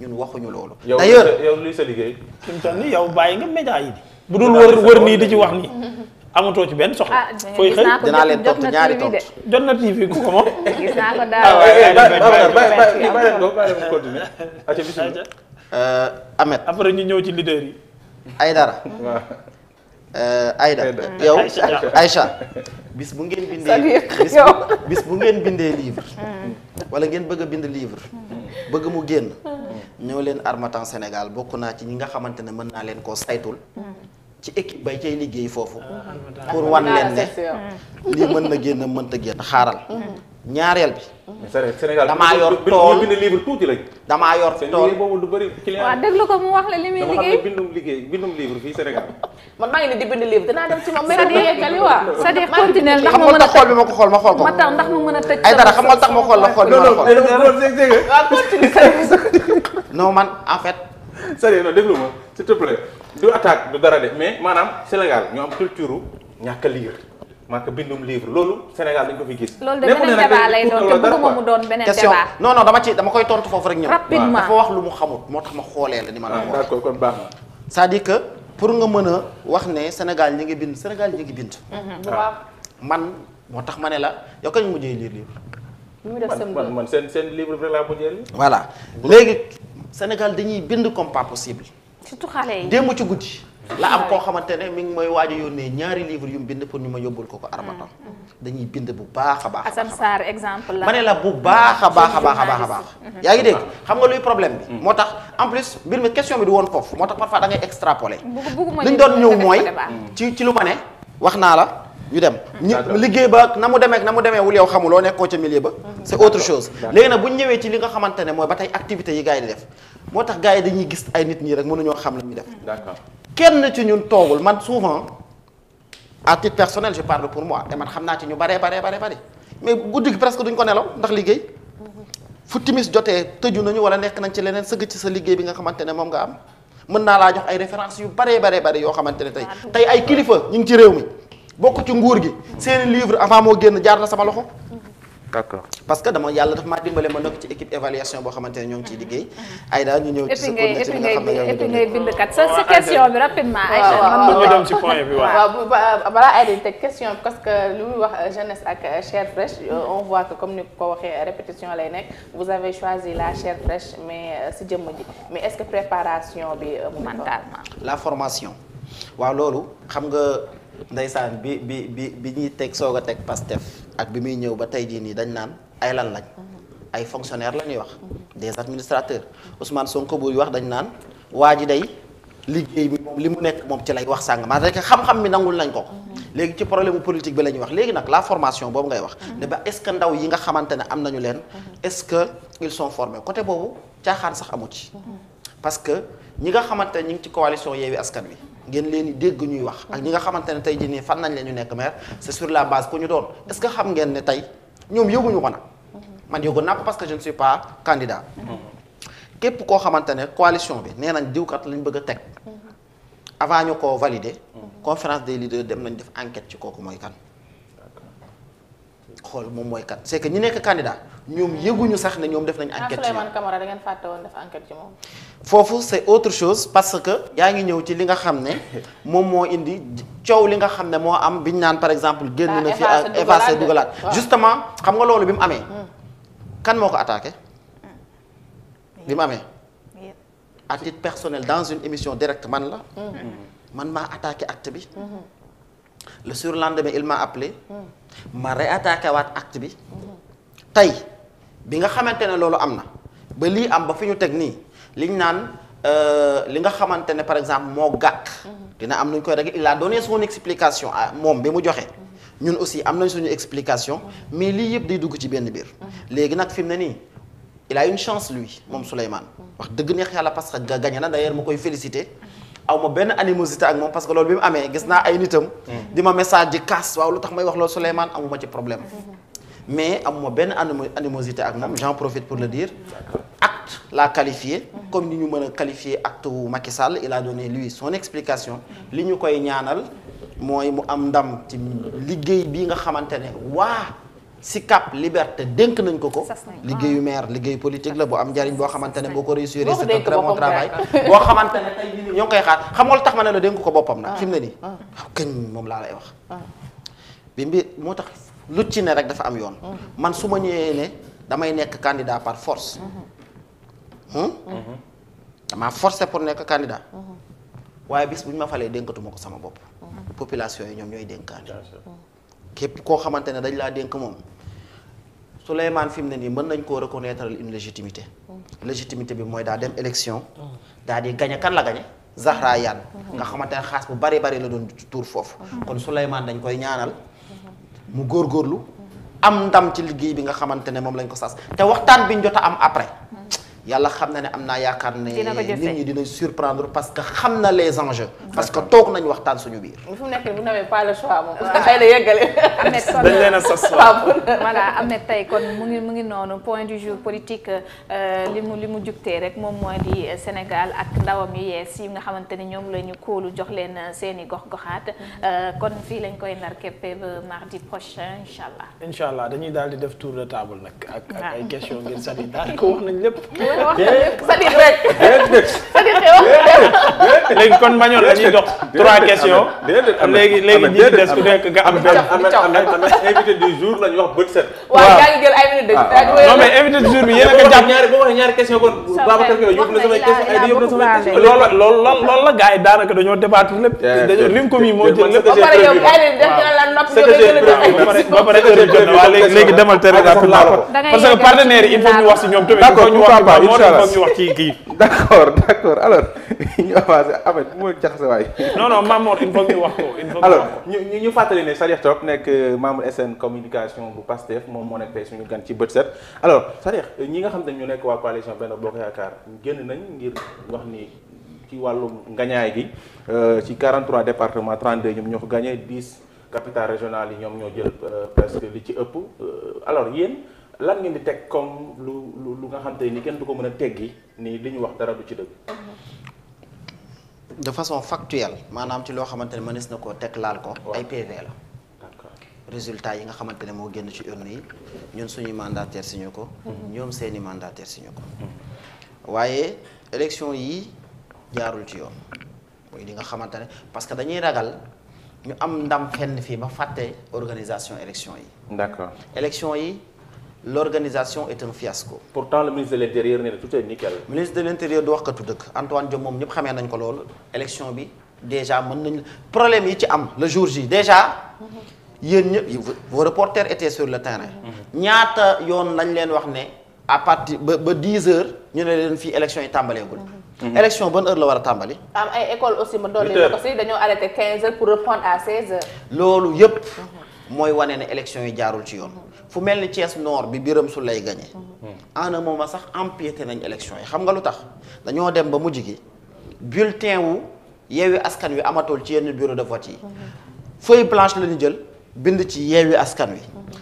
ñun waxuñu loolu. d'ailleurs yow luy sa liggéey. fi mu yow bàyyi nga média yi. bu dul wër wër nii di ci wax nii. amatoo ci benn soxla. Ah, fooy xëy dinaa leen tontu ñaari tontu. jot na TV ku ko moom. gis naa ko daal euh, Ahmed après ñu ñëw ci leader yi. ay dara. Eh, Aïda yow Aïcha bis bu ngeen bindee bis bu ngeen bindee livre hmm. wala ngeen bëgg a bind livre hmm. bëgg mu génn hmm. ñëw leen Harmattan Sénégal bokk naa ci ñi nga xamante ne mën naa leen koo saytul ci équipe bay cay liggéey foofu ah, pour wan leen ne lii mën na génn mënta génn xaaral ñaareel bi. Sénégal damaa yor tool bind livre tuuti lañ. damaa yor tool boobu du bëri client. waaw déglu ko mu wax la li muy liggéey dama xam ne bindum liggéey bindum livre fii Sénégal. man maa ngi nii di bind livre dinaa dem ci moom. mais nag mu yeggali waa c'est-à-dire continuer ndax ma mën a xool bi ma ko xool ma xool ko. ma tax ndax ma mën a tëj. ay dara xam nga tax ma xool la xool bi man en fait. sérieux non déglu ma s'il te plaît du attaque du dara de mais maanaam Sénégal ñoom culture ñàkk a maaka bindum livre loolu Sénégal dañ ko fi gis. loolu de beneen débat lay doon te bëgguma mu doon beneen débat non non dama ci dama koy tontu foofu rek ñëw. rapidement dafa wax lu mu xamut moo tax ma xoolee la ni ma la ah, wax. d'accord kon baax na. c'est-à-dire que pour nga mën a wax ne Sénégal ñi ngi bind Sénégal ñi ngi bind. Mhm, ah. waaw man moo tax ma ne la yow kañ mujjee lire livre. mu def seen man man seen seen livre bi laa mujjee lire. voilà léegi Sénégal dañuy bind comme pas possible. surtout xale yi démb ci guddi. la am koo xamante ne mi ngi mooy waaj a yónnee ñaari livre yu mu bind pour ñu ma yóbbul ko ko Armaton mm. dañuy bind bu baax a baax Assane Sarr exemple la ma la bu baax a baax a baax a baax a baax mm-hmm. yaa ngi dégg mm-hmm. xam nga luy problème bi mm. moo tax en plus mbir mi question bi du woon foofu moo tax parfois da ngay extrapoler li ñu doon ñëw mooy ci ci lu ma ne wax naa la ñu dem hmm. ñu liggéey ba na mu demee na mu demee wul yow xamuloo nekkoo ca milieu ba hmm. c'est autre chose léegi nag bu ñu ñëwee ci li nga xamante ne mooy ba tey activités yi gars def moo tax gars yi dañuy gis ay nit ñi rek mënuñoo xam la ñuy def hmm. kenn ci ñun toogul man souvent à titre personnel je pour moi te xam naa ci ñu bare bare bare bare mais guddi presque duñ ko nelaw ndax liggéey fu timis jotee tëju nañu wala nekk nañ ci leneen sëgg ci sa liggéey bi nga xamante ne moom nga am mën naa laa jox ay références yu bare bare bare yoo xamante ne tey ah, tey ay kilifa ñu ngi ci réew mi bokk ci nguur gi seeni livre avant moo génn jaar na sama loxo parce que dama yàlla dafa maa dimbale ma nekk ci équipe évaluation boo xamante ne ñoo ngi ciy liggéey. ñu ñëw ci sa coordinateur bi bi rapidement. Aïcha mën nga dem ci point bi parce que lu muy wax euh, jeunesse ak euh, chair fraîche euh, on voit que comme ni ko waxee répétition lay nekk vous avez choisi la chair fraîche mais si jëmm ji mais est-ce que préparation bi mentalement. la formation waaw loolu xam nga. ndeysaan bi bi bi bi ñuy teg soog a teg pastef ak bi muy ñëw ba tey jii nii dañ naan ay lan lañ ay fonctionnaires la ñuy wax des administrateurs Ousmane Sonko buy wax dañ naan waa ji day liggéey bi moom li mu nekk moom ci lay wax sàng maa rek xam-xam mi nangul nañ ko léegi ci problème politique bi la ñuy wax léegi nag la formation boobu ngay wax ne ba est ndaw yi nga xamante ne am nañu leen est-ce que ils sont formés côté boobu caaxaan sax amu ci parce que ñi nga xamante ne ñi ngi ci coalition Yewwi Askan Wi ngeen leen di dégg ñuy wax ak ñi nga xamante ne tey jii nii fan nañ leen ñu nekk maire c'est sur la base ku ñu doon est-ce que xam ngeen ne tey ñoom yëguñu ko nag man yëgu naa ko parce que je ne pas candidat képp koo xamante ne coalition bi nee nañ diwkat lañ bëgg a teg avant ñu koo valider conférence des leaders dem nañ def enquête ci kooku mooy kan xool moom mooy kan c'est que ñi nekk candidat ñoom yëguñu sax ne ñoom def nañ ah, enquête ci Souleymane Camara da ngeen fàtte woon def foofu c'est autre chose parce que. yaa ngi ñëw ci li nga xam ne moom moo indi joow li nga xam ne moo am bi ñu naan par exemple. génn na fi ak effacé dugalaat justement xam nga loolu bi mu amee. Hmm. kan moo ko attaqué. Hmm. bi mu amee. à titre personnel émission directe man la. Hmm. man maa attaqué acte bi. le surlendemain il m'a appelé. ma réattaqué waat bi. tey. bi nga xamante ne loolu am na ba lii am ba fi ñu teg nii liñ naan euh, li nga xamante ne par exemple moo gàkk. Mm-hmm. dina am nu ñu koy rek il a donné son explication ah moom bi mu joxe. Mm-hmm. ñun aussi am nañ suñu explication. Mm-hmm. mais lii yëpp day dugg ci benn biir. léegi nag fi mu ne nii il a une chance lui moom Souleymane. wax dëgg neex yàlla parce que gagné na d'ailleurs ma koy félicité. aw ma benn animosité ak moom parce que loolu bi mu amee gis naa ay nitam. di ma message di kaas lu tax may wax loolu Souleymane amuma ci problème. mais amuma benn animosité ak moom j'en profite pour le dire acte l'a qualifié comme ni ñu mën a qualifier acte wu Macky Sall il a donné lui son explication li ñu koy ñaanal mooy mu am ndam ci liggéey bi nga xamante ne si Sicap Liberté dénk nañ ko ko liggéeyu maire liggéey politique la bu am njariñ boo xamante ne boo ko réussir c'est un très bon travail boo xamante ne tey jii ñoo koy xaar xam nga tax ma ne la dénk ko boppam nag ah. fi mu ne nii waaw ah. kañ moom laa lay wax ah. lu ci ne rek dafa am yoon. man su ma ñëwee ne damay nekk candidat par force. Hmm? damaa forcé pour nekk candidat. waaye bis bu ñu ma falee dénkatuma ko sama bopp. population yi ñoom ñooy dénkaane. képp koo xamante ne dañ laa dénk moom. Souleymane fi mu ne nii mën nañ koo reconnaître une légitimité. légitimité bi mooy daa dem élection. daa di gañe kan la gañe Zahra Iyane. nga xamante ne bu bari bari la doon tuur foofu. Hmm. kon Souleymane dañ koy ñaanal. mu góor góorlu am ndam ci liggéey bi nga xamante ne moom lañ ko sas te waxtaan bi ñu jot a am après yàlla xam na ne am naa yaakaar ne nit ñi dina surprendre parce que xam na les enjeux parce que toog nañu waxtaan suñu biir fu mu nekk bu nawee pas le choix moom xëy na yëggale Ahmed kon dañ leen a sas euh, euh, voilà tey kon mu ngi mu ngi noonu point du jour politique euh, li mu li mu jugtee rek moom mooy di Sénégal ak ndawam yu yees nga xamante ni ñoom la ñu kóolu jox leen seen gox-goxaat mm-hmm. kon fii lañ koy nar keppe ba mardi prochain incha allah incha dañuy daal di def tour de table nag ak ak ay question ngir sani daal ko wax nañ lépp sëñ bi rek. déedéet. sëñ bi wax léegi kon mañoon la ñuy jox trois questions. léegi léegi ñi ci des ku nekk nga am benn. invité du la ñu wax bët set. waaw waaw yaa ngi jël ay minutes ah, ah, non mais invité du jour bi yéen a ko jàpp ñaari boo waxee ñaari question kon Babacar Kébé yóbbu na samay question ay di la gars yi daanaka dañoo débattre lépp dañoo lim ko mi moo jël lépp ba pare yow gars yi def na la nopp ba pare demal tere rapidement parce que partenaires yi il ñu wax si ñoom tamit il ñu wax ci ñu avancé Ahmed bu ma jaxase waay. non non Mamour il faut wax ko il faut alors ñu ñu fàttali ne Sadiq Top nekk euh, membre communication bu PASTEF moom moo nekk suñu gan ci bët set alors Sadiq ñi nga xam ne ñu nekk waa coalition Benno Bokk Yaakaar nañ ngir wax ni ci wàllum ngañaay gi euh, ci 43 département 32 ñoom ñoo ko gagné 10 capitales régionales yi ñoom ñoo jël euh, presque li ci ëpp alors yéen. lan ngeen di teg comme lu lu nga xam te ni kenn du ko mën a teggi nii li ñu wax dara du ci dëgg. de façon factuelle maanaam ci loo xamante ne mënees na koo teg laal ko. ay PV la. résultat yi nga xamante ne moo génn ci urne yi ñun suñu mandataire signé ko. Mhm. ñoom seeni mandataire signé ko. Mhm. waaye élection yi jaarul ci yoon. mooy li nga xamante ne parce que dañuy ragal ñu am ndam fenn fii ba fàtte organisation élection yi. d'accord yi. l'organisation est un fiasco. pourtant le ministre de l'intérieur nee na tout ministre de l'intérieur du wax katu dëkk Antoine Diome moom xamee nañ ko loolu élection bi déjà mën nañ problème yi ci am le jour J déjà. yéen ñëpp vos reporters étaient sur le terrain. ñaata yoon lañ leen wax ne à partir ba ba 10 ñu ne leen fii élection yi tàmbaleegul. élection bonne heure la war a tàmbali. am ay école aussi ma dolli ko si dañoo arrêté 15 heures pour reprendre à heures. loolu yëpp. mooy wane ne élection yi jaarul ci yoon fu mel ni Thiès noor bi su lay gagné en moom a sax empiété nañ élection yi xam nga lu tax dañoo dem ba mujj gi bulletin wu yeewi askan wi amatul ci yenn bureau de vote yi feuille blanche la ñu jël bind ci yeewi askan wi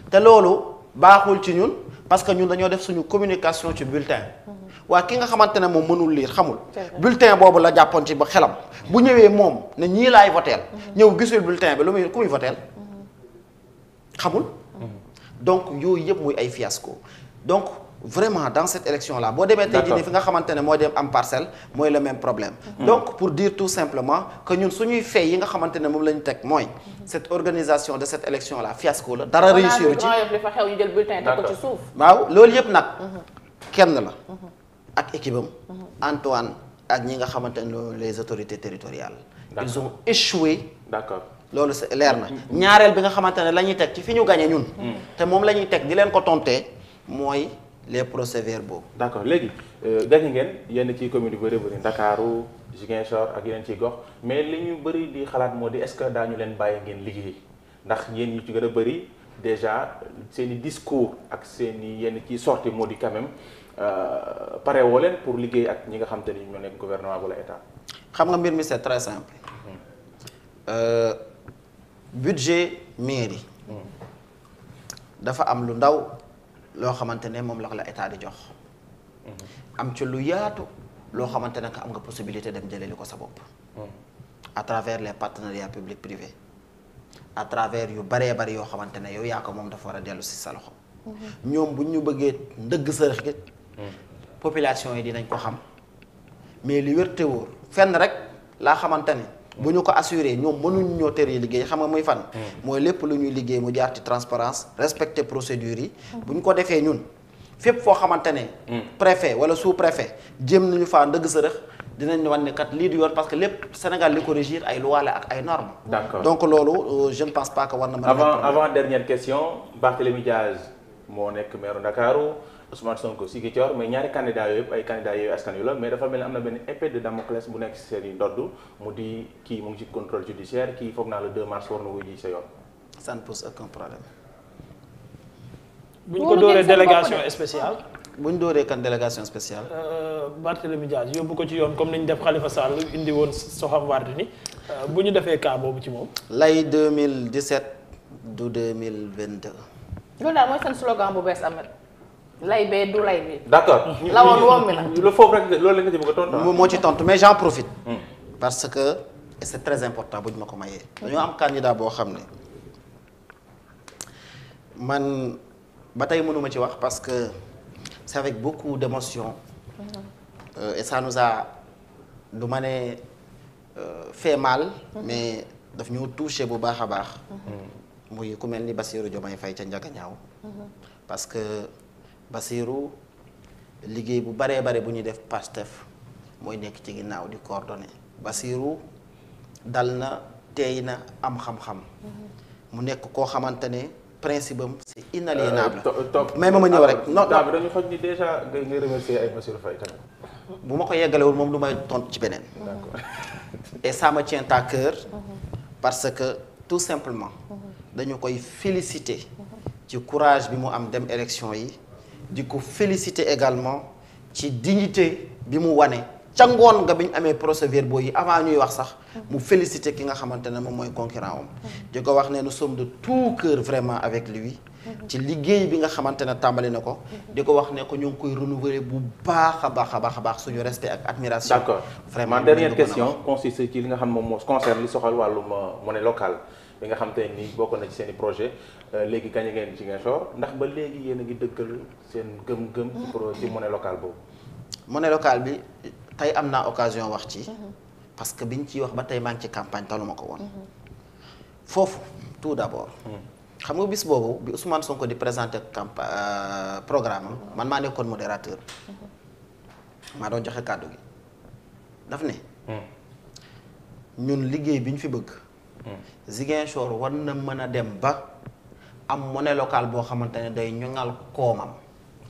te loolu baaxul ci ñun parce que ñun dañoo def suñu communication ci bulletin waa ki nga xamante ne moom mënul liir xamul bulletin boobu la jàppoon ci ba xelam bu ñëwee moom ne ñii laay voteel mm-hmm. ñëw gisul bulletin bi lu muy ku muy voteel xamul donc yooyu yëpp muy ay fiasco donc vraiment dans cette élection là boo demee tey jii nii fi nga xamante ne mooy dem am parcelle mooy le même problème mm-hmm. donc pour dire tout simplement que ñun suñuy fay yi nga xamante ne moom la ñu teg mooy mm-hmm. cette organisation de cette élection là fiasco la dara réussir ci waaw loolu yëpp nag mm-hmm. kenn la ak équipe am Antoine ak ñi nga xamante ne les autorités territoriales ils ont échoué loolu leer na ñaareel bi nga xamante ne la ñuy teg ci fi ñu gañee ñun. te moom la ñuy teg di leen ko tontee mooy les procès-verbaux. d'accord léegi gañe euh, ngeen yenn ci commune yu bëri bëri Ndakaaru Ziguinchor ak yeneen ci gox mais li ñu bëri di xalaat moo di est-ce que daañu leen bàyyi ngeen liggéey ndax yéen ñu ci gën a bëri déjà seen i discours ak seen i yenn ci sortie moo di quand même euh, woo leen pour liggéey ak ñi nga xam te ni ñoo nekk gouvernement wala état. xam nga mbir mi c'est très simple. Mm-hmm. Euh, budget mairie dafa am lu ndaw loo xamante ne moom la la état di jox am ci lu yaatu loo xamante ne am nga possibilité dem jëlee li ko sa bopp à travers les partenariats public privé à travers yu baree bari yoo xamante ne yow yaa ko moom dafa war a dellu si sa loxo ñoom bu ñu bëggee ndëgg sërëx gi population yi dinañ ko xam mais li wérte fenn rek laa xamante ne bu ñu ko assuré ñoom mënuñ ñoo tere liggéey xam nga muy fan. Hmm. mooy lépp lu ñuy liggéey mu jaar ci transparence respecter procédures yi. bu ñu ko defee ñun fépp foo xamante ne. Hmm. préfet wala sous préfet jéem nañu faa ndëgg sa rëx dinañ wan ne kat lii du yoon parce que lépp Sénégal li ko régir ay loi la ak ay normes. donc loolu euh, je ne pense pas que war na mën a. avant avant dernière question Barthélémy Diaz moo nekk maire Ndakaaru Ousmane Sonko si Ziguinchor mais ñaari candidat yooyu yëpp ay candidat yooyu askan yu la mais dafa mel am na benn épée de Damoclès bu nekk seen i ndodd mu di kii mu ngi ci contrôle judiciaire kii foog naa le 2 mars war na wuy sa yoon. ça ne pose problème. bu ñu ko dooree délégation spéciale. bu ñu dooree kan délégation spéciale. Euh, ko ci yoon comme ni ñu def Khalifa Sall indi woon Soham Wardini euh, bu ñu defee cas boobu ci moom. lay 2017 du 2022. loolu daal mooy seen slogan bu bees Ameth. lay bee du lay bi. d'accord hmm. lawoon woon mi la. Hmm. loolu moo ci tontu mais j'en profite. Hmm. parce que et c'est très important bu ñu ma ko mayee. dañoo am candidat boo xam ne man ba tey mënuma ci wax parce que c'est avec beaucoup d'émotion. Mm-hmm. Euh, et ça nous a ma ne euh, fait mal. Mm-hmm. mais daf ñu touché bu baax a baax. Mm-hmm. Mm. muy ku mel ni Bassirou Diomaye Faye ca Ndiaga Niaw parce que. Basiru liggéey bu baree bare bu ñuy def Pastef mooy nekk ci ginnaaw di coordonné basiiru dal na teey na am xam-xam mu nekk koo xamante ne principe am c'est inaliénable euh, mais ma ma ñëw rek non dañu xoj ni déjà ngay remercier ay bu ma ko yeggalewul moom lu may tontu ci beneen et ça me tient mhm. parce que tout simplement mhm. dañu koy féliciter ci courage bi mu am dem élection yi di ko félicité également ci dignité bi mu wane ca ngoon nga bi ñu amee procès-verbaux yi avant ñuy wax sax mu féliciter ki nga xamante ne moom mooy concurrent am di ko wax ne nous tout cœur vraiment avec lui ci liggéey bi nga xamante ne tàmbali na ko di ko wax ne ko ñu ngi koy renouveler bu baax a baax a baax a baax suñu respect ak admiration d'accord vraiment ma dernière question consiste ci nga xam moom moo concerne li soxal wàllum monnaie local bi nga xam te nii bokk na ci seen i projet euh, léegi kañ ngeen ci ngeen ndax ba léegi yéen a ngi dëggal seen gëm-gëm ci pro ci monnaie locale boobu. monnaie locale bi tey am naa occasion wax ci. Mhm. parce que biñ ciy wax ba tey maa ngi ci campagne taluma ko woon. Mhm. foofu tout d'abord. Mhm. xam nga bis boobu bi Ousmane Sonko di présenter camp euh, programme man maa nekkoon modérateur. maa doon joxe kàddu gi daf ne. ñun liggéey bi ñu fi bëgg. Ziguinchor war na mën a dem ba am monnaie local boo xamante ne day ñoŋal koomam.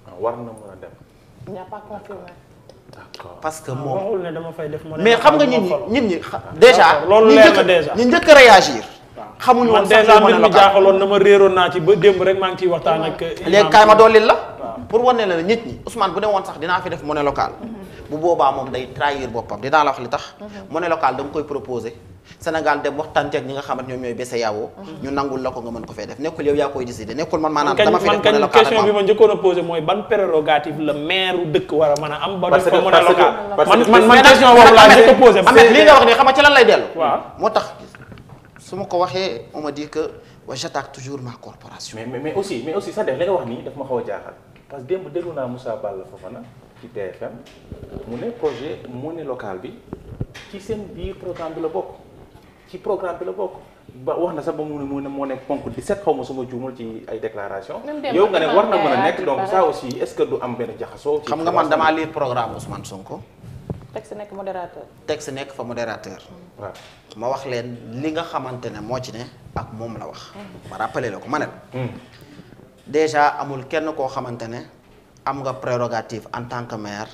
Ah, war na mën a dem. a pas parce que ah, moom waxul ne dama fay def monnaie mais xam nga nit ñi nit ñi déjà. loolu leer na déjà ñu njëkk a réagir. xamuñu woon sax déjà mbir mi ma réeroon naa ci ba démb rek maa ngi ci waxtaan ak. léegi kaay ma dollil la. pour wane la nit ñi Ousmane bu ne woon sax dinaa fi def monnaie locale. Mhm. bu boobaa moom day trahir boppam dinaa la wax li tax. Mhm. monnaie locale dama koy proposer. Sénégal dem waxtaan ak ñi nga xamante ñoom ñooy BCEAO mhm. ñu nangul la ko nga mën ko fee def nekkul yow yaa koy décider nekkul man maanaam dama fi def man ma njëkkoon a mooy ban prérogative la maire dëkk war a mën a am ba def ko man a posé amet waxee m'a dit que wa j'attaque toujours ma corporation mais mais aussi mais a jaaxal parce que démb déglu naa Moussa Balla Fofana ci TFM mu ne projet mu ne local bi ci seen biir programme bi la bokk ci programme bi la bokk ba wax na sax ba mu ne mu ne moo nekk ponk 17 xaw ma suma juumul ci ay déclaration yow nga ne war na mën a nekk ah, donc ça aussi est-ce que du am benn jaxasoo xam nga man damaa lire programme Ousmane Sonko texte nekk modérateur texte nekk fa modérateur ma wax leen li nga xamante ne moo ci ne ak moom la wax mm. ma rappelé la ko ma ne mm. déjà amul kenn koo xamante ne am nga prérogative en tant que maire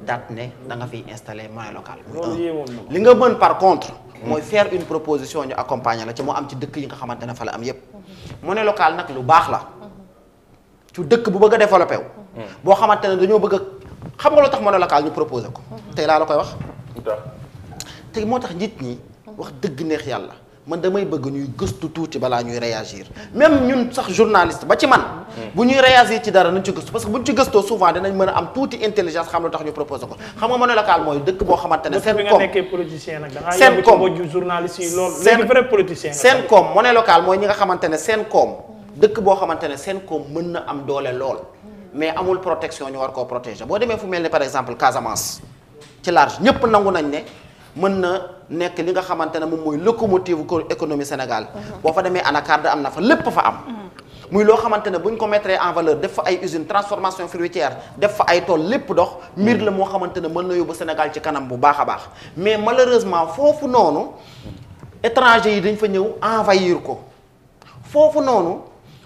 date ne da nga fiy installé local li nga mën par contre mooy fair une proposition ñu accompagner la ci moo am ci dëkk yi nga xamante ne fa la am yépp monnaie locale nag lu baax la ci dëkk bu bëgg a développé wu boo xamante ne dañoo bëgg xam nga loo tax monnaie locale ñu proposé ko mm-hmm. tey laa la koy wax tey moo tax nit ñi wax dëgg neex yàlla man damay bëgg ñuy gëstu tuuti balaa ñuy réagir même ñun sax journaliste ba ci man. bu ñuy réagir ci dara nañ ci gëstu parce que buñ ci gëstoo souvent dinañ mën a am tuuti intelligence xam lu tax ñu proposé ko xam nga mën ne. seen koom bi nga nekkee politicien nag. seen koom journaliste yi loolu léegi vrai politicien seen koom monnaie locale mooy ñi nga xamante seen koom. dëkk boo xamante ne seen koom mën na am doole lool mais amul protection ñu war koo protéger boo demee fu mel ne par exemple Casamance ci large ñëpp nangu nañ ne mën na nekk li nga xamante ne moom mooy locomotive économie Sénégal boo fa demee anacarde am na fa lépp fa am muy loo xamante ne bu ko mettre en valeur def fa ay usine transformation fruitière def fa ay tool lépp dox mbir la moo xamante ne mën na yóbbu Sénégal ci kanam bu baax a baax mais malheureusement foofu noonu étrangers yi dañ fa ñëw envahir ko foofu noonu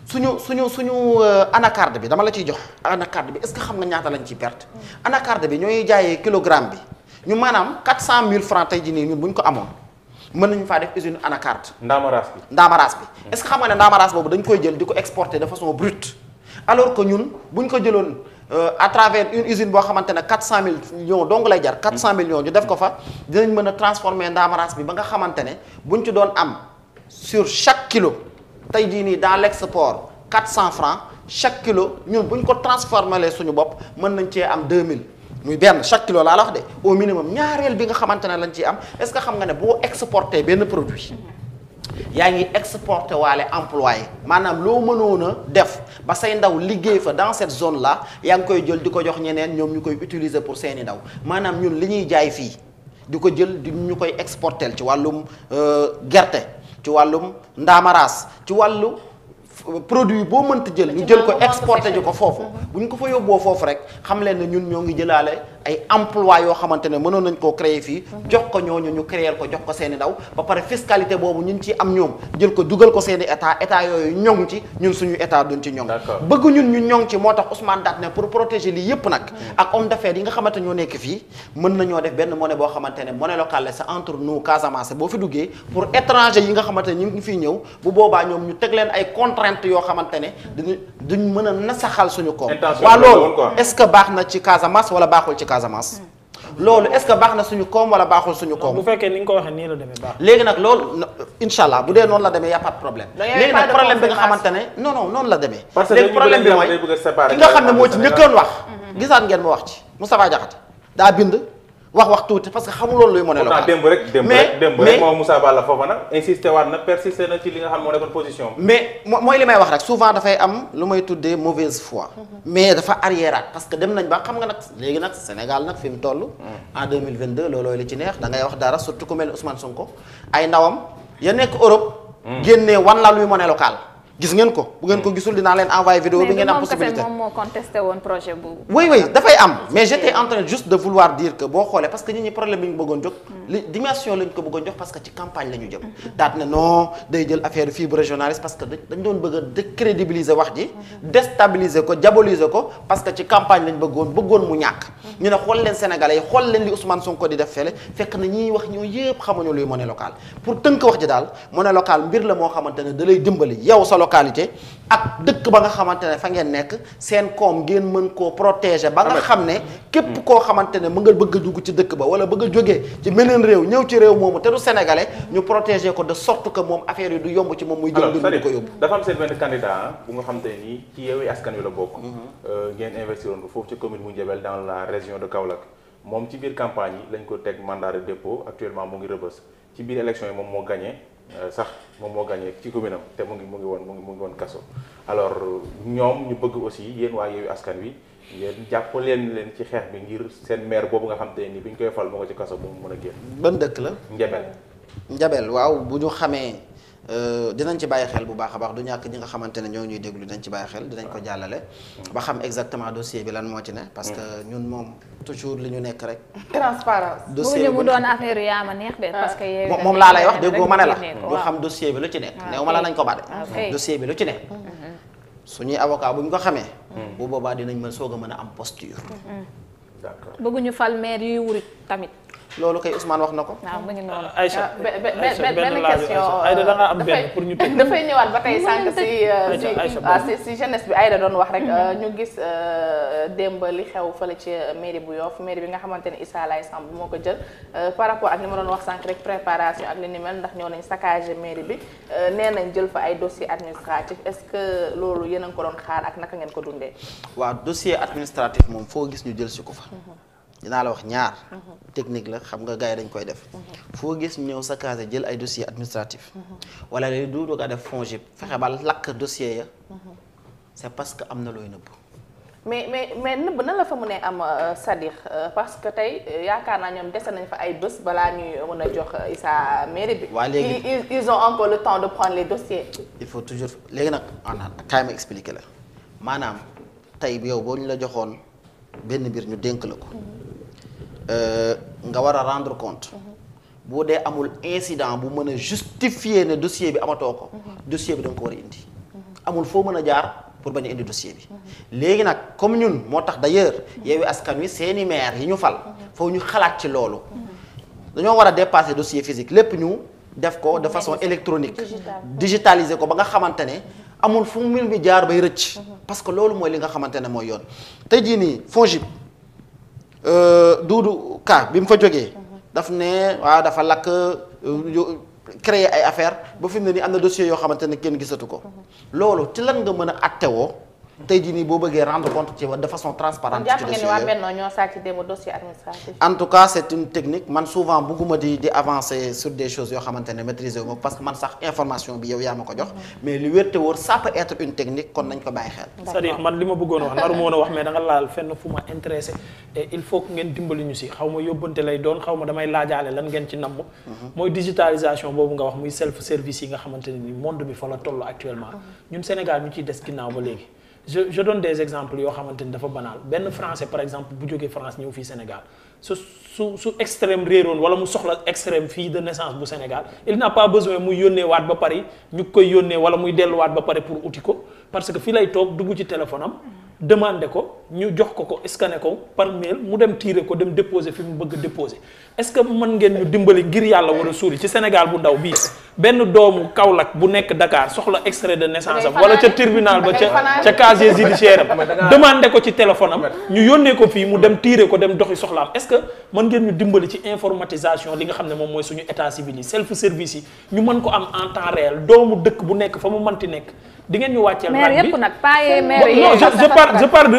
suñu suñu suñu euh, anacarde bi dama la ciy jox anacarde bi est-ce que xam nga ñaata lañ ciy perte anacarde bi ñooy jaayee kilogramme bi ñu maanaam 400000 francs tey jii nii ñun bu ñu ko amoon mën nañu faa def usine anacarde. ndaamaraas bi ndaamaraas bi. Mm. est-ce que xam nga ne ndaamaraas boobu dañ koy jël di ko exporte de façon brute alors que ñun bu ñu ko jëloon euh, à travers usine boo xamante ne 400 millions dong lay jar. 400 millions ñu def ko fa dinañ mën a transformer ndaamaraas bi ba nga xamante ne bu ñu ci doon am sur chaque kilo tey jii nii dans l'export 400 francs chaque kilo ñun bu ko transformer suñu bopp mën nañ cee am 2000. muy benn chaque kilo laa la wax de au minimum ñaareel bi nga xamante ne lañ ciy am est-ce que xam nga ne boo exporté benn produit yaa ngi exporté waale employé maanaam loo mënoon a def ba say ndaw liggéey fa dans cette zone la yaa ngi koy jël di ko jox ñeneen ñoom ñu koy utiliser pour seeni ndaw maanaam ñun li ñuy jaay fii di ko jël di ñu koy exporté ci wàllum euh, gerte ci wàllum ndaamaraas ci wàllu. produit boo mënta jël ñu jël ko exporté ji ko foofu bu ñu ko fa yóbboo foofu rek xam leen ne ñun ñoo ngi jëlaale ay emploi yoo xamante ne mënoon nañ koo créer fii mhm. jox ko ñooñu ñu créer ko jox ko seeni ndaw ba pare fiscalité boobu ñun ci am ñoom jël ko dugal ko seeni état état yooyu ñoŋ ci ñun suñu état duñ ci ñoŋ bëgg ñun ñu ñoŋ ci moo tax Ousmane Daat pour protéger lii yépp nag mhm. ak homme nga xamante ñoo nekk fii mën nañoo def benn monnaie boo xamante ne monnaie locale la c'est entre nous Casamance boo fi duggee nga xamante ne ñu ngi fiy ñëw bu boobaa ñoom ñu teg leen ay contraintes yoo xamante ne ñu duñ mën a nasaxal suñu koom waa loolu est-ce que baax na ci Casamance wala baaxul ci Casamance. loolu est-ce que baax na suñu koom wala baaxul suñu koom. bu fekkee ni nga ko waxee nii la demee baax. léegi nag loolu incha bu dee noonu la demee a pas de problème. léegi nag problème bi nga xamante noonu la demee. léegi problème bi mooy nga xam ne moo ci njëkkoon wax. gisaat ngeen ma wax ci Moustapha Diakhaté daa bind wax wax tuuti parce que xamuloon luy monnaie locale. démb rek démb rek démb rek moom Moussa Balla foofa nag insisté waat na persisté na ci li nga xam moo nekkoon position may wax rek souvent dafay am lu may tuddee mauvaise foi. mais dafa arriéraat parce que dem nañ ba xam nga nag léegi nag Sénégal nag fi mu toll. Hmm. en 2022 loolooy li ci neex dangay ngay wax dara surtout ku mel ni Ousmane Sonko ay ndawam ya nekk Europe. Hmm. génnee wan la luy monnaie local gis ngeen ko bu ngeen ko hmm. gisul dinaa leen envoyé vidéo bi ngeen am possibilité mais moom dafay am mais j' étais de vouloir dire que boo xoolee parce que nit ñi problème bi ñu bëggoon jox. Hmm. dimension lañ ko bëggoon jox parce que ci campagne la jëm. daat na non day jël affaire fibre régionaliste parce que dañ doon bëgg a wax ji. Hmm. déstabiliser ko diaboliser ko parce que ci campagne lañ bëggoon bëggoon mu ñàkk. ñu ne xool leen Sénégalais localité ak dëkk ba nga xamante ne fa ngeen nekk seen koom ngeen mën koo protéger ba nga xam ne képp mm-hmm. koo xamante ne mu nga bëgg a dugg ci dëkk ba wala bëgg a jógee ci meneen réew ñëw ci réew moomu te du sénégalais ñu protéger ko de sorte que moom affaire yi du yomb ci moom muy jël dund ko yóbbu dafa am seen benn candidat ah, bu nga xam te nii ci Yewwi Askan Wi la bokk mm-hmm. euh, ngeen investiroon ko foofu ci commune bu Ndiabel dans la région de Kaolack moom ci biir campagne yi lañ ko teg mandat de dépôt mu ngi rëbës ci biir élection yi moom moo gagné Euh, sax moom moo gagné ci commune am te mu ngi mu ngi woon mu ngi mu ngi woon kaso alors ñoom ñu bëgg aussi yéen waa Yewwi Askan Wi yéen jàpp leen leen ci xeex bi ngir seen maire boobu nga xam te ni bi ñu koy fal moo ko ci kaso boobu mën a génn. ban dëkk la. Njabel. Njabel waaw bu ñu xamee. Euh, dinañ ci bàyyi xel bu baax a baax du ñàkk ñi nga xamante ne ñoo ñuy déglu dinañ ci bàyyi xel dinañ ko jàllale. ba xam exactement dossier bi lan que ñun moom toujours li ñu nekk rek. transparence dossier bi mu doon affaire yaa ma neex de. parce que moom laa lay wax déggoo ma ne la. ñu xam dossier bi lu ci nekk. Ah, néew ma ko ba de. Ah, dossier bi lu ci ne. Mm-hmm. suñuy avocat bu ñu ko xamee. Mm-hmm. bu boobaa dinañ ma soog a mën a am posture. Mm-hmm. d'accord bëgguñu fal yuy wurit tamit. loolu koy Ousmane wax na ko. waaw mu ngi noonu ay benn question am pour ñu tëj. dafay ñëwaat ba tey sànq si euh, ah, si si jeunesse bi doon wax rek. Mm-hmm. Euh, ñu gis euh, démb li xew fële ci mairie bu Yoff mairie bi nga xamante ne Issa Laye Samb moo ko jël par rapport ak ni ma doon wax sànq rek préparation ak li ni mel ndax ñëw nañ saccagé mairie bi nee nañ jël fa ay dossier administratif est-ce que loolu yéen a ko doon xaar ak naka ngeen ko dundee. waaw dossier administratif moom foo gis ñu jël si ko fa. Mm-hmm. dinaa la wax ñaar. Mhm. technique la xam nga gars yi dañ koy def. Mhm. foo gis ñëw sa case jël ay dossier administratif mhm. wala lay duudu ko def FONGIP fexe ba lakk dossier ya. c'est parce que am na looy nëbb. mais mais mais nëbb nan la fa mu mënee am euh, Sadikh euh, parce que tey euh, yaakaar naa ñoom dese nañ fa ay bés balaa ñuy mën a jox Issa mairie bi. waaw léegi ils ont encore le temps de prendre les dossiers. il faut toujours léegi nag on a kaay ma expliquer la maanaam tey yow boo ñu la joxoon. benn mbir ñu dénk la ko euh, nga war a rendre compte boo dee amul incident bu mën a justifier ne dossier bi amatoo ko dossier bi da nga ko war a indi amul foo mën a jaar pour bañ a indi dossier bi léegi nag comme ñun moo tax d'ailleurs Yewwi Askan Wi seeni maire yi ñu fal foo ñu xalaat ci loolu dañoo war a dépasser dossier physique lépp ñu def ko de façon électronique digitaliser ko ba nga xamante ne amul fu mu bi jaar bay rëcc. Mhm. parce que loolu mooy li nga xamante ne mooy yoon. te jii nii FONGIP euh, Doudou Ka bi mu fa jógee. Mhm. daf ne waaw dafa lakk euh, créer ay affaire ba fi ne nii am na dossier yoo xamante ne kenn gisatu ko. Mhm. loolu te lan nga mën a attewoo tey jii nii boo bëggee rendre compte ci de façon transparente. ci dossier yëpp kon en tout cas c'est une technique man souvent bëgguma di di avancer sur des choses yoo xamante ne maîtriser parce que man sax information bi yow yaa ma ko jox. Mhm. mais lu wér te wóor ça peut être une technique kon nañ ko bàyyi xel. cest à man li ma bëggoon wax naru ma a wax mais da laal fenn fu ma intéressé il faut que ngeen dimbali ñu si xaw ma yóbbante lay doon xaw ma damay laajaale lan ngeen mhm. mooy digitalisation boobu nga wax muy self yi nga xamante ne ni monde bi fa la toll actuellement mhm. ñun Sénégal ñu ciy des léegi je je donne des exemples yoo xamante ni dafa banal benn français par exemple bu jógee France ñëw fii Sénégal su su su extrême réeroon wala mu soxla extrême fii de naissance bu Sénégal il n'a pas besoin muy yónnee waat ba Paris ñu koy yónnee wala muy delluwaat ba pare pour uti ko parce que fii lay toog dugg ci téléphone am. demandé ko ñu jox ko ko scanné ko par mail mu dem tiire ko dem déposé fi mu bëgg déposé est ce que mën ngeen ñu dimbali ngir yàlla war a suuli ci Sénégal bu ndaw bii benn doomu Kaolack bu nekk Dakar soxla extrait de naissance wala ca tribunal ba ca ca casier judiciaire am demandé ko ci téléphone ñu yónnee ko fii mu dem tiire ko dem doxi soxlaam est ce que mën ngeen ñu dimbali ci informatisation li nga xam ne moom mooy suñu état civil yi self service yi ñu mën ko am en temps doomu dëkk bu nekk fa mu mënti nekk di ngeen ñu wàcceel. maire yëpp nag paye maire yëpp non je parle je parle de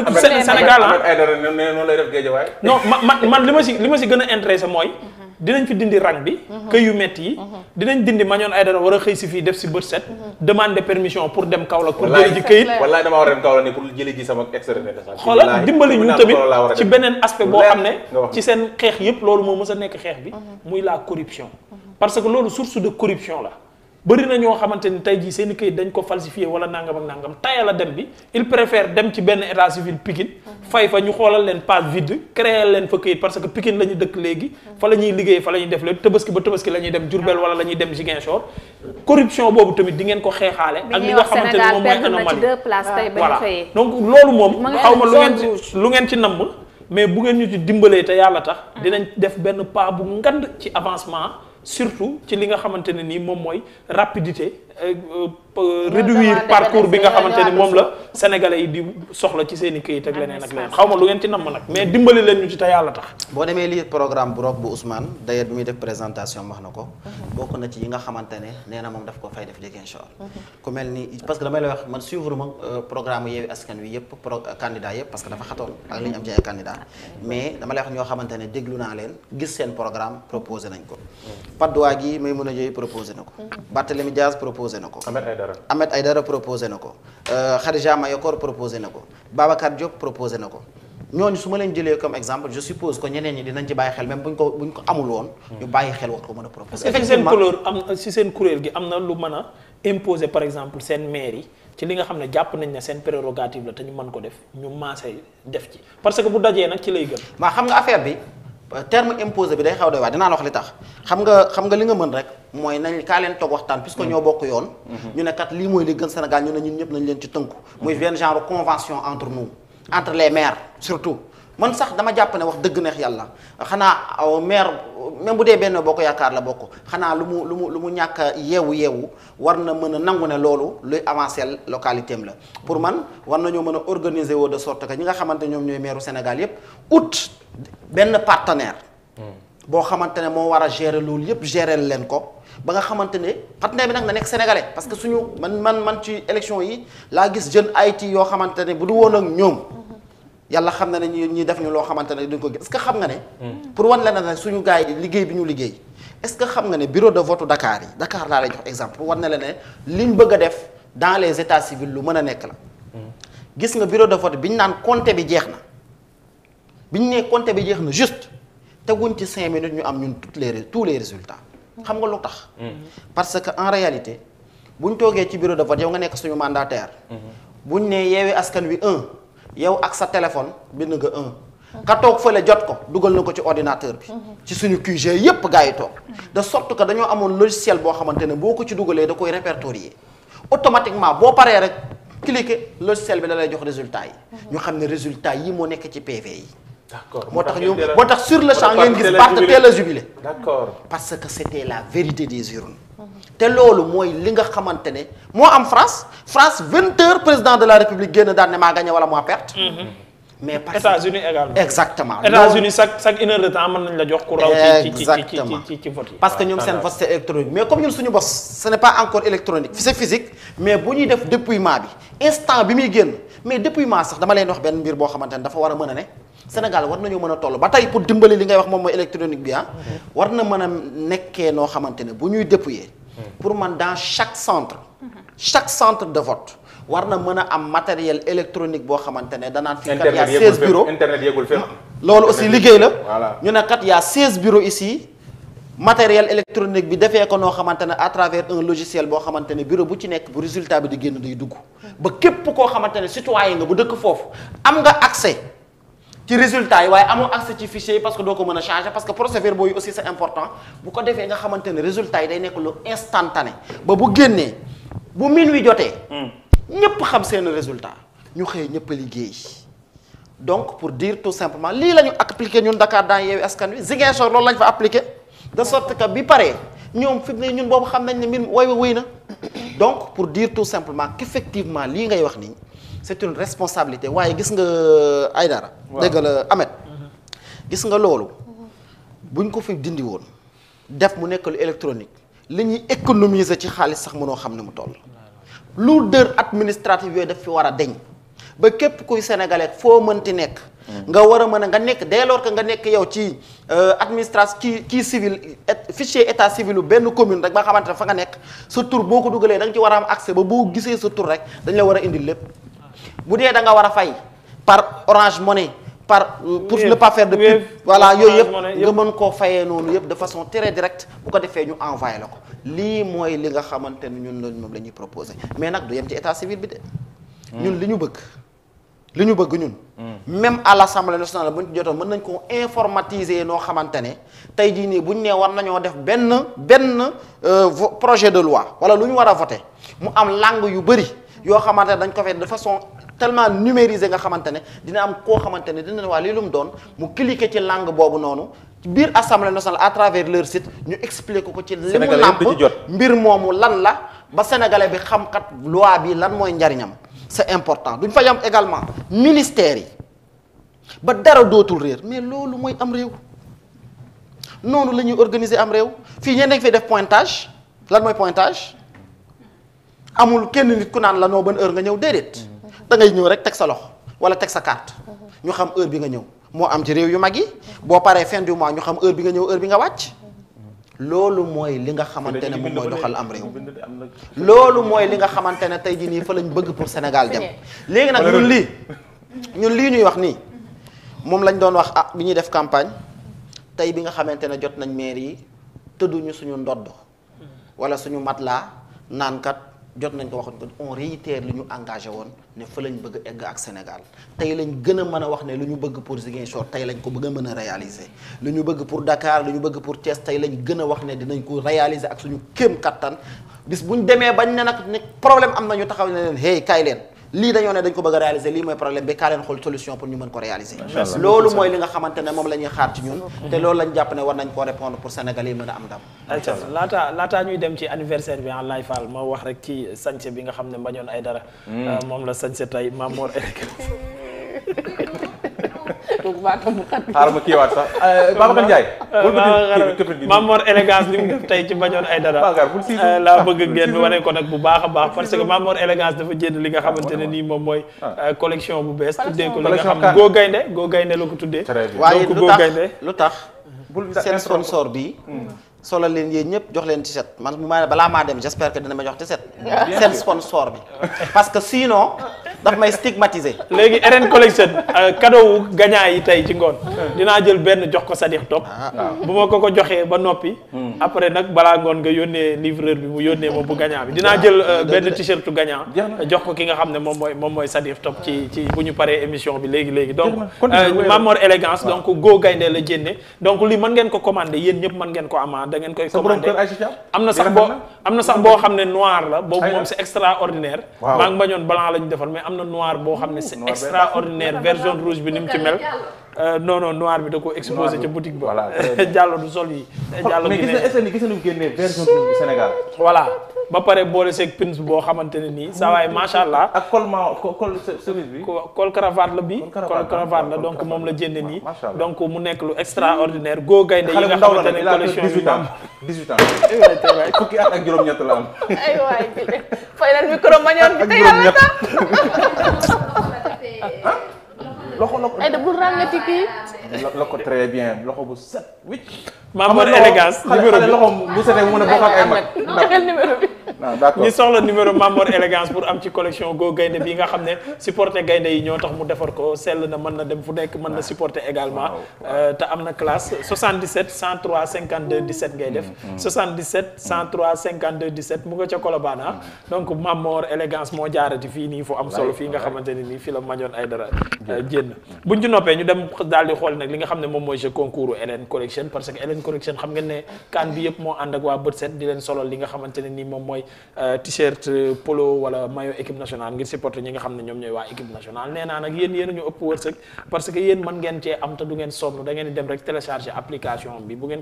man li ma si li ma si gën a intéressé mooy. Mhm. dinañ fi dindi rang bi. Mhm. këy yu métti yi. Mhm. dinañ dindi Mañoon Aydara war a xëy si fii def si bët set. demander permission pour dem Kaolack pour jëli ji këyit. wallaay a dem Kaolack ne pour jëli ji sama externe. xoolal dimbali ñu tamit ci beneen aspect boo xam ne. ci seen xeex yëpp loolu moo mës a nekk xeex bi. muy la corruption. parce que loolu source de corruption la bëri na ñoo xamante ni tey jii seen i këyit dañ ko falsifié wala nangam ak nangam tayal a dem bi il préfère dem ci benn état civil Pikine mhm. fay fa ñu xoolal leen passe vide créer leen fa këyit parce que Pikine la ñu dëkk léegi mhm. fa la ñuy liggéey fa la ñuy def lépp tabaski ba tabaski la ñuy dem Diourbel wala la ñuy dem Ziguinchor corruption boobu tamit di ngeen ko xeexaale ak li nga xamante ni moom mooy anomalie donc loolu moom xaw ma lu ngeen ci lu ngeen ci namm mais bu ngeen ñu ci dimbalee te yàlla tax mhm. dinañ def benn pas bu ngand ci avancement surtout ci li nga xamante ne nii moom mooy rapidité réduire parcours bi nga xamante ni moom la sénégalais yi di soxla ci seen i ak leneen ak leneen xaw ma lu ngeen ci namm nag mais dimbali leen ñu yàlla tax boo demee lii programme bu roog bu Ousmane d'ailleurs bi muy def présentation wax na ko bokk na ci yi nga xamante ne moom daf ko fay def Ziguinchor ku mel parce que dafa xatoon ak li am ci ay candidat mais dama lay wax ñoo xamante déglu naa leen gis seen programme proposé nañ ko mm. a proposé na ko. Ahmed Aïdara Ahmed Aïdara proposé na ko. Euh, Khadija Mayakor proposé na ko Babacar Diop proposé na ko. ñooñu su ma leen jëlee comme exemple je suppose que ñeneen ñi dinañ ci bàyyi xel même buñ ko ko amul woon. ñu bàyyi xel wax ko mën a proposer. seen couleur am si seen kuréel gi am na lu mën a imposer par exemple seen maire ci li nga xam ne jàpp nañ ne seen prérogative la te ñu mën ko def ñu maasay def ci parce que bu dajee nag ci lay gën. maa xam nga affaire bi. terme imposé bi day xaw doy waar dinaa la wax li tax xam nga xam nga li nga mën rek mooy nañ kaa leen toog waxtaan puisque ñoo bokk yoon mhm. ñu ne kat lii mooy li gën Sénégal ñu ne ñun ñëpp nañ leen ci tënku muy benn mhm. genre convention entre nous entre les maires surtout man sax dama jàpp ne wax dëgg neex yàlla xanaa maire même bu dee benn boo ko yaakaar la bokk xanaa lu mu lu mu lu mu ñàkk a yeewu yeewu war na mën a nangu ne loolu luy avancer localité am la pour man war na ñoo mën a organiser woo de sorte que ñi nga xamante ñoom ñooy maire Sénégal yépp ut benn partenaire boo xamante ne moo war a gérer loolu yépp gérer leen ko ba nga xamante ne partenaire bi nag na nekk sénégalais parce que suñu man man man ci élection yi laa gis jeune Haïti yoo xamante ne bu du woon ak ñoom yàlla xam na ne ñu ñuy def ñu loo xamante ne duñ ko gis xam nga ne hmm. pour wan la ne suñu gars yi xam nga ne bureau de vote Dakar yi Dakar laa a def dans les états civils lu mën a nekk la hmm. gis nga bureau de vote bi ñu naan compté bi jeex na bi ñu nee compté bi jeex na juste teguñ ci cinq minutes ñu am ñu toutes les tous les résultats xam nga lu tax hmm. parce que en réalité bu ñu toogee ci bureau de vote yow nga nekk suñu mandataire buñ nee yeewee askan wi un yow ak sa téléphone bind nga un ka toog fële jot ko dugal na ko ci ordinateur bi. Mhm. ci suñu QG yépp gars yi toog. de sorte que dañoo amoon logiciel boo xamante ne boo ko ci dugalee da koy répertorier automatiquement boo paree rek cliquer logiciel bi da lay jox résultat yi. Mhm. ñu xam ne résultat yi moo nekk ci PV yi. moo tax ñu moo tax sur le champ ngeen gis. part teel a jubilé d'accord parce que c'était la vérité des urnes. te loolu mooy li nga xamante ne moo am France France vingt heures président de la république génn daan ne maa gagné wala maa perte. Mhm. mais parce que états nañ la jox. ku raw ci ci ci que ñoom seen vote c'est électronique mais comme ñun suñu bos ce n'est pas encore électronique c'est physique mais bu ñuy def dépouillement bi instant bi muy génn mais dépouillement sax dama leen wax benn mbir boo xamante ne dafa war a mën a ne. Sénégal war nañoo mën a toll ba tey pour dimbali li ngay wax moom mooy électronique bi ah. Mhm. a nekkee noo xamante ne bu ñuy dépouiller pour man dans chaque centre. chaque centre de vote. war na mën a am matériel électronique boo xamante ne danaan fii kat y' a 16 bureaux internet yëgul fépp loolu aussi liggéey la. ñu ne kat y' a 16 bureaux ici. matériel électronique bi defee ko noo xamante ne à travers un logiciel boo xamante ne bureau bu ci nekk bu résultat bi di génn day dugg. ba képp koo xamante ne citoyen nga bu dëkk foofu am nga accès. ci résultat yi waaye amoo accès ci fichier yi parce que doo ko mën a changer parce que procès verbaux yi aussi c'est important bu ko defee nga xamante ne résultat yi day nekk lu instantané ba bu génnee bu wi jotee. Hmm. ñëpp xam seen résultat ñu xëyee ñëpp a liggéey. donc pour dire tout simplement lii la ñu appliqué ñun Dakar dans Yewwi Askan Wi Ziguinchor loolu lañ fa appliqué de sorte que bi paree ñoom fi mu ñun boobu xam nañ ne mbir mi woy na donc pour dire tout simplement lii ngay wax nii. c'est une responsabilité waaye gis nga euh, Aydara dégg la Ahmed mhm. gis nga loolu buñ ko fi dindi woon def mu nekk lu électronique li ñuy économiser ci xaalis sax noo xam ne mu toll lourdeur administrative yooyu daf fi war a deñ ba képp kuy sénégalais foo mën mënti nekk mhm. nga war a mën nga nekk dès lors que nga nekk yow ci euh, administration kii kii civil fichier état civil benn commune rek ba xamante ne fa nga nekk sa boo ko dugalee da nga ci war a am ac ba boo gisee sa tur rek dañ war a indil lépp bu dee da nga war a fay par Orange Money par pour ne pas faire de pub voilà yooyu yëpp nga mën koo fayee noonu yëpp de façon très direct bu ko defee ñu envoyé la ko lii mooy li nga xamante ne ñun loolu moom la ñuy proposé mais nag du yem ci état civil bi de ñun li ñu bëgg li ñu bëgg ñun hmm. même à l'Assemblée nationale bu ñu jotoon mën nañ koo informatiser noo xamante ne tey jii nii bu ñu nee war nañoo def benn benn euh, projet de loi wala lu ñu war a voté mu am langue yu bëri yoo xamante ne dañ ko fay de façon tellement numérisée nga xamante ne dina am koo xamante ne dina ne waa lii lu mu doon mu cliquer ci langue boobu noonu ci biir assemblée nationale à travers leur site ñu expliquer ko ci li mu làmp mbir moomu lan la ba sénégalais bi xam loi bi lan mooy njariñam c'est important duñ fa yam également ministères yi ba dara dootul réer mais loolu mooy am réew noonu la ñuy organiser am réew fii ñenn dañ fay def pointage lan mooy pointage amul kenn nit ku naan la noo ban heure nga ñëw déedéet mhm. da ngay ñëw rek teg sa loxo wala teg sa carte mhm. ñu xam heure bi nga ñëw moo am ci réew yu mag yi boo paree fin du mois xam heure bi nga ñëw heure bi nga wàcc mhm. loolu mooy li nga xamante ne moom mooy doxal am réew loolu mooy li nga xamante ne tey jii nii fa lañ bëgg pour Sénégal dem léegi nag ñun lii ñun lii ñuy wax nii moom lañ doon wax ah bi ñuy def campagne tey bi nga xamante ne jot nañ maire yi ñu suñu ndodd wala suñu matelas naankat jot nañ ko waxoon ko on réitère li ñu engagé woon ne fa lañ bëgg egg ak Sénégal tey lañ gën a mën a wax ne lu ñu bëgg pour Ziguinchor tey lañ ko bëgg a mën a réaliser lu ñu bëgg pour dakaar lu ñu bëgg pour Thiès tey lañ gën a wax ne dinañ ko réaliser ak suñu kem kattan bis bu ñu demee bañ ne nag ne problème am na ñu taxaw ne leen hey kaay leen lii dañoo ne dañ ko bëgg a réaliser lii mooy problème bi kaa leen solution pour ñu mën ko réaliser loolu mooy li nga xamante ne moom la ñuy xaar ci ñun te loolu lañ jàpp ne war nañ koo répondre pour Sénégal yi mën a am ndam laata laataa ñuy dem ci anniversaire bi en ah, live Fall ma wax rek ci sañse bi nga xam ne ay Aidara hmm. ah, moom la sañse tey Mamour xaaral ma kiiwaat sax Babacar Ndiaye. Mame Mor élégance li mu def tey ci Mbagnione Aidara. Euh, laa bëgg ngeen wane ko nag bu baax a baax parce que Mame Mor élégance dafa jënd li nga ah, xamante ne nii moom mooy ah. euh, collection bu bees. tuddee ko li nga xam goo Gaynde Go Gaynde la ko tuddee. donc Go Gaynde waaye lu tax lu tax. seen sponsor bi. Hmm. solal leen yéen ñëpp jox leen t-shirt man ma balaa maa dem j'espère que dina ma jox t-shirt seen sponsor bi parce que sinon daf may stigmatiser. léegi RN collection euh, cadeau wu gagnant yi tey ci ngoon dinaa jël benn jox ko Sadikh Top ah. bu ma ko ko joxee ba noppi après nag balaa ngoon nga yónnee livreur bi mu yónnee moom bu gagnant bi dinaa jël euh, benn t-shirt gagnant jox ko ki nga xam ne moom mooy moom mooy Top ci ci bu ñu paree émission bi léegi léegi donc euh, Mamor élégance ah. donc Go la jénne donc lii mën ngeen ko commander yéen ñëpp mën ngeen ko amaat da ngeen koy commandé am na sax boo am na sax boo xam ne noir la boobu moom c'est extraordinaire maa ngi bañoon blanc la ñu defoon mais am na noir boo xam ne c'est extraordinaire version rouge bi ni mu ci mel euh, non non noir bi da ko exposé ca boutique ba jàllo du sol yi jàllo mais gis na gis nañu génnee version Sénégal voilà ba pare boole seeg pins boo xamante ne nii saa waay macha ak col ma col bi. col cravate la bi col cravate la donc moom la jënd nii. donc mu nekk lu extraordinaire góo gaynde yi nga xamante ne collection bi moom 18 ans fukki at ak juróom-ñett la am. ay waay fay na micro mañoon bi te yàlla tax loxo loxo ay da bu ràngati kii. bien loxo bu set. maam Mor élégance numéro bi loxo bu setee mu a bokk ak ay mag. joxel numéro bi. ñi soxla numéro maam élégance pour am ci collection Go Gaynde bi nga xam ne supporter gaynde yi ñoo tax mu defar ko sell na mën na dem fu nekk mën na ah. supporter également. Euh, te am na classe 77 103 52 17 ngay def. 77 103 52 17 mu nga ca Colobane ah. Mm. donc maam Mor élégance moo jaarati fii nii fu am solo fii nga xamante ne nii fii la mañoon ay dara. tëj na buñ ci noppee ñu dem daal di xool nag li nga xam ne moom mooy jeu concours Hélène Collection parce que Hélène Collection xam ngeen ne kaan bi yëpp moo ànd ak waa bët set di leen solol li nga xamante ne moom mooy euh, t-shirt euh, polo wala maillot équipe nationale ngir supporter ñi nga xam ne ñoom ñooy waa équipe nationale nee naa nag yéen yéen ñu ëpp wërsëg parce que yéen mën ngeen cee am te du ngeen sonn da dem rek télécharger application bi bu ngeen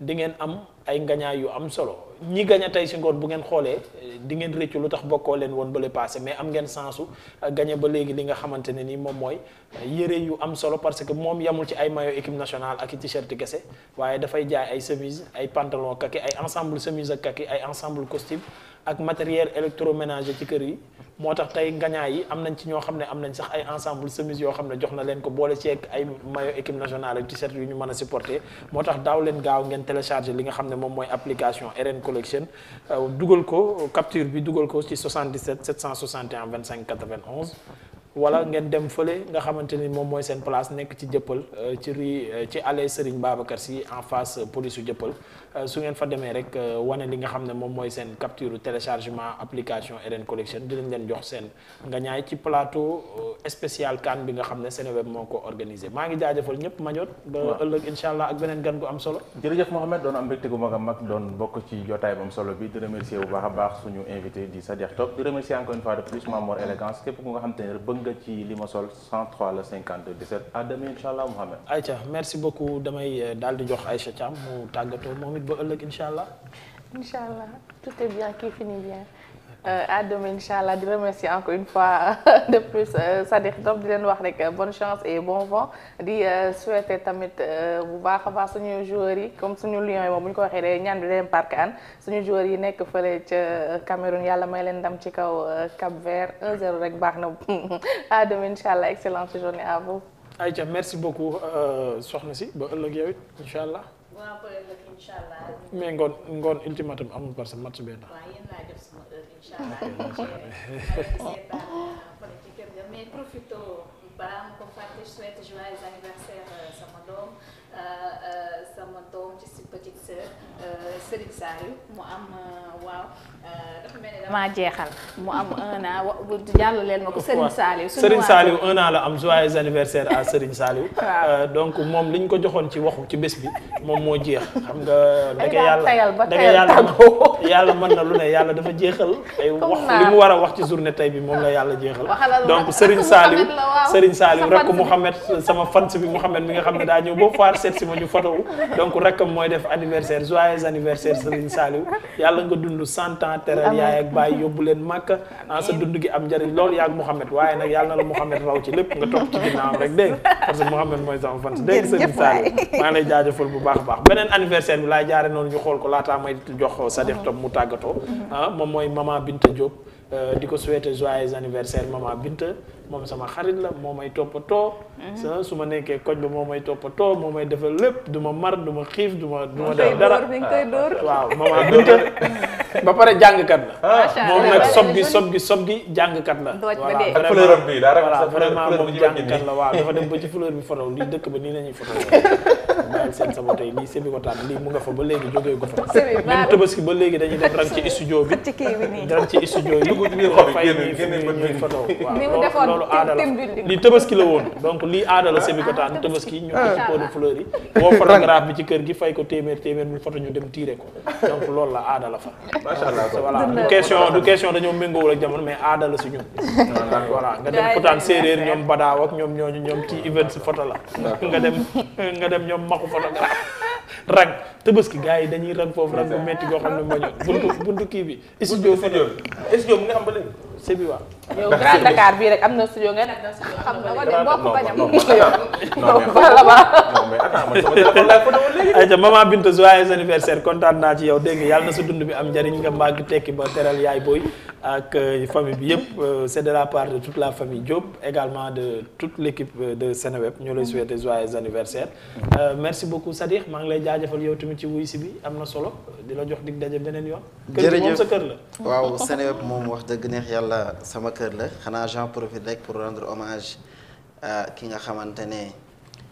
di ngeen am ay ngañaay yu am solo ñi gaña tey si ngoon bu ngeen xoolee di ngeen rëccu lu tax bokkoo leen woon bële passé mais am ngeen sensu euh, gañe ba léegi li nga xamante ne ni moom mooy euh, yére yu am solo parce que moom yamul ci ay maillot équipe nationale ak i t-shirt kese waaye dafay jaay ay chemise ay pantalon kaki ay ensemble chemise ak kaki ay ensemble costume ak matériel électroménager ci kër yi moo tax tey ngañaay yi am nañ ci ñoo xam ne am nañ sax ay ensemble semis yoo xam ne jox na leen ko boole ci ak ay maillot équipe nationale ak t-shirt yu ñu mën a supporter moo tax daaw leen gaaw ngeen télécharger li nga xam ne moom mooy application RN Collection euh, dugal ko capture bi dugal ko ci 77 761 25 91 wala ngeen dem fële nga xamante ni moom mooy seen place nekk ci jëppal euh, ci rue euh, ci allée Serigne Babacar Sy en face euh, police su jëppal su ngeen fa demee rek wane li nga xam ne moom mooy seen capture téléchargement application RN Collection dinañ leen jox seen nga ñaay ci plateau spécial kan bi nga xam ne Seneweb moo ko organisé maa ngi jaajëfal ñëpp majoot ba ëllëg incha allah ak beneen gan gu am solo jërëjëf Mohamed doon am mbégte mag a mag doon bokk ci jotaay bu am solo bi di remercier bu baax a baax suñu invité di Sadiq Top di remercier nga ci li ma sol 103 la 50 17 à demain incha allah Mouhamed. merci beaucoup damay euh, daal di jox Aïcha Thiam mu tàggatoo moom it ba ëllëg incha allah. incha allah tout est bien qui finit bien. Euh, à demain allah di remercier encore une fois euh, de plus euh, Sadikh Top di leen wax rek bonne chance et bon vent di souhaiter tamit bu baax a baax suñu joueurs yi comme suñu lions yi moom bu ñu ko waxee de ñaan bi leen parc an suñu joueurs yi nekk fële ca Cameroun yàlla may leen ndam ci kaw Cap Vert 1-0 rek baax na à demain incha allah excellente journée à vous. Aïcha merci beaucoup soxna si ba ëllëg yow it allah. waaw mais ngoon ngoon ultimatum amul parce que match bee tax. waaw yéen laa def sama heure mais profito balaa euh, sama doom euh, euh, sama doom ci si petite sœur Serigne Saliou mu am waaw. maa jeexal mu am un an jàll leen ma ko Serigne Saliou. Serigne Saliou un an la am joyeux anniversaire à Serigne Saliou. Euh, donc moom li ñu ko joxoon ci waxu ci bés bi moom moo jeex xam nga. ndeke yàlla ndeke yàlla yàlla mën na lu ne yàlla dafa jeexal. ay li mu war a wax ci journée tey bi moom la yàlla jeexal. donc Serigne Saliou Serigne Saliou rek Mouhamed sama fans bi Mouhamed mi nga xam ne daa ñëw ba foire seet si ma ñu photo donc rakkam mooy def anniversaire joyeux anniversaire Serigne Saliou yàlla nga dund ah teral yaay ak baay yóbbu leen màkka ah sa dund gi am njëriñ lool yaa ak Mouhamed waaye nag yàlla na la Mouhamed raw ci lépp nga topp ci ginnaawam rek dégg parce que Mouhamed mooy sama fan dégg sëñ Sall maa ngi lay jaajëfal bu baax a baax beneen anniversaire bi laay jaare noonu ñu xool ko laataa may jox Sadiq Top mu tàggatoo mhm. ah moom mooy maman Binta Diop euh, di ko souhaiter joyeux anniversaire maman Binta moom sama xarit la moo may toppatoo. Mhm. sa su ma nekkee koñ ba moo may toppatoo moo may defal lépp du ma mar du ma xiif du ma. du ma dara ah, waaw maman Binta ba pare jàngkat la. Ah. moom nag sob bi sob bi sob gi jàngkat la. voilà fleur bi daa vraiment moom jàngkat la waaw dafa dem ba ci fleur bi fotow lii dëkk ba nii la ñuy fotow maa ngi seen sama tey lii sébi ko taan lii mu nga fa ba léegi jógee ko fa même tabaski ba léegi dañuy dem rang ci studio bi rang ci studio yi fay ñuy photo waaw loolu aada la lii tabaski la woon donc lii aada la ah. sébi ko taan ah, tabaski ñu ah. ci pot de fleur yi woo photographe bi ci kër gi fay ko téeméer téeméer mu photo ñu dem tiire ko donc loolu la aada la fa macha allah voilà du question du question dañoo méngoowul ak jamono mais aada la si ñun nga dem ko taan séeréer ñoom badaaw ak ñoom ñooñu ñoom ci event si photo la nga dem nga maxu photographe rang tëbaski gars yi dañuy rang foofu rang bu métti goo xam ne moo ñëw buntu buntu kii bi studio studio studio mu ngi am ba léegi Sébi waaw. yow Grand Dakar bii rek am na studio nga nekk studio xam nga wala bokk bañ a bokk yow. non mais attends man sama téléphone laa ko doon léegi. ayca maman Binta joyeux anniversaire kontaan naa ci yow dégg nga yàlla na sa dund bi am njariñ nga màgg tekki ba teral yaay booy ak euh, famille bi yëpp euh, c'est de la part de toute la famille Diop également de toute l'équipe euh, de Seneweb ñoo lay souhaiter joyeux anniversaire. merci beaucoup Sadikh maa ngi lay jaajëfal yow tamit ci wuy si bi am na solo. di la jox digg daje beneen yoon. kër gi moom sa kër la waaw Seneweb moom wax dëgg neex yàlla sama kër la xanaa j'en profite rek pour rendre hommage ki nga xamante ne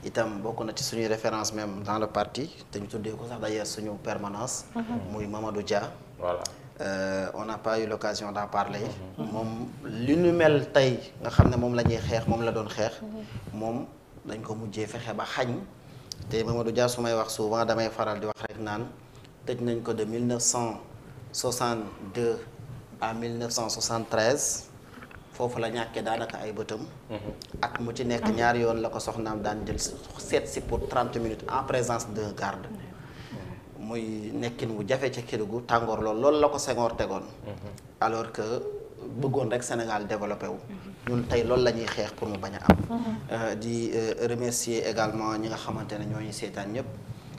itam bokk na ci suñuy référence même dans le parti te ñu tuddee ko sax d'ailleurs suñu permanence. Mhm. muy Mamadou Dia. voilà euh, on n'a pas eu l'occasion d'en parler. Mhm. moom li ñu mel tey nga xam ne moom la ñuy xeex moom la doon xeex. Mhm. moom dañ ko mujjee fexe ba xañ te Mamadou jaa su may wax souvent damay faral di wax rek naan. tëj nañ ko de mille 1962 à 1973 foofu la ñàkkee daanaka ay bëtam. Mhm. ak mu ci nekk ah. ñaari yoon la ko soxnaam daan jël seet si pour 30 minutes en présence de garde. Mhm. muy nekkin wu jafe ca gu tàngoor lool loolu la ko Senghor tegoon. Mhm. alors que bëggoon rek Sénégal développé wu. ñun tey loolu la ñuy xeex pour mu bañ a am. Euh, di euh, remercier également ñi nga xamante ne ñooñu seetaan ñëpp.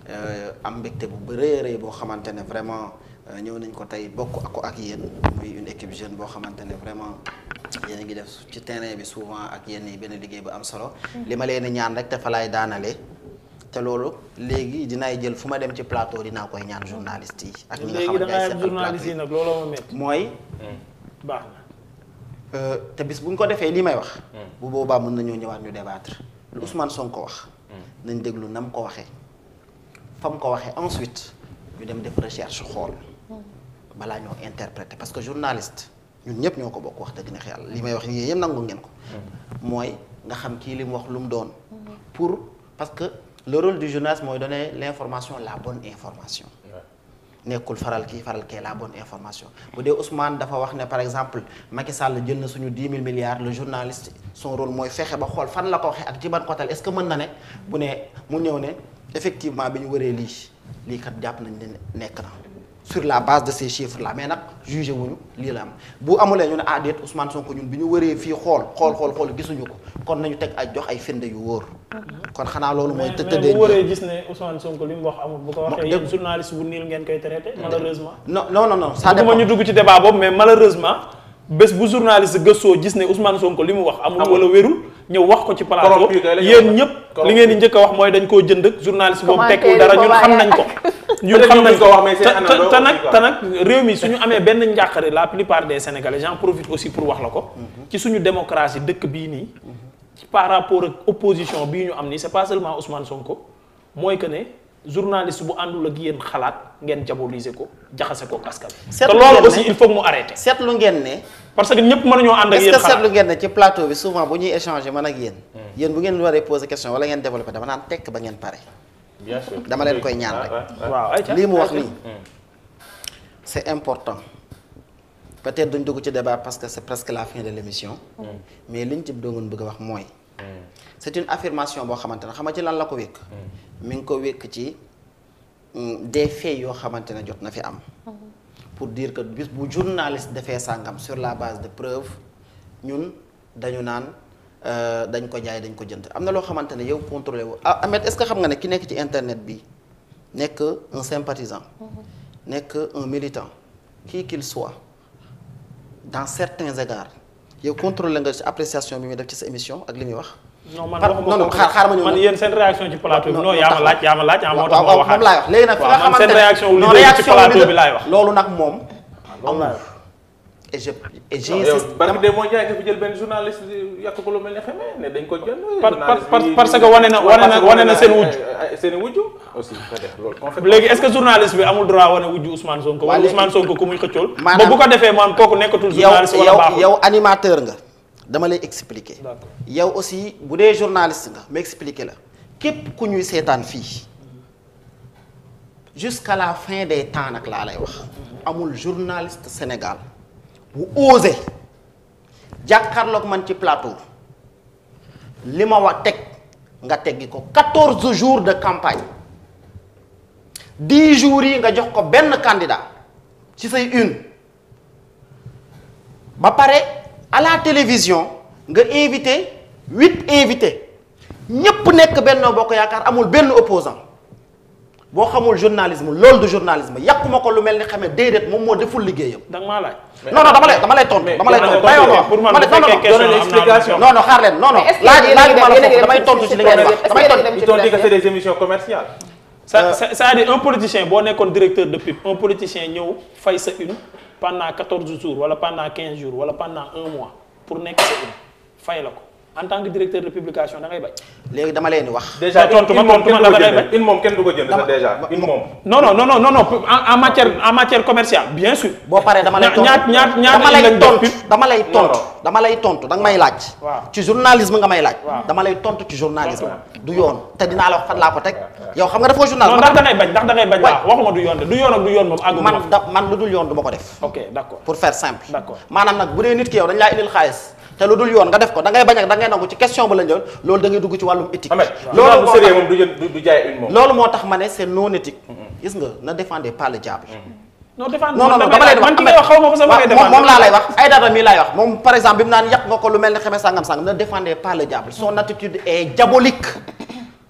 Euh, am mbégte bu bëree rëy boo xamante ne vraiment euh, ñëw nañ ko tey bokk ko ak yéen muy une équipe jeune boo xamante ne vraiment yéen a ngi def ci terrain bi souvent ak yenn yi benn liggéey bu am solo. Mm. li ma leen ñaan rek te fa daanale te loolu léegi dinaay jël fu ma dem ci plateau dinaa koy ñaan journaliste yi. ak ñi nga xam ne yi nag looloo ma métti mooy. Mm. baax na. Euh, te bis bu ñu ko defee lii may wax. Mm. bu boobaa mun nañoo ñëwaat ñu débattre. lu Ousmane ko wax. nañ déglu nam ko waxee. fa mu ko waxee ensuite ñu dem def recherche xool balaa ñoo interpréter parce que journaliste ñun ñëpp ñoo ko bokk wax dëgg neex yàlla li may wax nii yëpp nangu ngeen ko. Mm-hmm. mooy nga xam kii li mu wax lu mu doon. Mm-hmm. pour parce que le rôle du journaliste mooy donner information la bonne information. nekkul faral kii faral kee la bonne information bu dee Ousmane dafa wax ne par exemple Macky Sall jël na suñu 10 000 milliards le journaliste son mooy fexe ba xool fan la ko waxee ak ci ban côté est-ce que mën na ne bu ne mu ñëw ne effectivement bi ñu wëree lii lii jàpp nañ ne nekk na. sur la base de ces chiffres là mais nag jugé wuñu lii la am bu amulee ñu ne ah déet Ousmane ñun bi ñu wëree fii xool xool xool xool gisuñu ko kon nañu teg ay jox ay firnde yu wóor. kon xanaa loolu mooy. te tëddee bu wëree gis ne Ousmane Sonko li mu wax amul. bu ko waxee yéen journaliste bu niil ngeen koy traité malheureusement. non non non non ça dépend ñu dugg ci débat boobu mais malheureusement bés bu journaliste gëstoo gis ne Ousmane Sonko li mu wax. amul wala wérul. ñëw wax ko ci plateau yéen ñëpp li ngeen di njëkk a wax mooy dañ koo jënd ak journaliste boobu tekkul dara ñun xam nañ ko ñun xam nañ ko te nag te nag réew mi suñu amee benn njàqare la plupart des sénégalais j'en profite aussi pour wax la ko mhm. ci suñu démocratie dëkk bii nii mhm. par rapport ak opposition bii ñu am nii c'est pas seulement Ousmane ko mooy que ne journaliste bu àndul ak yéen xalaat ngeen diaboliser ko jaxase ko askan te loolu aussi il mu arrêter seetlu ngeen ne parce que ñëpp mënuñoo ànd ak yéen xalaat est-ce que seetlu ngeen ne ci plateau souvent bu ñuy échanger man ak yéen. Hmm. yéen bu ngeen waree poser question wala ngeen développé dama naan tekk ba ngeen pare. dama leen koy ñaan rek. waaw lii mu wax nii. c'est important. peut-être duñ dugg ci débat parce que c'est presque la fin de l'émission. Hmm. mais liñ ci doon bëgg a wax mooy. Hmm. c'est une affirmation boo xamante ne xam nga ci lan la ko wékk. mi ngi ko wékk ci des faits yoo xamante ne jot na fi am. pour diir que bis bu journaliste defee sàngam sur la base de preuve ñun dañu naan euh, dañ ko jaay dañ ko jënd am na loo xamante ne yow contrôlé wu ah Ahmed est-ce que xam nga ne ki nekk ci internet bi nekk un sympathisant mm-hmm. nekk un militant qui qu'il soit dans certains égards yow contrôlé nga ci appréciation bi muy def ci sa émission ak li muy wax non man non xaar xaar ma ñëw man yéen seen réaction ci plateau bi non yaa ma laaj yaa ma laaj moo tax ma waxaat moom laay wax léegi nag fi nga xamante ne réaction laay wax loolu nag moom amul et je et j' insiste de moo jaay nga jël benn journaliste yàq ko lu mel ne dañ ko jël parce que wane na wane na wane na seen wujj seen wujj aussi léegi est ce que journaliste bi amul droit wane wujj Ousmane Sonko wala ku muy xëccool ba bu ko defee mu am kooku nekkatul journaliste wala baaxul yow animateur nga dama lay expliquer. yow aussi bu dee journaliste nga ma expliquer la képp ku ñuy seetaan fii jusqu'à la fin des temps nag laa lay wax. amul journaliste Sénégal bu osé jàkkarlook man ci plateau li ma wa teg nga teggi ko quatorze jours de campagne dix jour yi nga jox ko benn candidat ci say une ba pare. à la télévision nga invité huit invités ñépp nekk Benno Bokk Yaakaar amul benn opposant boo xamul journalisme loolu du journalisme yàquma ko lu mel ni xamee déedéet moom moo deful liggéeyam. da nga maa laaj. non non dama lay dama lay tontu dama lay tontu dayoo ma wax pour man explication non non xaar leen non non. laaj laaj ma la foofu damay tontu ci li ngeen wax damay tontu. ils ont dit que c'est des émissions commerciales. ça ça c'est-à-dire un politicien boo nekkoon directeur de pub un politicien ñëw fay sa une. pendant 14 jours wala pendant 15 jours wala pendant un mois pour nekk sa fay la ko en tant que directeur de publication da ngay bañ. léegi dama leen wax. déjà tontu ma tontu ma da ngay bañ. une moom kenn du ko jënd sax déjà en matière en matière commerciale bien sûr. boo paree dama lay tontu ñaar lay tontu dama lay tontu dama lay tontu da nga may laaj. ci journalisme nga may laaj. dama lay tontu ci journalisme. du yoon te dinaa la wax fan laa ko teg. yow xam nga dafa journalisme. non ndax da ngay bañ ndax da bañ. waaw waxuma du yoon de du yoon ak du yoon moom àggu man lu dul yoon du ko def. pour faire simple. d'accord dee nit ki yow te lu dul yoon nga def ko dangay ngay bañ ak da ngay nangu ci question bu la jël loolu da ngay dugg ci wàllum éthique loolu moo tax ma ne c'est non éthique gis nga na défendez pas le diable non défendre non non dama lay wax moom laa lay wax ay data mii laay wax moom par exemple bi mu naan yàq nga ko lu mel ni xamee sàngam sàng ne défendez pas le diable son attitude est diabolique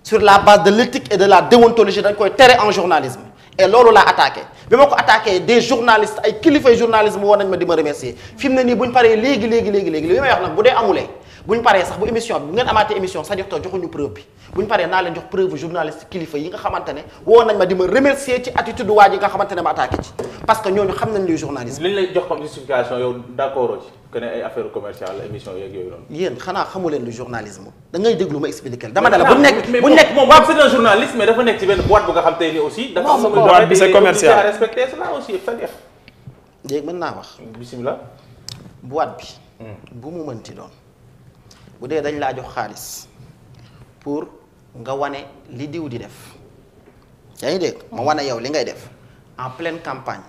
sur la base de l'éthique et de la déontologie dañ koy tere en journalisme et loolu laa attaqué bi ma ko attaqué des journalistes ay kilifay journalisme woon nañ ma di ma remercier fi mu ne nii buñ paree léegi léegi léegi léegi li may wax nag bu dee amulee bu ñu paree sax bu émission bi bu ngeen amaatee émission Sadiq Top joxuñu preuve bi bu ñu paree naa leen jox preuve journaliste kilifa yi nga xamante ne woo nañ ma di ma remercier ci attitude waa ji nga xamante ne ma attaqué ci parce que ñooñu xam nañ luy journaliste. li ñu lay jox comme justification yow d'accord ci que xanaa xamu leen lu journalisme da déglu ma expliqué dama ne bu nekk bu nekk moom c'est ci benn bu nga xam tey dafa am bu dee dañ laa jox xaalis pour nga wane li diw di def yaa ngi dégg ma wane yow li ngay def en pleine campagne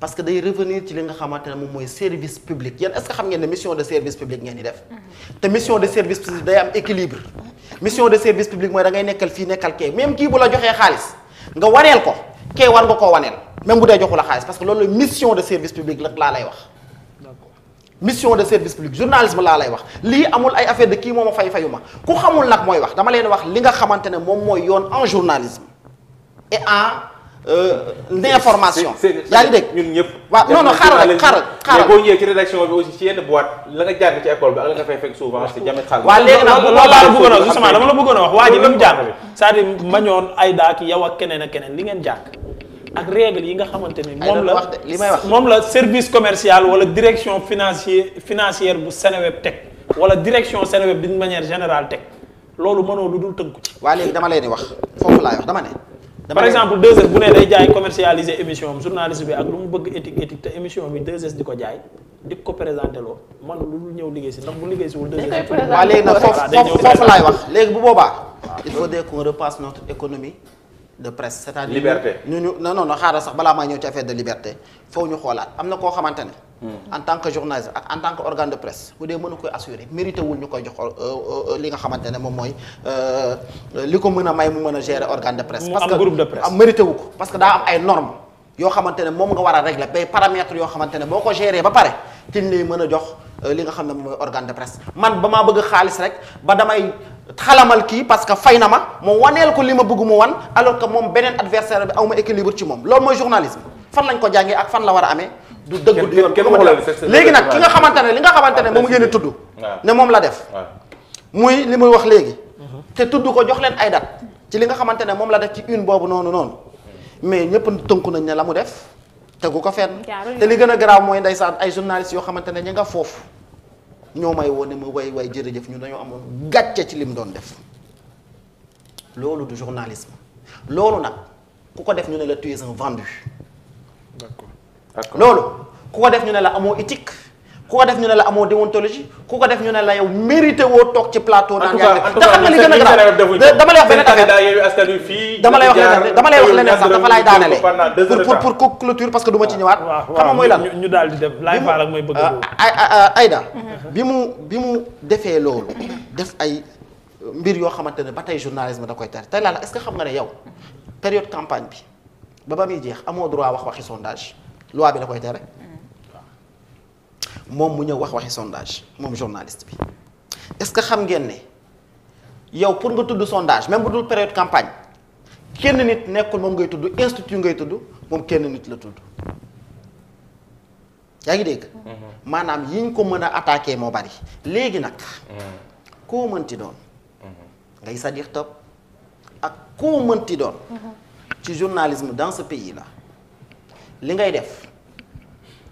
parce que day revenir ci li nga xamante ne moom mooy service public yéen est ce xam ngeen ne mission de service public ngeen di def mm-hmm. te mission de service public day am équilibre mission de service public mooy da nekkal fii nekkal kee même kii bu la joxee xaalis nga waneel ko kee war nga koo waneel même bu dee joxu la xaalis parce loolu mission mission de service public journalisme laa lay wax lii amul ay affaire de kii moo ma fay fayu ma ku xamul nag mooy wax dama leen wax li nga xamante ne moom mooy yoon en journalisme et en. l'information euh, yaa ngi dégg ñun ñëpp waaw non non xaaral rek xaaral xaaral mais boo ñëwee ci rédaction bi aussi ci yenn la nga jàng ci école ak la nga fay fekk souvent c'est jamais xaalis waaw léegi nag loolu laa la bëggoon a justement dama la bëggoon a wax waa ji li mu jàng c'est-à-dire mañoon ay daak yow ak keneen ak keneen li ngeen jàng ak règle yi nga xamante ni moom la wax li may wax moom la service commercial wala direction financier financière bu Seneweb teg wala direction Seneweb d'une manière générale teg loolu mënoo lu dul tënku ci. waa léegi dama leen wax foofu laay wax dama ne. par exemple 2S bu ne day jaay commercialiser émission am journaliste bi ak lu mu bëgg éthique éthique te émission bi s di ko jaay di ko présenté loo man lu ñëw liggéey si ndax bu liggéey si wul 2 bu boobaa. il faut qu'on repasse notre de presse c'est-à-dire liberté ñu ñu non xaaral sax balaa maa ñëw ci affaire liberté foo ñu xoolaat am na koo xamante ne. Hmm. en tant que journaliste en tant que organe de presse bu dee mënu koy assurer mérité ñu ko jox euh, euh, euh, li nga xamante ne moom mooy li ko mën a may mu mën a gérer organe de presse. parce ko parce que daa ay normes yoo xamante ne moom nga war a régler bay paramètres yoo xamante ne boo ko gérer ba pare tin lay mën a jox li nga xam ne mooy organe de presse man ba maa bëgg xaalis rek ba damay. xalamal kii parce que fay na ma ma waneel ko li ma bëgg mu wan alors que moom beneen adversaire bi aw ma équilibre ci moom loolu mooy journalisme fan lañ ko jàngee ak fan la war a amee. du dëgg du yoon léegi nag ki nga xamante ne li nga xamante ne moom ngeen di moom la def. muy li muy wax léegi. Mhm. te tudd ko jox leen ay date ci li nga xamante ne moom la def ci une boobu noonu noonu mais ñëpp tënku nañ ne la mu def te tegu ko fenn. te li gën a garaaw mooy ndeysaan ay journalistes yoo xamante ne ñi nga foofu ñoo may woon ne ma way waay jërëjëf ñu dañoo amoon gàcce ci lim doon def loolu du journalisme loolu nag ku ko def ñu ne la tu es un vendu. d'accord loolu ku ko def ñu ne la amoo éthique. ku ko def ñu ne la amoo déontologie ku ko def ñu ne la yow mérité woo toog ci plateau. naan yaa ngi xam nga li a grave dama lay wax benn affaire dama lay wax leneen daal di def laay faal ak mooy bëgg ah, ah, ah, Aïda bi mu bi mu defee loolu def ay euh, mbir yoo xamante ne ba tey journalisme da koy tere tey laa la est que xam nga ne yow période campagne bi ba ba muy jeex amoo droit wax waxi sondage loi bi da koy tere moom mu ñëw wax waxi sondage moom journaliste bi est-ce que xam ngeen ne yow pour nga tudd sondage même bu dul période campagne kenn nit nekkul moom ngay tudd institut ngay tudd moom kenn nit la tudd yaa ngi dégg. Mm-hmm. maanaam yiñ ko mën a attaqué moo bari léegi nag. Mm-hmm. koo mënti doon. Mm-hmm. ngay Sadiq Top ak koo mënti doon. ci journalisme dans ce pays là li ngay def.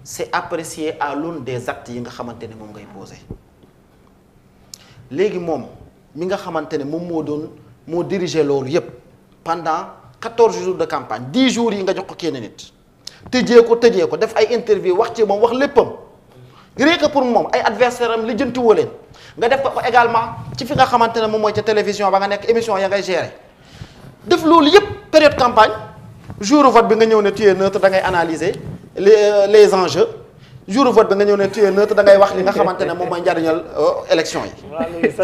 c'est apprécié à l'aune des actes yi nga xamante ne moom ngay posé léegi moom mi nga xamante ne moom moo doon moo dirigé loolu yépp pendant quatorze jours de campagne dix jours yi nga jox ko kenn nit tëjee ko tëjee ko def ay interview wax ci moom wax léppam rien pour moom ay adversaire am li jëntuwoo leen nga def ko également ci fi nga xamante ne moom mooy ca télévision ba nga nekk émission ya ngay gérer def loolu yépp période campagne jour vote bi nga ñëw ne tu es neutre da ngay analyser les euh, les enjeux jour vote bi nga ñëw ne tu es neutre da ngay wax li nga xamante ne moom mooy njariñal euh, élection yi.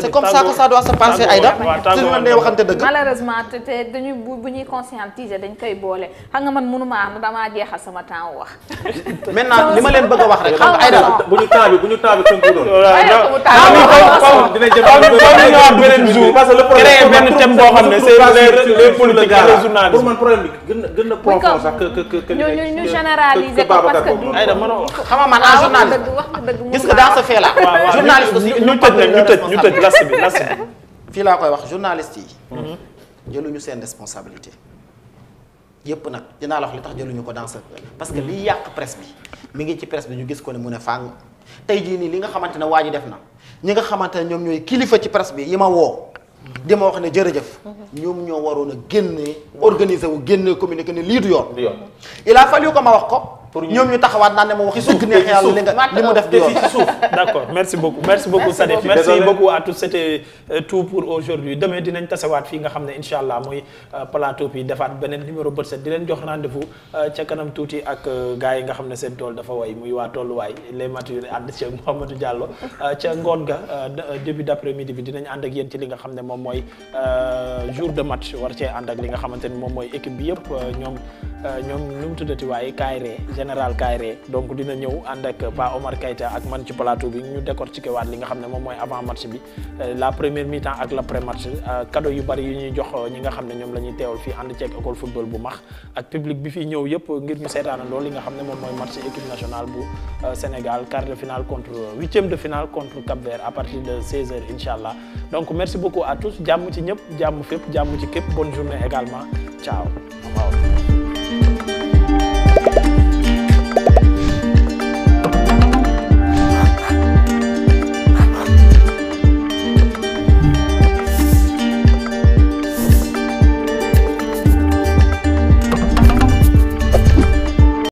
c'est comme ça que ça doit se passer Aïda. suñu mën dee waxante dëgg. bu bu ñuy conscientiser dañ koy boole xam nga man mënuma am damaa jeexal sama temps wax. maintenant li ma leen bëgg a wax rek xam nga Aïda. bu ñu temps bi bu ñu temps bi tënku doon. beneen jour parce que le problème créé benn thème boo xam ne c'est les politiques et les journalistes pour man problème bi gën na gën na profond sax que que que ñu ñu généraliser man en ah, journaliste gis nga dans ce fait là. journaliste ñu tëj ñu tëj ñu tëj last bi last bi. fii laa koy wax journaliste yi. Mhm. ñu seen responsabilité. yëpp nag dinaa la wax li tax jëluñu ko dans parce que mhm. liy yàq presse bi mu ngi ci presse bi ñu gis ko ne mu ne fàng tey jii nii li nga xamante ne waa ji def na ñi nga xamante ne ñoom ñooy kilifa ci presse bi yi ma woo. Mhm. di ma wax ne jërëjëf. ñoom ñoo waroon a génne organiser wu génne communiqué ne lii du yoon. il a fallu ko ma wax ko. pour ñoom ñu taxawaat daan ne ma waxi suuf merci beaucoup merci beaucoup Sadikh merci euh, pour aujourd'hui demain dinañ tasewaat fii nga xam ne insha allah mooy euh, plateau bi defaat beneen numéro bët set di leen jox rendez-vous euh, ca kanam tuuti ak gars yi nga xam ne seen tool dafa way muy waa tolluwaay les matures ànd ci Mouhamadou Diallo ngoon ga début d'après-midi dinañ ànd ak yéen ci li nga xam ne moom mooy jour de match war cee ànd li nga xamante ni moom mooy équipe bi yëpp ñoom ñoom nu tuddati waaye kaay ree général Kairé donc dina ñëw ànd ak Pa Omar Keita ak man ci plateau bi ñu décortiquer waat li nga xam ne moom mooy avant match bi euh, la première mi-temps ak l'après match euh, cadeau yu bari yu ñuy jox euh, ñi nga xam ne ñoom la ñuy teewal fii ànd ceeg école football bu max ak public bi fii ñëw yëpp ngir ñu seetaanandoo li nga xam ne moom mooy match équipe nationale bu Sénégal quart de finale contre huitième de finale contre Cap-Vert à partir de 16h allah